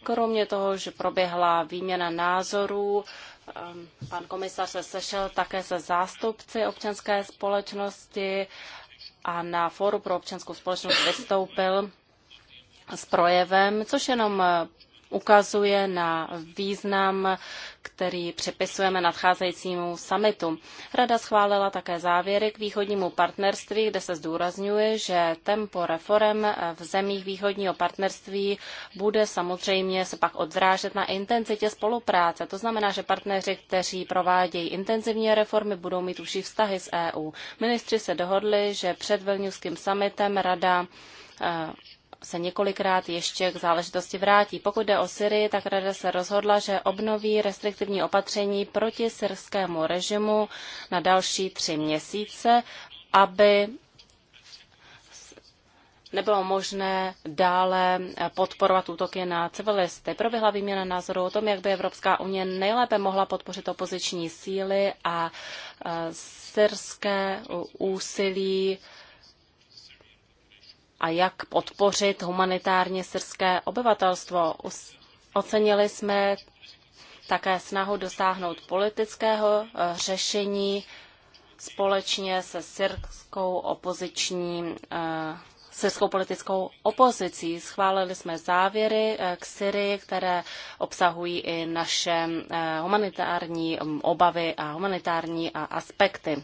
Kromě toho, že proběhla výměna názorů, eh, pan komisař se sešel také se zástupci občanské společnosti a na fóru pro občanskou společnost vystoupil s projevem, což jenom eh, ukazuje na význam, který připisujeme nadcházejícímu summitu. Rada schválila také závěry k východnímu partnerství, kde se zdůrazňuje, že tempo reform eh, v zemích východního partnerství bude samozřejmě se pak odrážet na intenzitě spolupráce. To znamená, že partneři, kteří provádějí intenzivní reformy, budou mít užší vztahy s EU. Ministři se dohodli, že před Vilniuským summitem rada eh, se několikrát ještě k záležitosti vrátí. Pokud jde o Syrii, tak rada se rozhodla, že obnoví restriktivní opatření proti syrskému režimu na další tři měsíce, aby nebylo možné dále podporovat útoky na civilisty. Proběhla výměna názoru, o tom, jak by Evropská unie nejlépe mohla podpořit opoziční síly a e, syrské úsilí a jak podpořit humanitárně syrské obyvatelstvo. Ocenili jsme také snahu dosáhnout politického eh, řešení společně se syrskou opoziční eh, syrskou politickou opozicí. Schválili jsme závěry eh, k Syrii, které obsahují i naše humanitární mm, obavy a humanitární aspekty.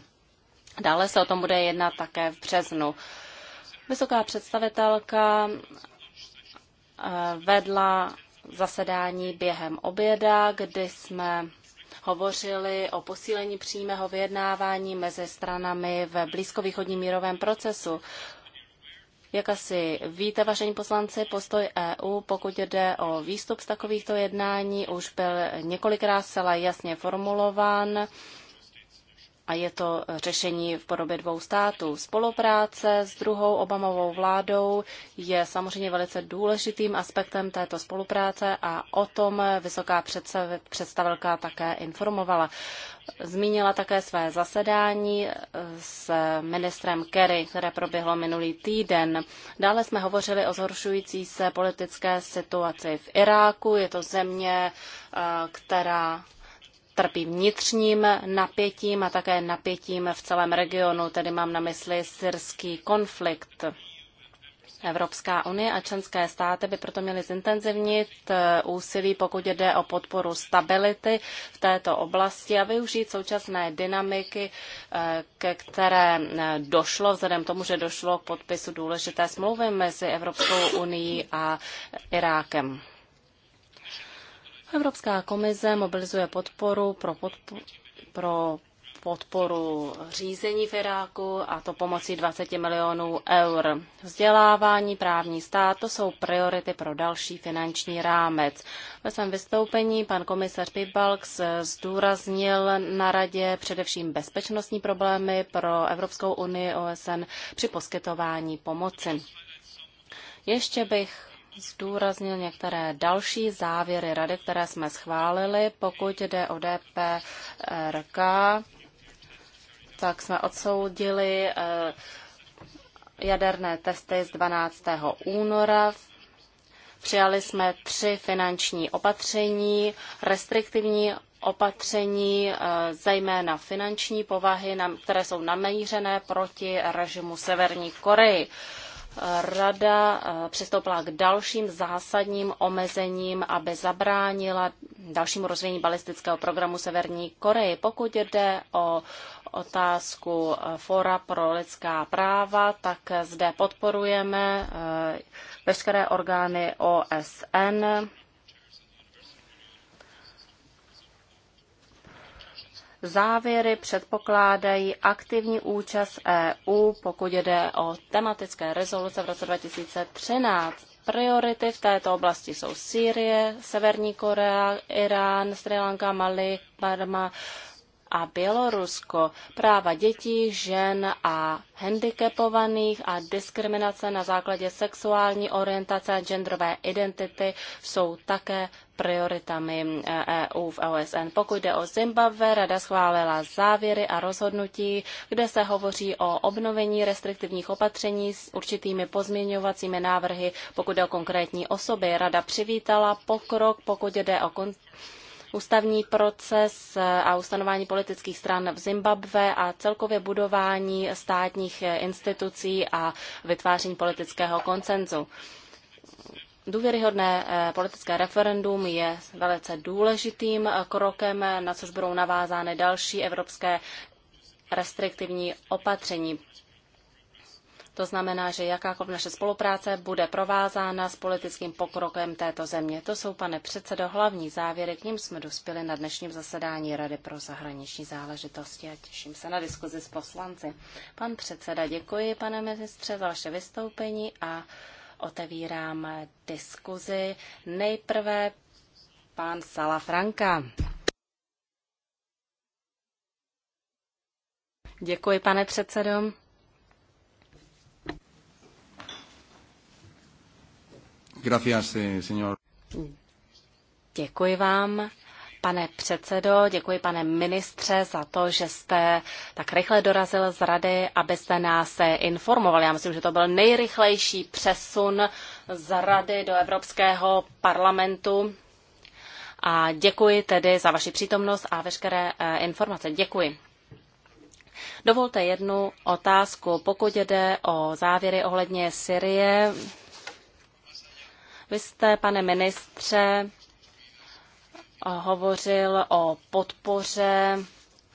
Dále se o tom bude jednat také v březnu. Vysoká představitelka eh, vedla zasedání během oběda, kdy jsme hovořili o posílení přímého vyjednávání mezi stranami v blízkovýchodním mírovém procesu. Jak asi víte, vašení poslanci, postoj EU, pokud jde o výstup z takovýchto jednání, už byl několikrát zcela jasně formulován a je to řešení v podobě dvou států. Spolupráce s druhou Obamovou vládou je samozřejmě velice důležitým aspektem této spolupráce a o tom vysoká představelka také informovala. Zmínila také své zasedání s ministrem Kerry, které proběhlo minulý týden. Dále jsme hovořili o zhoršující se politické situaci v Iráku. Je to země, eh, která trpí vnitřním napětím a také napětím v celém regionu, tedy mám na mysli syrský konflikt. Evropská unie a členské státy by proto měly zintenzivnit eh, úsilí, pokud jde o podporu stability v této oblasti a využít současné dynamiky, eh, ke které eh, došlo, vzhledem tomu, že došlo k podpisu důležité smlouvy mezi Evropskou unii a Irákem. Evropská komise mobilizuje podporu pro, podpo- pro podporu řízení v Iráku a to pomocí 20 milionů eur. Vzdělávání, právní stát, to jsou priority pro další finanční rámec. Ve svém vystoupení pan komisař Pibalks zdůraznil na radě především bezpečnostní problémy pro Evropskou unii OSN při poskytování pomoci. Ještě bych zdůraznil některé další závěry rady, které jsme schválili. Pokud jde o DPRK, tak jsme odsoudili eh, jaderné testy z 12. února. Přijali jsme tři finanční opatření, restriktivní opatření, eh, zejména finanční povahy, které jsou namířené proti režimu Severní Koreji. Rada eh, přistoupila k dalším zásadním omezením, aby zabránila dalšímu rozvíjení balistického programu Severní Koreje. Pokud jde o otázku eh, Fora pro lidská práva, tak zde podporujeme eh, veškeré orgány OSN, závěry předpokládají aktivní účast EU, pokud jde o tematické rezoluce v roce 2013. Priority v této oblasti jsou Sýrie, Severní Korea, Irán, Sri Lanka, Mali, Barma, a Bělorusko, práva dětí, žen a handicapovaných a diskriminace na základě sexuální orientace a genderové identity jsou také prioritami EU eh, e v OSN. Pokud jde o Zimbabwe, Rada schválila závěry a rozhodnutí, kde se hovoří o obnovení restriktivních opatření s určitými pozměňovacími návrhy, pokud jde o konkrétní osoby. Rada přivítala pokrok, pokud jde o kon- ústavní proces a ustanování politických stran v Zimbabve a celkově budování státních institucí a vytváření politického koncenzu. Důvěryhodné eh, politické referendum je velice důležitým eh, krokem, eh, na což budou navázány další evropské restriktivní opatření. To znamená, že jakákoliv naše spolupráce bude provázána s politickým pokrokem této země. To jsou, pane předsedo, hlavní závěry, k ním jsme dospěli na dnešním zasedání Rady pro zahraniční záležitosti a těším se na diskuzi s poslanci. Pan předseda, děkuji, pane ministře, za vaše vystoupení a otevírám diskuzi. Nejprve pan Salafranka. Děkuji, pane předsedo. Gracias, eh, señor. Děkuji vám, pane předsedo, děkuji pane ministře za to, že jste tak rychle dorazil z rady, abyste nás eh, informoval. Já myslím, že to byl nejrychlejší přesun z rady do Evropského parlamentu. A děkuji tedy za vaši přítomnost a veškeré eh, informace. Děkuji. Dovolte jednu otázku. Pokud jde o závěry ohledně Syrie, vy jste, pane ministře, hovořil o podpoře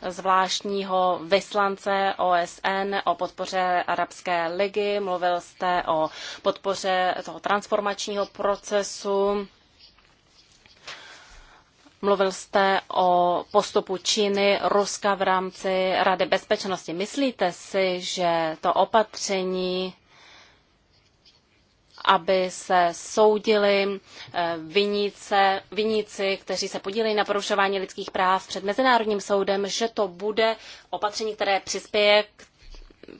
zvláštního vyslance OSN o podpoře Arabské ligy, mluvil jste o podpoře toho transformačního procesu, mluvil jste o postupu Číny, Ruska v rámci Rady bezpečnosti. Myslíte si, že to opatření aby se soudili eh, viníce, viníci, kteří se podílejí na porušování lidských práv před Mezinárodním soudem, že to bude opatření, které přispěje k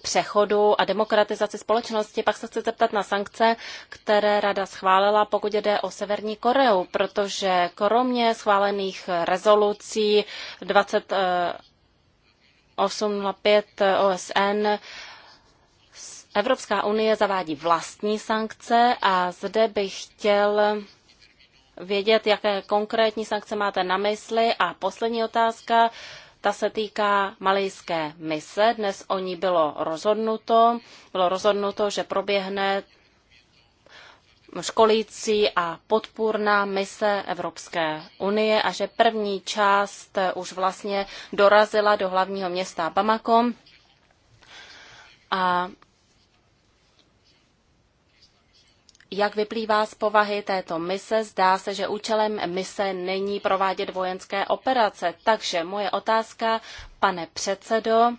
přechodu a demokratizaci společnosti. Pak se chci zeptat na sankce, které rada schválila, pokud jde o Severní Koreu, protože kromě schválených rezolucí 2805 eh, OSN Evropská unie zavádí vlastní sankce a zde bych chtěl vědět, jaké konkrétní sankce máte na mysli. A poslední otázka, ta se týká malijské mise. Dnes o ní bylo rozhodnuto. Bylo rozhodnuto, že proběhne školící a podpůrná mise Evropské unie a že první část už vlastně dorazila do hlavního města Bamako. A Jak vyplývá z povahy této mise, zdá se, že účelem mise není provádět vojenské operace. Takže moje otázka, pane předsedo,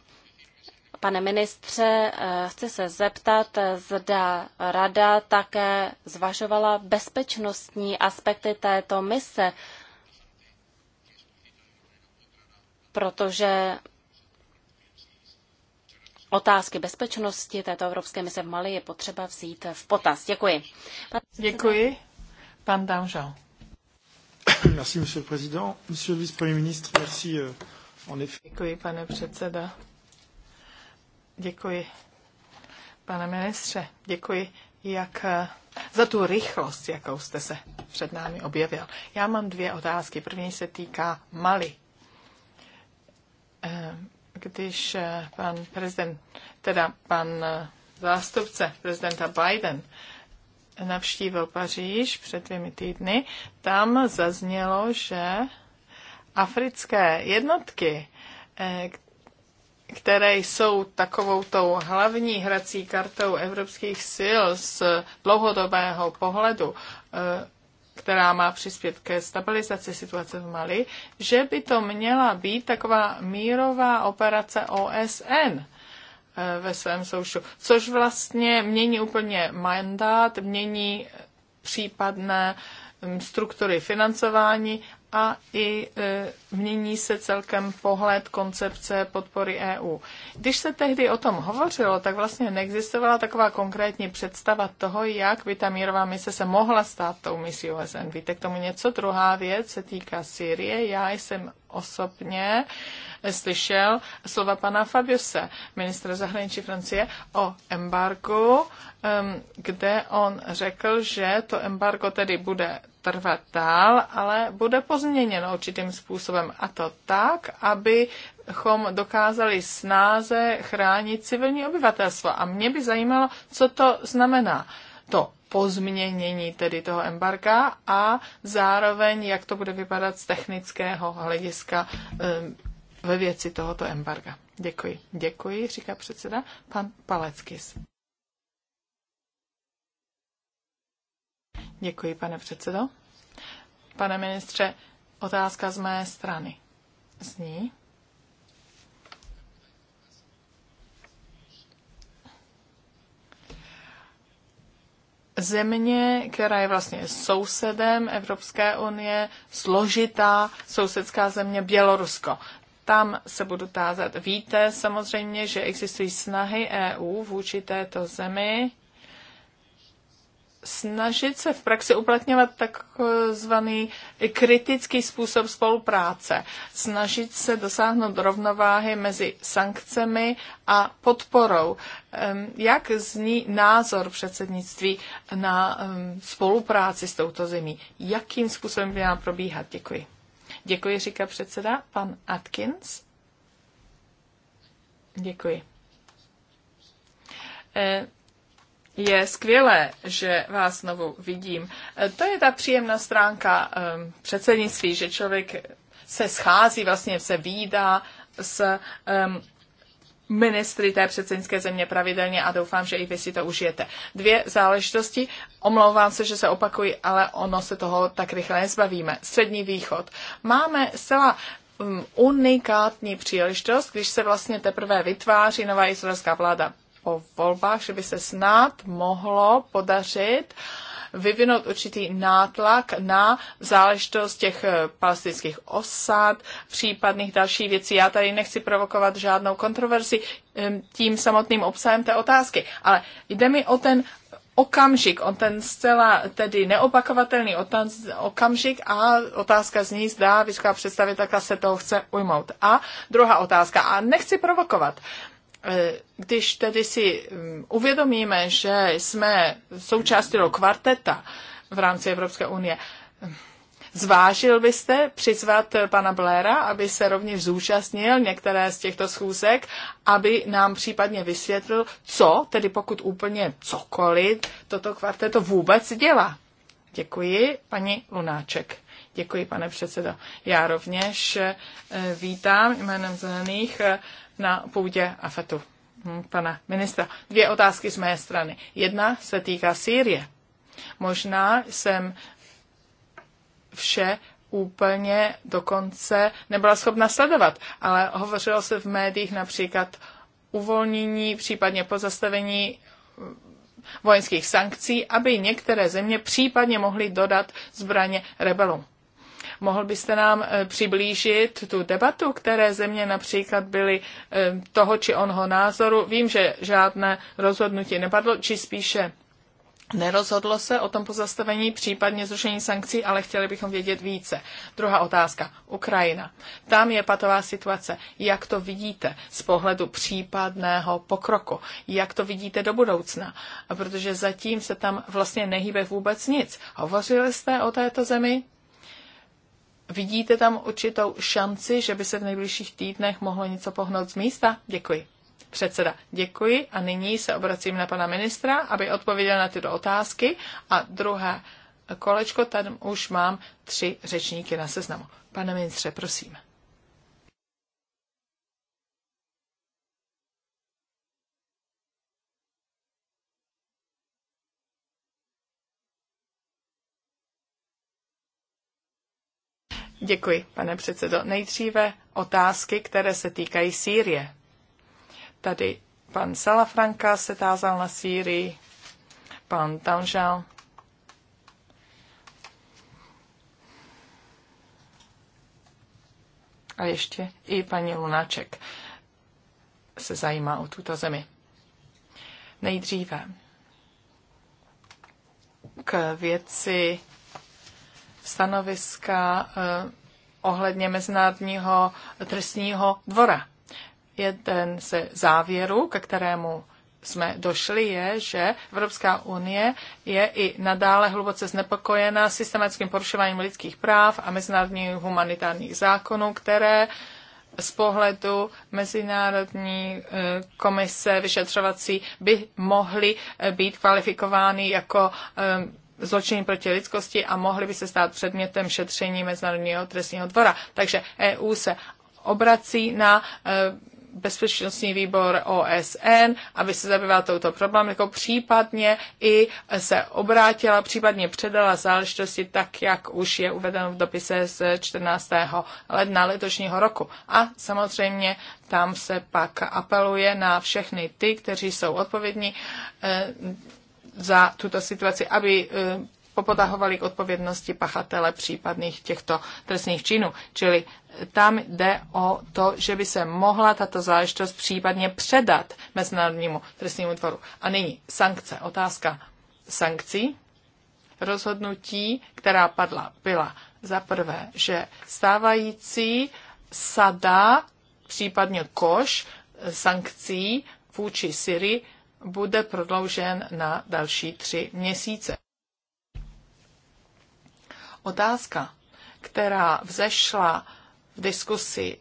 Pane ministře, eh, chci se zeptat, zda rada také zvažovala bezpečnostní aspekty této mise, protože otázky bezpečnosti této evropské mise v Mali je potřeba vzít v potaz. Děkuji. Pan... Děkuji. Pan Danžal. Merci, monsieur le président. Monsieur le vice-premier ministre, merci. Euh, en effet. Děkuji, pane předseda. Děkuji, pane ministře. Děkuji, jak eh, za tu rychlost, jakou jste se před námi objevil. Já mám dvě otázky. První se týká Mali eh, když eh, pan prezident, teda pan eh, zástupce prezidenta Biden navštívil Paříž před dvěmi týdny, tam zaznělo, že africké jednotky, eh, které jsou takovou tou hlavní hrací kartou evropských sil z dlouhodobého pohledu, která má přispět ke stabilizaci situace v Mali, že by to měla být taková mírová operace OSN eh, ve svém soušu, což vlastně mění úplně mandát, mění případné mm, struktury financování a i e, mění se celkem pohled koncepce podpory EU. Když se tehdy o tom hovořilo, tak vlastně neexistovala taková konkrétní představa toho, jak by ta mírová mise se mohla stát tou misí OSN. Víte k tomu něco? Druhá věc se týká Syrie. Já jsem osobně e, slyšel slova pana Fabiuse, ministra zahraničí Francie, o embargu, kde on řekl, že to embargo tedy bude trvat dál, ale bude pozměněno určitým způsobem a to tak, abychom dokázali snáze chránit civilní obyvatelstvo. A mě by zajímalo, co to znamená. To pozměnění tedy toho embarga a zároveň, jak to bude vypadat z technického hlediska ve věci tohoto embarga. Děkuji. Děkuji, říká předseda pan Paleckis. Děkuji, pane předsedo. Pane ministře, otázka z mé strany. Zní. země, která je vlastně sousedem Evropské unie, složitá sousedská země Bělorusko. Tam se budu tázat. Víte samozřejmě, že existují snahy EU vůči této zemi snažit se v praxi uplatňovat takzvaný kritický způsob spolupráce, snažit se dosáhnout rovnováhy mezi sankcemi a podporou. Jak zní názor předsednictví na spolupráci s touto zemí? Jakým způsobem by nám probíhat? Děkuji. Děkuji, říká předseda. Pan Atkins. Děkuji. E, je skvělé, že vás znovu vidím. E, to je ta příjemná stránka ehm, předsednictví, že člověk se schází, vlastně se výdá s ehm, ministry té předsednické země pravidelně a doufám, že i vy si to užijete. Dvě záležitosti. Omlouvám se, že se opakuji, ale ono se toho tak rychle nezbavíme. Střední východ. Máme zcela mm, unikátní příležitost, když se vlastně teprve vytváří nová izraelská vláda o volbách, že by se snad mohlo podařit vyvinout určitý nátlak na záležitost těch eh, palestinských osad, případných dalších věcí. Já tady nechci provokovat žádnou kontroverzi tím samotným obsahem té otázky, ale jde mi o ten okamžik, on ten zcela tedy neopakovatelný okamžik a otázka ní zdá, vysoká představitelka se toho chce ujmout. A druhá otázka, a nechci provokovat, Eh, když tedy si mm, uvědomíme, že jsme součástí toho kvarteta v rámci Evropské unie, eh, Zvážil byste přizvat pana Blaira, aby se rovněž zúčastnil některé z těchto schůzek, aby nám případně vysvětlil, co, tedy pokud úplně cokoliv, toto kvarteto vůbec dělá? Děkuji, paní Lunáček. Děkuji, pane předsedo. Já rovněž eh, vítám jménem zelených na půdě AFETu. Hm, Pana ministra, dvě otázky z mé strany. Jedna se týká Sýrie. Možná jsem vše úplně dokonce nebyla schopna sledovat, ale hovořilo se v médiích například uvolnění, případně pozastavení hm, vojenských sankcí, aby některé země případně mohly dodat zbraně rebelům. Mohl byste nám e, přiblížit tu debatu, které země například byly e, toho či onho názoru? Vím, že žádné rozhodnutí nepadlo, či spíše Nerozhodlo se o tom pozastavení, případně zrušení sankcí, ale chtěli bychom vědět více. Druhá otázka. Ukrajina. Tam je patová situace. Jak to vidíte z pohledu případného pokroku? Jak to vidíte do budoucna? A protože zatím se tam vlastně nehýbe vůbec nic. Hovořili jste o této zemi? Vidíte tam určitou šanci, že by se v nejbližších týdnech mohlo něco pohnout z místa? Děkuji. Předseda, děkuji a nyní se obracím na pana ministra, aby odpověděl na tyto otázky a druhé kolečko, tam už mám tři řečníky na seznamu. Pane ministře, prosím. Děkuji, pane předsedo. Nejdříve otázky, které se týkají Sýrie. Tady pan Salafranka se tázal na Sýrii, pan Tanžal. A ještě i paní Lunáček se zajímá o tuto zemi. Nejdříve k věci stanoviska eh, ohledně Mezinárodního trestního dvora. Jeden ze závěrů, ke kterému jsme došli, je, že Evropská unie je i nadále hluboce znepokojena systematickým porušováním lidských práv a mezinárodních humanitárních zákonů, které z pohledu Mezinárodní eh, komise vyšetřovací by mohly eh, být kvalifikovány jako zločiny proti lidskosti a mohly by se stát předmětem šetření Mezinárodního trestního dvora. Takže EU se obrací na e, bezpečnostní výbor OSN, aby se zabýval touto jako případně i se obrátila, případně předala záležitosti tak, jak už je uvedeno v dopise z 14. ledna letošního roku. A samozřejmě tam se pak apeluje na všechny ty, kteří jsou odpovědní e, za tuto situaci, aby eh, popotahovali k odpovědnosti pachatele případných těchto trestných činů. Čili eh, tam jde o to, že by se mohla tato záležitost případně předat Mezinárodnímu trestnímu dvoru. A nyní sankce. Otázka sankcí. Rozhodnutí, která padla, byla za prvé, že stávající sada, případně koš eh, sankcí vůči Syrii bude prodloužen na další tři měsíce. Otázka, která vzešla v diskusi,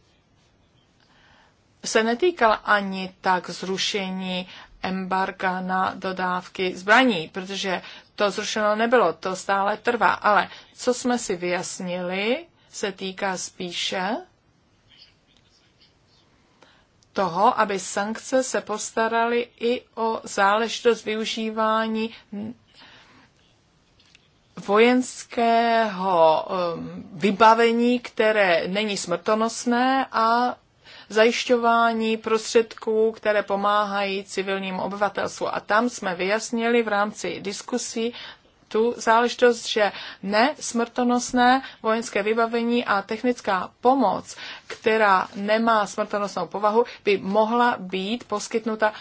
se netýkala ani tak zrušení embarga na dodávky zbraní, protože to zrušeno nebylo, to stále trvá. Ale co jsme si vyjasnili, se týká spíše toho, aby sankce se postaraly i o záležitost využívání vojenského um, vybavení, které není smrtonosné a zajišťování prostředků, které pomáhají civilnímu obyvatelstvu. A tam jsme vyjasnili v rámci diskusí tu záležitost, že nesmrtonosné vojenské vybavení a technická pomoc, která nemá smrtonosnou povahu, by mohla být poskytnuta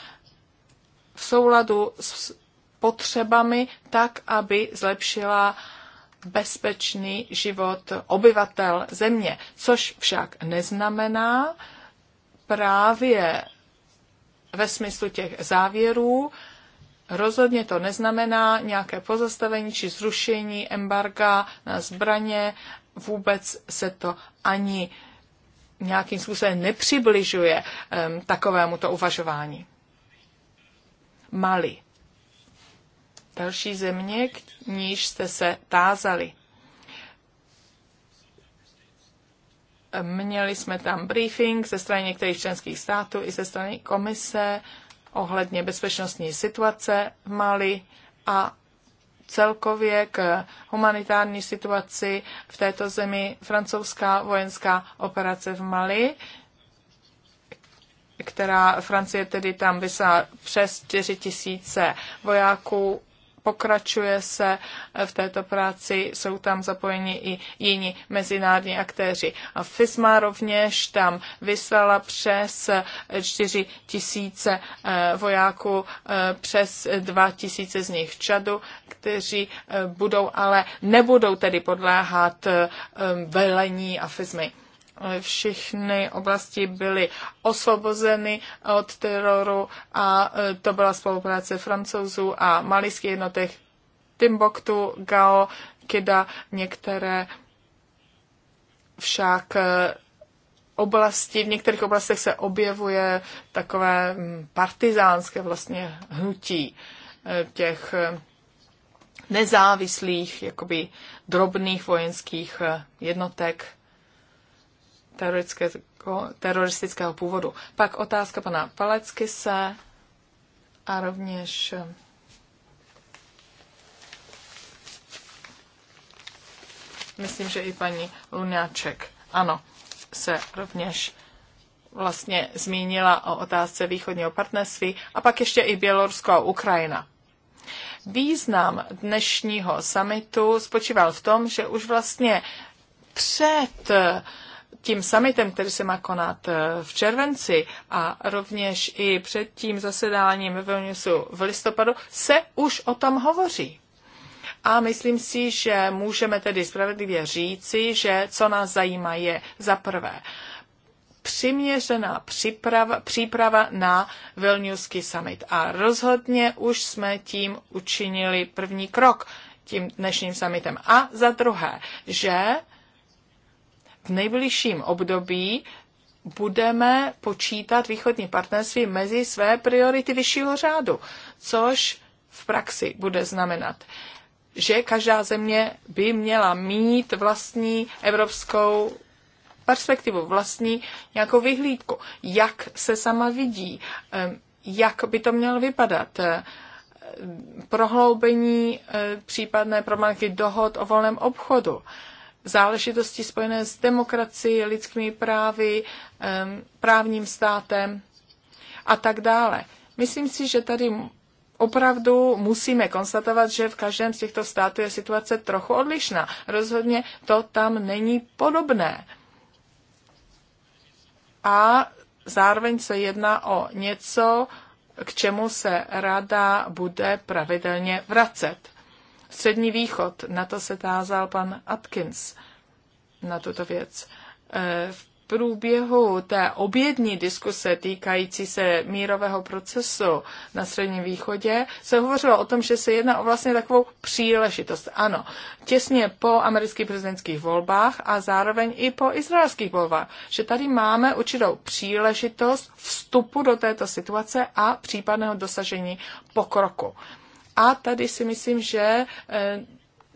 v souladu s potřebami tak, aby zlepšila bezpečný život obyvatel země, což však neznamená právě ve smyslu těch závěrů, Rozhodně to neznamená nějaké pozastavení či zrušení embarga na zbraně, vůbec se to ani nějakým způsobem nepřibližuje um, takovému to uvažování. Mali. Další země, k níž jste se tázali. Měli jsme tam briefing ze strany některých členských států i ze strany komise ohledně bezpečnostní situace v Mali a celkově k humanitární situaci v této zemi francouzská vojenská operace v Mali, která Francie tedy tam vysá přes 4 tisíce vojáků pokračuje se eh, v této práci, jsou tam zapojeni i jiní mezinárodní aktéři. A FISMA rovněž tam vyslala přes 4 eh, tisíce eh, vojáků, přes 2 tisíce z nich v Čadu, kteří budou ale nebudou tedy podléhat velení a FISMy všechny oblasti byly osvobozeny od teroru a e, to byla spolupráce francouzů a malijských jednotek Timbuktu, Gao, Kida, některé však e, oblasti, v některých oblastech se objevuje takové mm, partizánské vlastně hnutí e, těch nezávislých, jakoby drobných vojenských jednotek teroristického původu. Pak otázka pana Palecky se a rovněž myslím, že i paní Lunáček, ano, se rovněž vlastně zmínila o otázce východního partnerství a pak ještě i Bělorusko a Ukrajina. Význam dnešního samitu spočíval v tom, že už vlastně před uh, tím summitem, který se má konat eh, v červenci a rovněž i před tím zasedáním ve Vilniusu v listopadu, se už o tom hovoří. A myslím si, že můžeme tedy spravedlivě říci, že co nás zajímá je za prvé přiměřená připrava, příprava na Vilniuský summit. A rozhodně už jsme tím učinili první krok tím dnešním summitem. A za druhé, že v nejbližším období budeme počítat východní partnerství mezi své priority vyššího řádu, což v praxi bude znamenat, že každá země by měla mít vlastní evropskou perspektivu, vlastní nějakou vyhlídku, jak se sama vidí, jak by to mělo vypadat, eh, prohloubení eh, případné problémy dohod o volném obchodu záležitosti spojené s demokracií, lidskými právy, právním státem a tak dále. Myslím si, že tady opravdu musíme konstatovat, že v každém z těchto států je situace trochu odlišná. Rozhodně to tam není podobné. A zároveň se jedná o něco, k čemu se rada bude pravidelně vracet. Střední východ, na to se tázal pan Atkins na tuto věc. E, v průběhu té obědní diskuse týkající se mírového procesu na Středním východě se hovořilo o tom, že se jedná o vlastně takovou příležitost. Ano, těsně po amerických prezidentských volbách a zároveň i po izraelských volbách, že tady máme určitou příležitost vstupu do této situace a případného dosažení pokroku. A tady si myslím, že eh,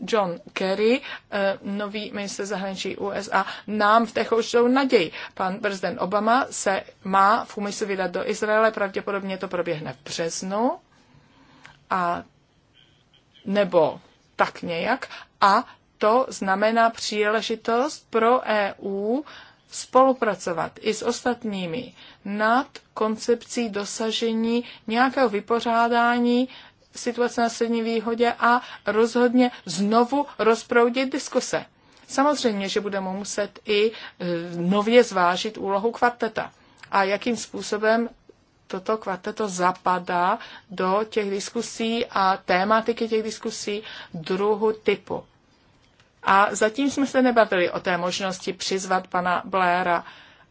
John Kerry, eh, nový minister zahraničí USA, nám v těch určitou naději. Pan prezident Obama se má v úmyslu vydat do Izraele, pravděpodobně to proběhne v březnu, a, nebo tak nějak, a to znamená příležitost pro EU spolupracovat i s ostatními nad koncepcí dosažení nějakého vypořádání situace na Střední výhodě a rozhodně znovu rozproudit diskuse. Samozřejmě, že budeme muset i e, nově zvážit úlohu kvarteta a jakým způsobem toto kvarteto zapadá do těch diskusí a tématiky těch diskusí druhu typu. A zatím jsme se nebavili o té možnosti přizvat pana Blaira,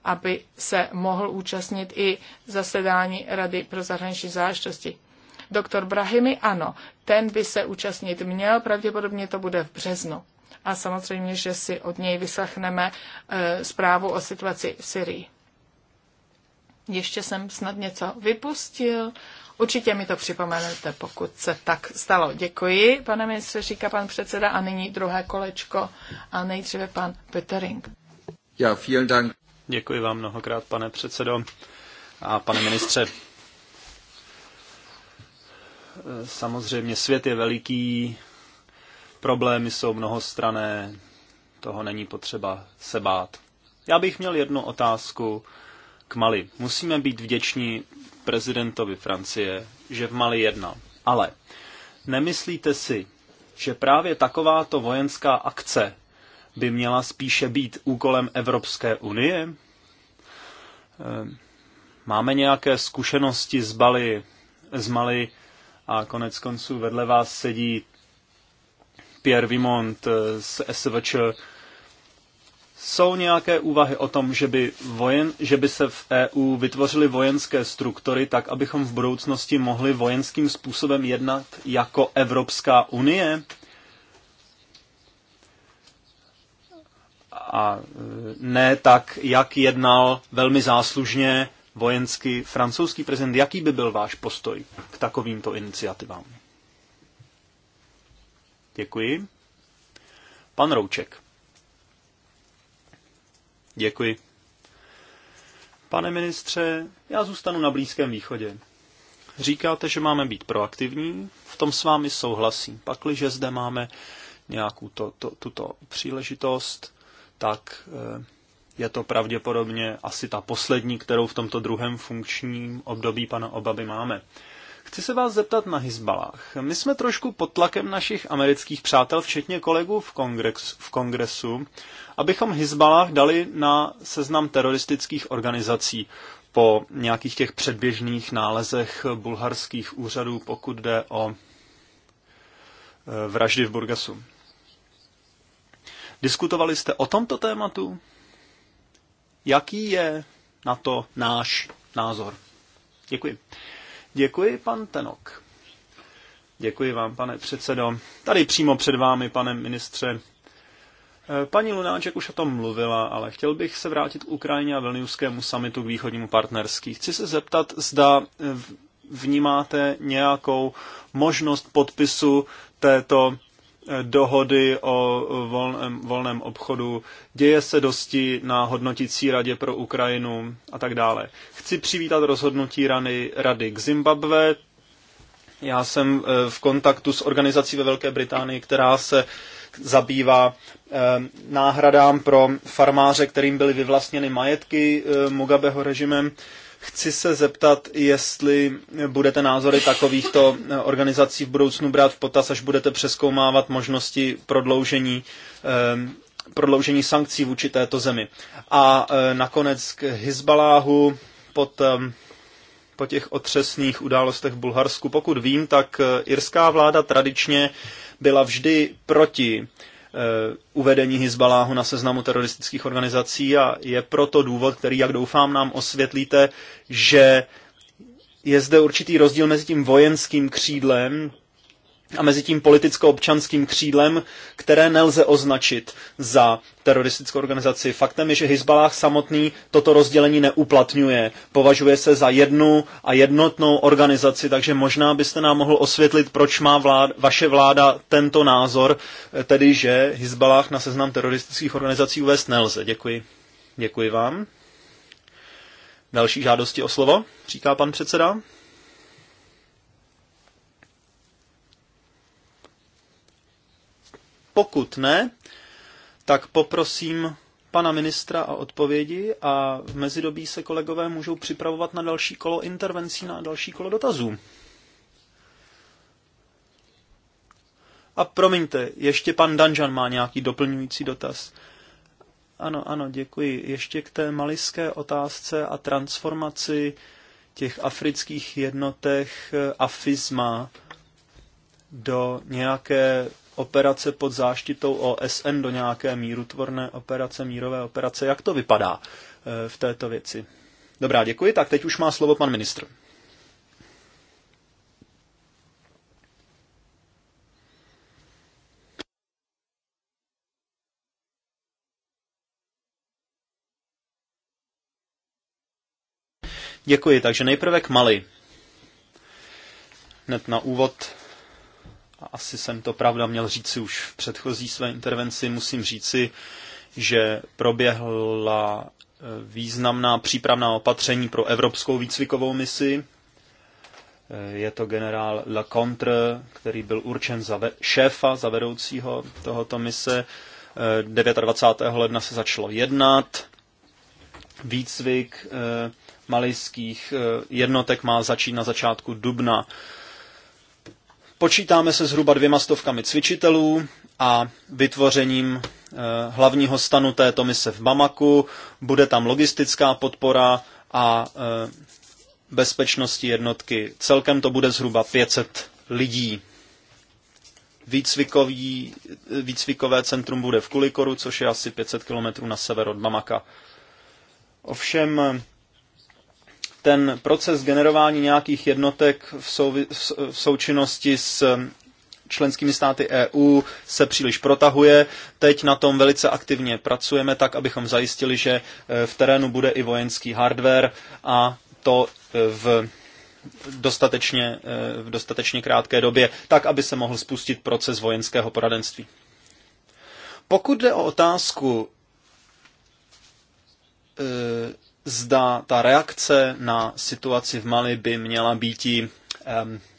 aby se mohl účastnit i zasedání Rady pro zahraniční záležitosti. Doktor Brahimi ano, ten by se účastnit měl, pravděpodobně to bude v březnu. A samozřejmě, že si od něj vyslechneme e, zprávu o situaci v Syrii. Ještě jsem snad něco vypustil. Určitě mi to připomenete, pokud se tak stalo. Děkuji, pane ministře, říká pan předseda. A nyní druhé kolečko a nejdříve pan Petering. Já vielen Dank. Děkuji vám mnohokrát, pane předsedo a pane ministře samozřejmě svět je veliký, problémy jsou mnohostrané, toho není potřeba se bát. Já bych měl jednu otázku k Mali. Musíme být vděční prezidentovi Francie, že v Mali jednal. Ale nemyslíte si, že právě takováto vojenská akce by měla spíše být úkolem Evropské unie? Ehm, máme nějaké zkušenosti z Bali, z Mali a konec konců vedle vás sedí Pierre Vimont eh, z SVČ. Jsou nějaké úvahy o tom, že by, vojen, že by se v EU vytvořily vojenské struktury tak, abychom v budoucnosti mohli vojenským způsobem jednat jako Evropská unie? A eh, ne tak, jak jednal velmi záslužně vojensky francouzský prezident, jaký by byl váš postoj k takovýmto iniciativám? Děkuji. Pan Rouček. Děkuji. Pane ministře, já zůstanu na Blízkém východě. Říkáte, že máme být proaktivní, v tom s vámi souhlasím. Pakliže zde máme nějakou to, to, tuto příležitost, tak eh, je to pravděpodobně asi ta poslední, kterou v tomto druhém funkčním období pana Obavy máme. Chci se vás zeptat na Hizbalách. My jsme trošku pod tlakem našich amerických přátel, včetně kolegů v, kongres, v kongresu, abychom Hizbalách dali na seznam teroristických organizací po nějakých těch předběžných nálezech bulharských úřadů, pokud jde o e, vraždy v Burgasu. Diskutovali jste o tomto tématu? Jaký je na to náš názor? Děkuji. Děkuji, pan Tenok. Děkuji vám, pane předsedo. Tady přímo před vámi, pane ministře. Eh, paní Lunáček už o tom mluvila, ale chtěl bych se vrátit k Ukrajině a Vilniuskému samitu k východnímu partnerský. Chci se zeptat, zda eh, vnímáte nějakou možnost podpisu této dohody o volném, volném obchodu, děje se dosti na hodnotící radě pro Ukrajinu a tak dále. Chci přivítat rozhodnutí rany, rady k Zimbabwe. Já jsem eh, v kontaktu s organizací ve Velké Británii, která se zabývá eh, náhradám pro farmáře, kterým byly vyvlastněny majetky eh, Mugabeho režimem. Chci se zeptat, jestli budete názory takovýchto organizací v budoucnu brát v potaz, až budete přeskoumávat možnosti prodloužení eh, prodloužení sankcí vůči této zemi. A eh, nakonec k Hizbaláhu pod eh, po těch otřesných událostech v Bulharsku. Pokud vím, tak irská vláda tradičně byla vždy proti Eh, uvedení Hizbaláhu na seznamu teroristických organizací a je proto důvod, který, jak doufám, nám osvětlíte, že je zde určitý rozdíl mezi tím vojenským křídlem a mezi tím politicko-občanským křídlem, které nelze označit za teroristickou organizaci. Faktem je, že Hezbalah samotný toto rozdělení neuplatňuje. Považuje se za jednu a jednotnou organizaci, takže možná byste nám mohl osvětlit, proč má vlád, vaše vláda tento názor, eh, tedy že Hezbalah na seznam teroristických organizací uvést nelze. Děkuji. Děkuji vám. Další žádosti o slovo, říká pan předseda. Pokud ne, tak poprosím pana ministra o odpovědi a v mezidobí se kolegové můžou připravovat na další kolo intervencí, na další kolo dotazů. A promiňte, ještě pan Danžan má nějaký doplňující dotaz. Ano, ano, děkuji. Ještě k té maliské otázce a transformaci těch afrických jednotek eh, afizma do nějaké operace pod záštitou OSN do nějaké mírutvorné operace, mírové operace. Jak to vypadá eh, v této věci? Dobrá, děkuji. Tak teď už má slovo pan ministr. Děkuji, takže nejprve k Mali. Hned na úvod a asi jsem to pravda měl říci už v předchozí své intervenci, musím říci, že proběhla e, významná přípravná opatření pro evropskou výcvikovou misi. E, je to generál Lecontre, který byl určen za šéfa, za vedoucího tohoto mise. 29. E, ledna se začalo jednat. Výcvik malijských jednotek má začít na začátku dubna. Počítáme se zhruba dvěma stovkami cvičitelů a vytvořením eh, hlavního stanu této mise v Bamaku. Bude tam logistická podpora a eh, bezpečnosti jednotky. Celkem to bude zhruba 500 lidí. Výcvikový, eh, výcvikové centrum bude v Kulikoru, což je asi 500 km na sever od Bamaka. Ovšem ten proces generování nějakých jednotek v, souvi, v součinnosti s eh, členskými státy EU se příliš protahuje. Teď na tom velice aktivně pracujeme tak, abychom zajistili, že eh, v terénu bude i vojenský hardware a to eh, v dostatečně, v dostatečně krátké době, tak, aby se mohl spustit proces vojenského poradenství. Pokud jde o otázku zda ta reakce na situaci v Mali by měla být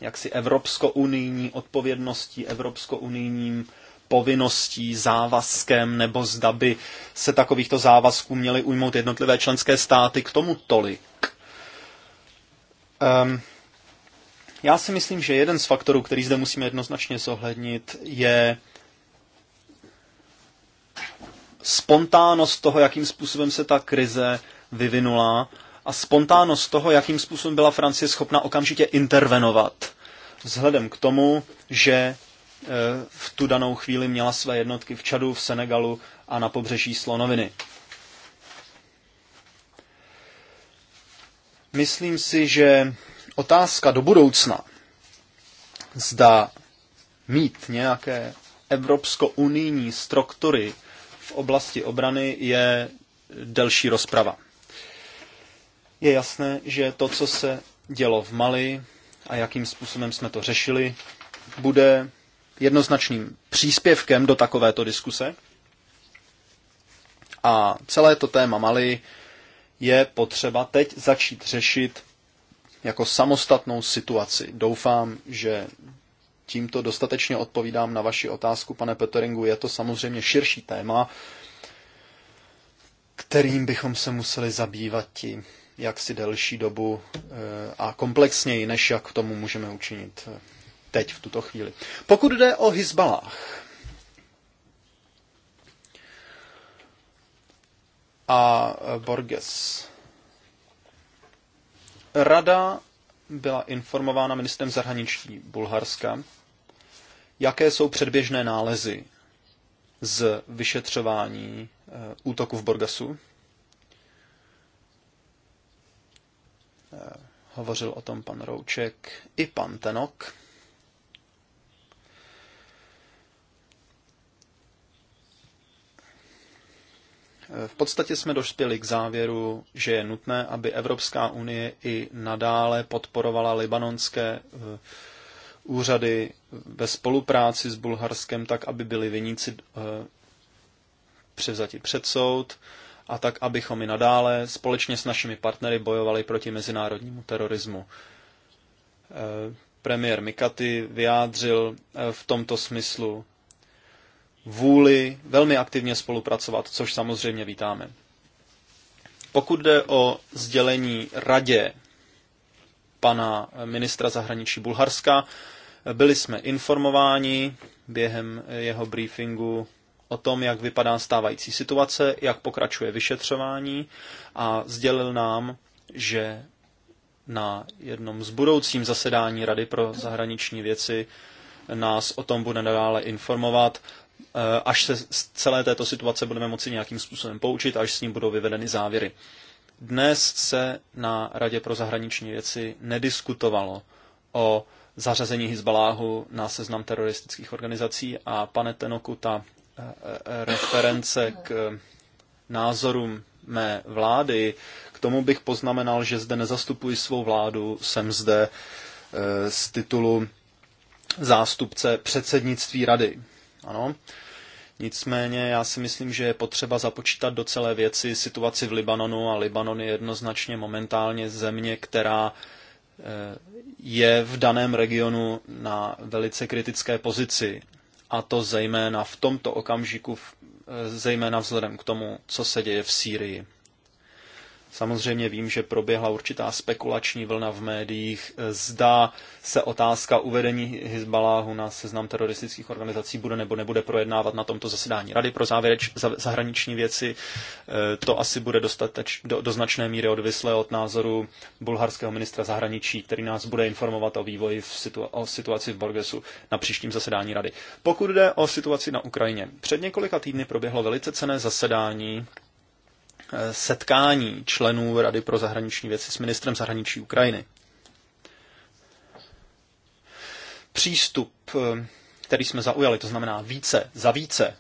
jaksi evropsko-unijní odpovědností, evropsko-unijním povinností, závazkem, nebo zda by se takovýchto závazků měly ujmout jednotlivé členské státy k tomu tolik. Um, já si myslím, že jeden z faktorů, který zde musíme jednoznačně zohlednit, je spontánnost toho, jakým způsobem se ta krize vyvinula a spontánnost toho, jakým způsobem byla Francie schopna okamžitě intervenovat. Vzhledem k tomu, že e, v tu danou chvíli měla své jednotky v Čadu, v Senegalu a na pobřeží Slonoviny. Myslím si, že otázka do budoucna, zda mít nějaké evropsko-unijní struktury v oblasti obrany je delší rozprava. Je jasné, že to, co se dělo v Mali a jakým způsobem jsme to řešili, bude jednoznačným příspěvkem do takovéto diskuse. A celé to téma Mali je potřeba teď začít řešit jako samostatnou situaci. Doufám, že tímto dostatečně odpovídám na vaši otázku, pane Petteringu. Je to samozřejmě širší téma, kterým bychom se museli zabývat tím jaksi delší dobu eh, a komplexněji, než jak tomu můžeme učinit eh, teď v tuto chvíli. Pokud jde o Hizbalách, a eh, Borges. Rada byla informována ministrem zahraničí Bulharska, jaké jsou předběžné nálezy z vyšetřování útoku v Borgasu Eh, hovořil o tom pan Rouček i pan Tenok. Eh, v podstatě jsme dospěli k závěru, že je nutné, aby Evropská unie i nadále podporovala libanonské eh, úřady ve spolupráci s Bulharskem tak, aby byli viníci převzati před soud, a tak, abychom i nadále společně s našimi partnery bojovali proti mezinárodnímu terorismu. E, premiér Mikaty vyjádřil e, v tomto smyslu vůli velmi aktivně spolupracovat, což samozřejmě vítáme. Pokud jde o sdělení radě pana ministra zahraničí Bulharska, byli jsme informováni během jeho briefingu o tom, jak vypadá stávající situace, jak pokračuje vyšetřování a sdělil nám, že na jednom z budoucím zasedání Rady pro zahraniční věci nás o tom bude nadále informovat, eh, až se z celé této situace budeme moci nějakým způsobem poučit, až s ním budou vyvedeny závěry. Dnes se na Radě pro zahraniční věci nediskutovalo o zařazení Hizbaláhu na seznam teroristických organizací a pane Tenoku, ta reference k názorům mé vlády. K tomu bych poznamenal, že zde nezastupuji svou vládu, jsem zde eh, z titulu zástupce předsednictví rady. Ano. Nicméně já si myslím, že je potřeba započítat do celé věci situaci v Libanonu a Libanon je jednoznačně momentálně země, která eh, je v daném regionu na velice kritické pozici a to zejména v tomto okamžiku, zejména vzhledem k tomu, co se děje v Sýrii. Samozřejmě vím, že proběhla určitá spekulační vlna v médiích. Zda se otázka uvedení Hizbaláhu na seznam teroristických organizací bude nebo nebude projednávat na tomto zasedání Rady pro závěreč, zahraniční věci. Eh, to asi bude dostateč, do, do značné míry odvislé od názoru bulharského ministra zahraničí, který nás bude informovat o vývoji v situa- o situaci v Borgesu na příštím zasedání Rady. Pokud jde o situaci na Ukrajině, před několika týdny proběhlo velice cené zasedání setkání členů Rady pro zahraniční věci s ministrem zahraničí Ukrajiny. Přístup, eh, který jsme zaujali, to znamená více za více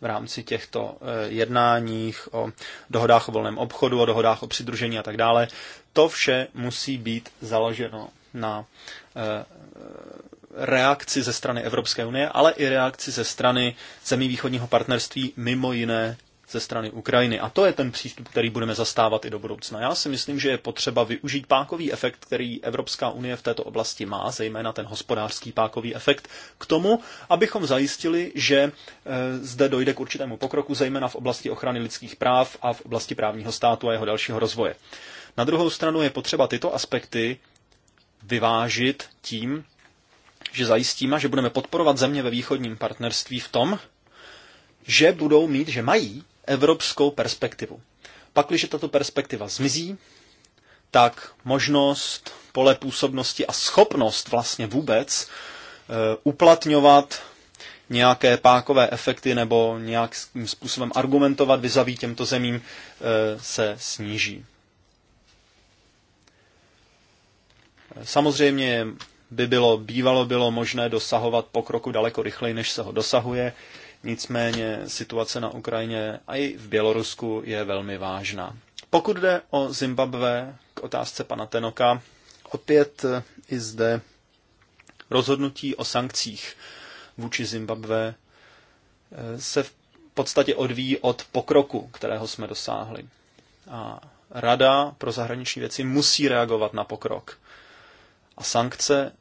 v rámci těchto eh, jednáních o dohodách o volném obchodu, o dohodách o přidružení a tak dále, to vše musí být založeno na eh, reakci ze strany Evropské unie, ale i reakci ze strany zemí východního partnerství, mimo jiné ze strany Ukrajiny. A to je ten přístup, který budeme zastávat i do budoucna. Já si myslím, že je potřeba využít pákový efekt, který Evropská unie v této oblasti má, zejména ten hospodářský pákový efekt, k tomu, abychom zajistili, že eh, zde dojde k určitému pokroku, zejména v oblasti ochrany lidských práv a v oblasti právního státu a jeho dalšího rozvoje. Na druhou stranu je potřeba tyto aspekty vyvážit tím, že zajistíme, že budeme podporovat země ve východním partnerství v tom, že budou mít, že mají evropskou perspektivu. Pak, když tato perspektiva zmizí, tak možnost pole působnosti a schopnost vlastně vůbec eh, uplatňovat nějaké pákové efekty nebo nějakým způsobem argumentovat vizaví těmto zemím eh, se sníží. Samozřejmě by bylo bývalo bylo možné dosahovat pokroku daleko rychleji, než se ho dosahuje. Nicméně situace na Ukrajině a i v Bělorusku je velmi vážná. Pokud jde o Zimbabwe, k otázce pana Tenoka, opět eh, i zde rozhodnutí o sankcích vůči Zimbabwe eh, se v podstatě odvíjí od pokroku, kterého jsme dosáhli. A Rada pro zahraniční věci musí reagovat na pokrok. A sankce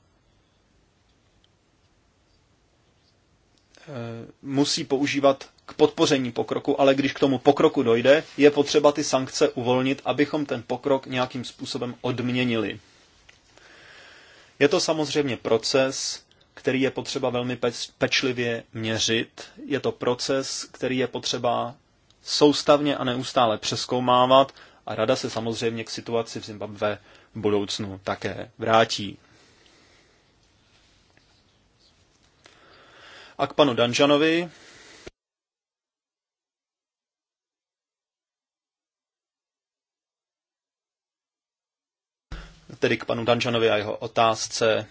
Eh, musí používat k podpoření pokroku, ale když k tomu pokroku dojde, je potřeba ty sankce uvolnit, abychom ten pokrok nějakým způsobem odměnili. Je to samozřejmě proces, který je potřeba velmi pečlivě měřit. Je to proces, který je potřeba soustavně a neustále přeskoumávat a rada se samozřejmě k situaci v Zimbabve v budoucnu také vrátí. a k panu Danžanovi. Tedy k panu Danžanovi a jeho otázce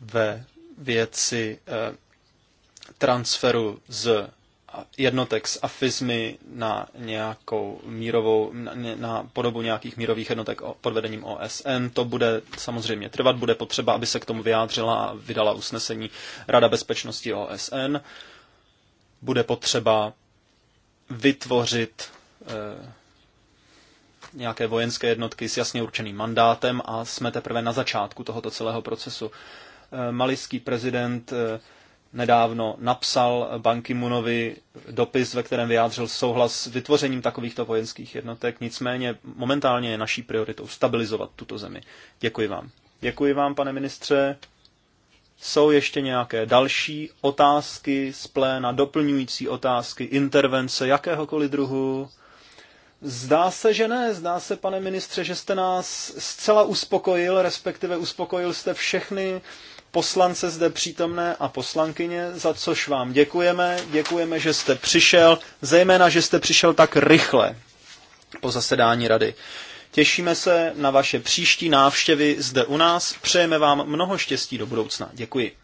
ve věci eh, transferu z jednotek s afizmy na nějakou mírovou, na, na podobu nějakých mírových jednotek pod vedením OSN. To bude samozřejmě trvat, bude potřeba, aby se k tomu vyjádřila a vydala usnesení Rada bezpečnosti OSN. Bude potřeba vytvořit e, nějaké vojenské jednotky s jasně určeným mandátem a jsme teprve na začátku tohoto celého procesu. E, malijský prezident e, nedávno napsal Ban Ki-moonovi dopis, ve kterém vyjádřil souhlas s vytvořením takovýchto vojenských jednotek. Nicméně momentálně je naší prioritou stabilizovat tuto zemi. Děkuji vám. Děkuji vám, pane ministře. Jsou ještě nějaké další otázky z pléna, doplňující otázky, intervence jakéhokoliv druhu? Zdá se, že ne. Zdá se, pane ministře, že jste nás zcela uspokojil, respektive uspokojil jste všechny poslance zde přítomné a poslankyně, za což vám děkujeme. Děkujeme, že jste přišel, zejména, že jste přišel tak rychle po zasedání rady. Těšíme se na vaše příští návštěvy zde u nás. Přejeme vám mnoho štěstí do budoucna. Děkuji.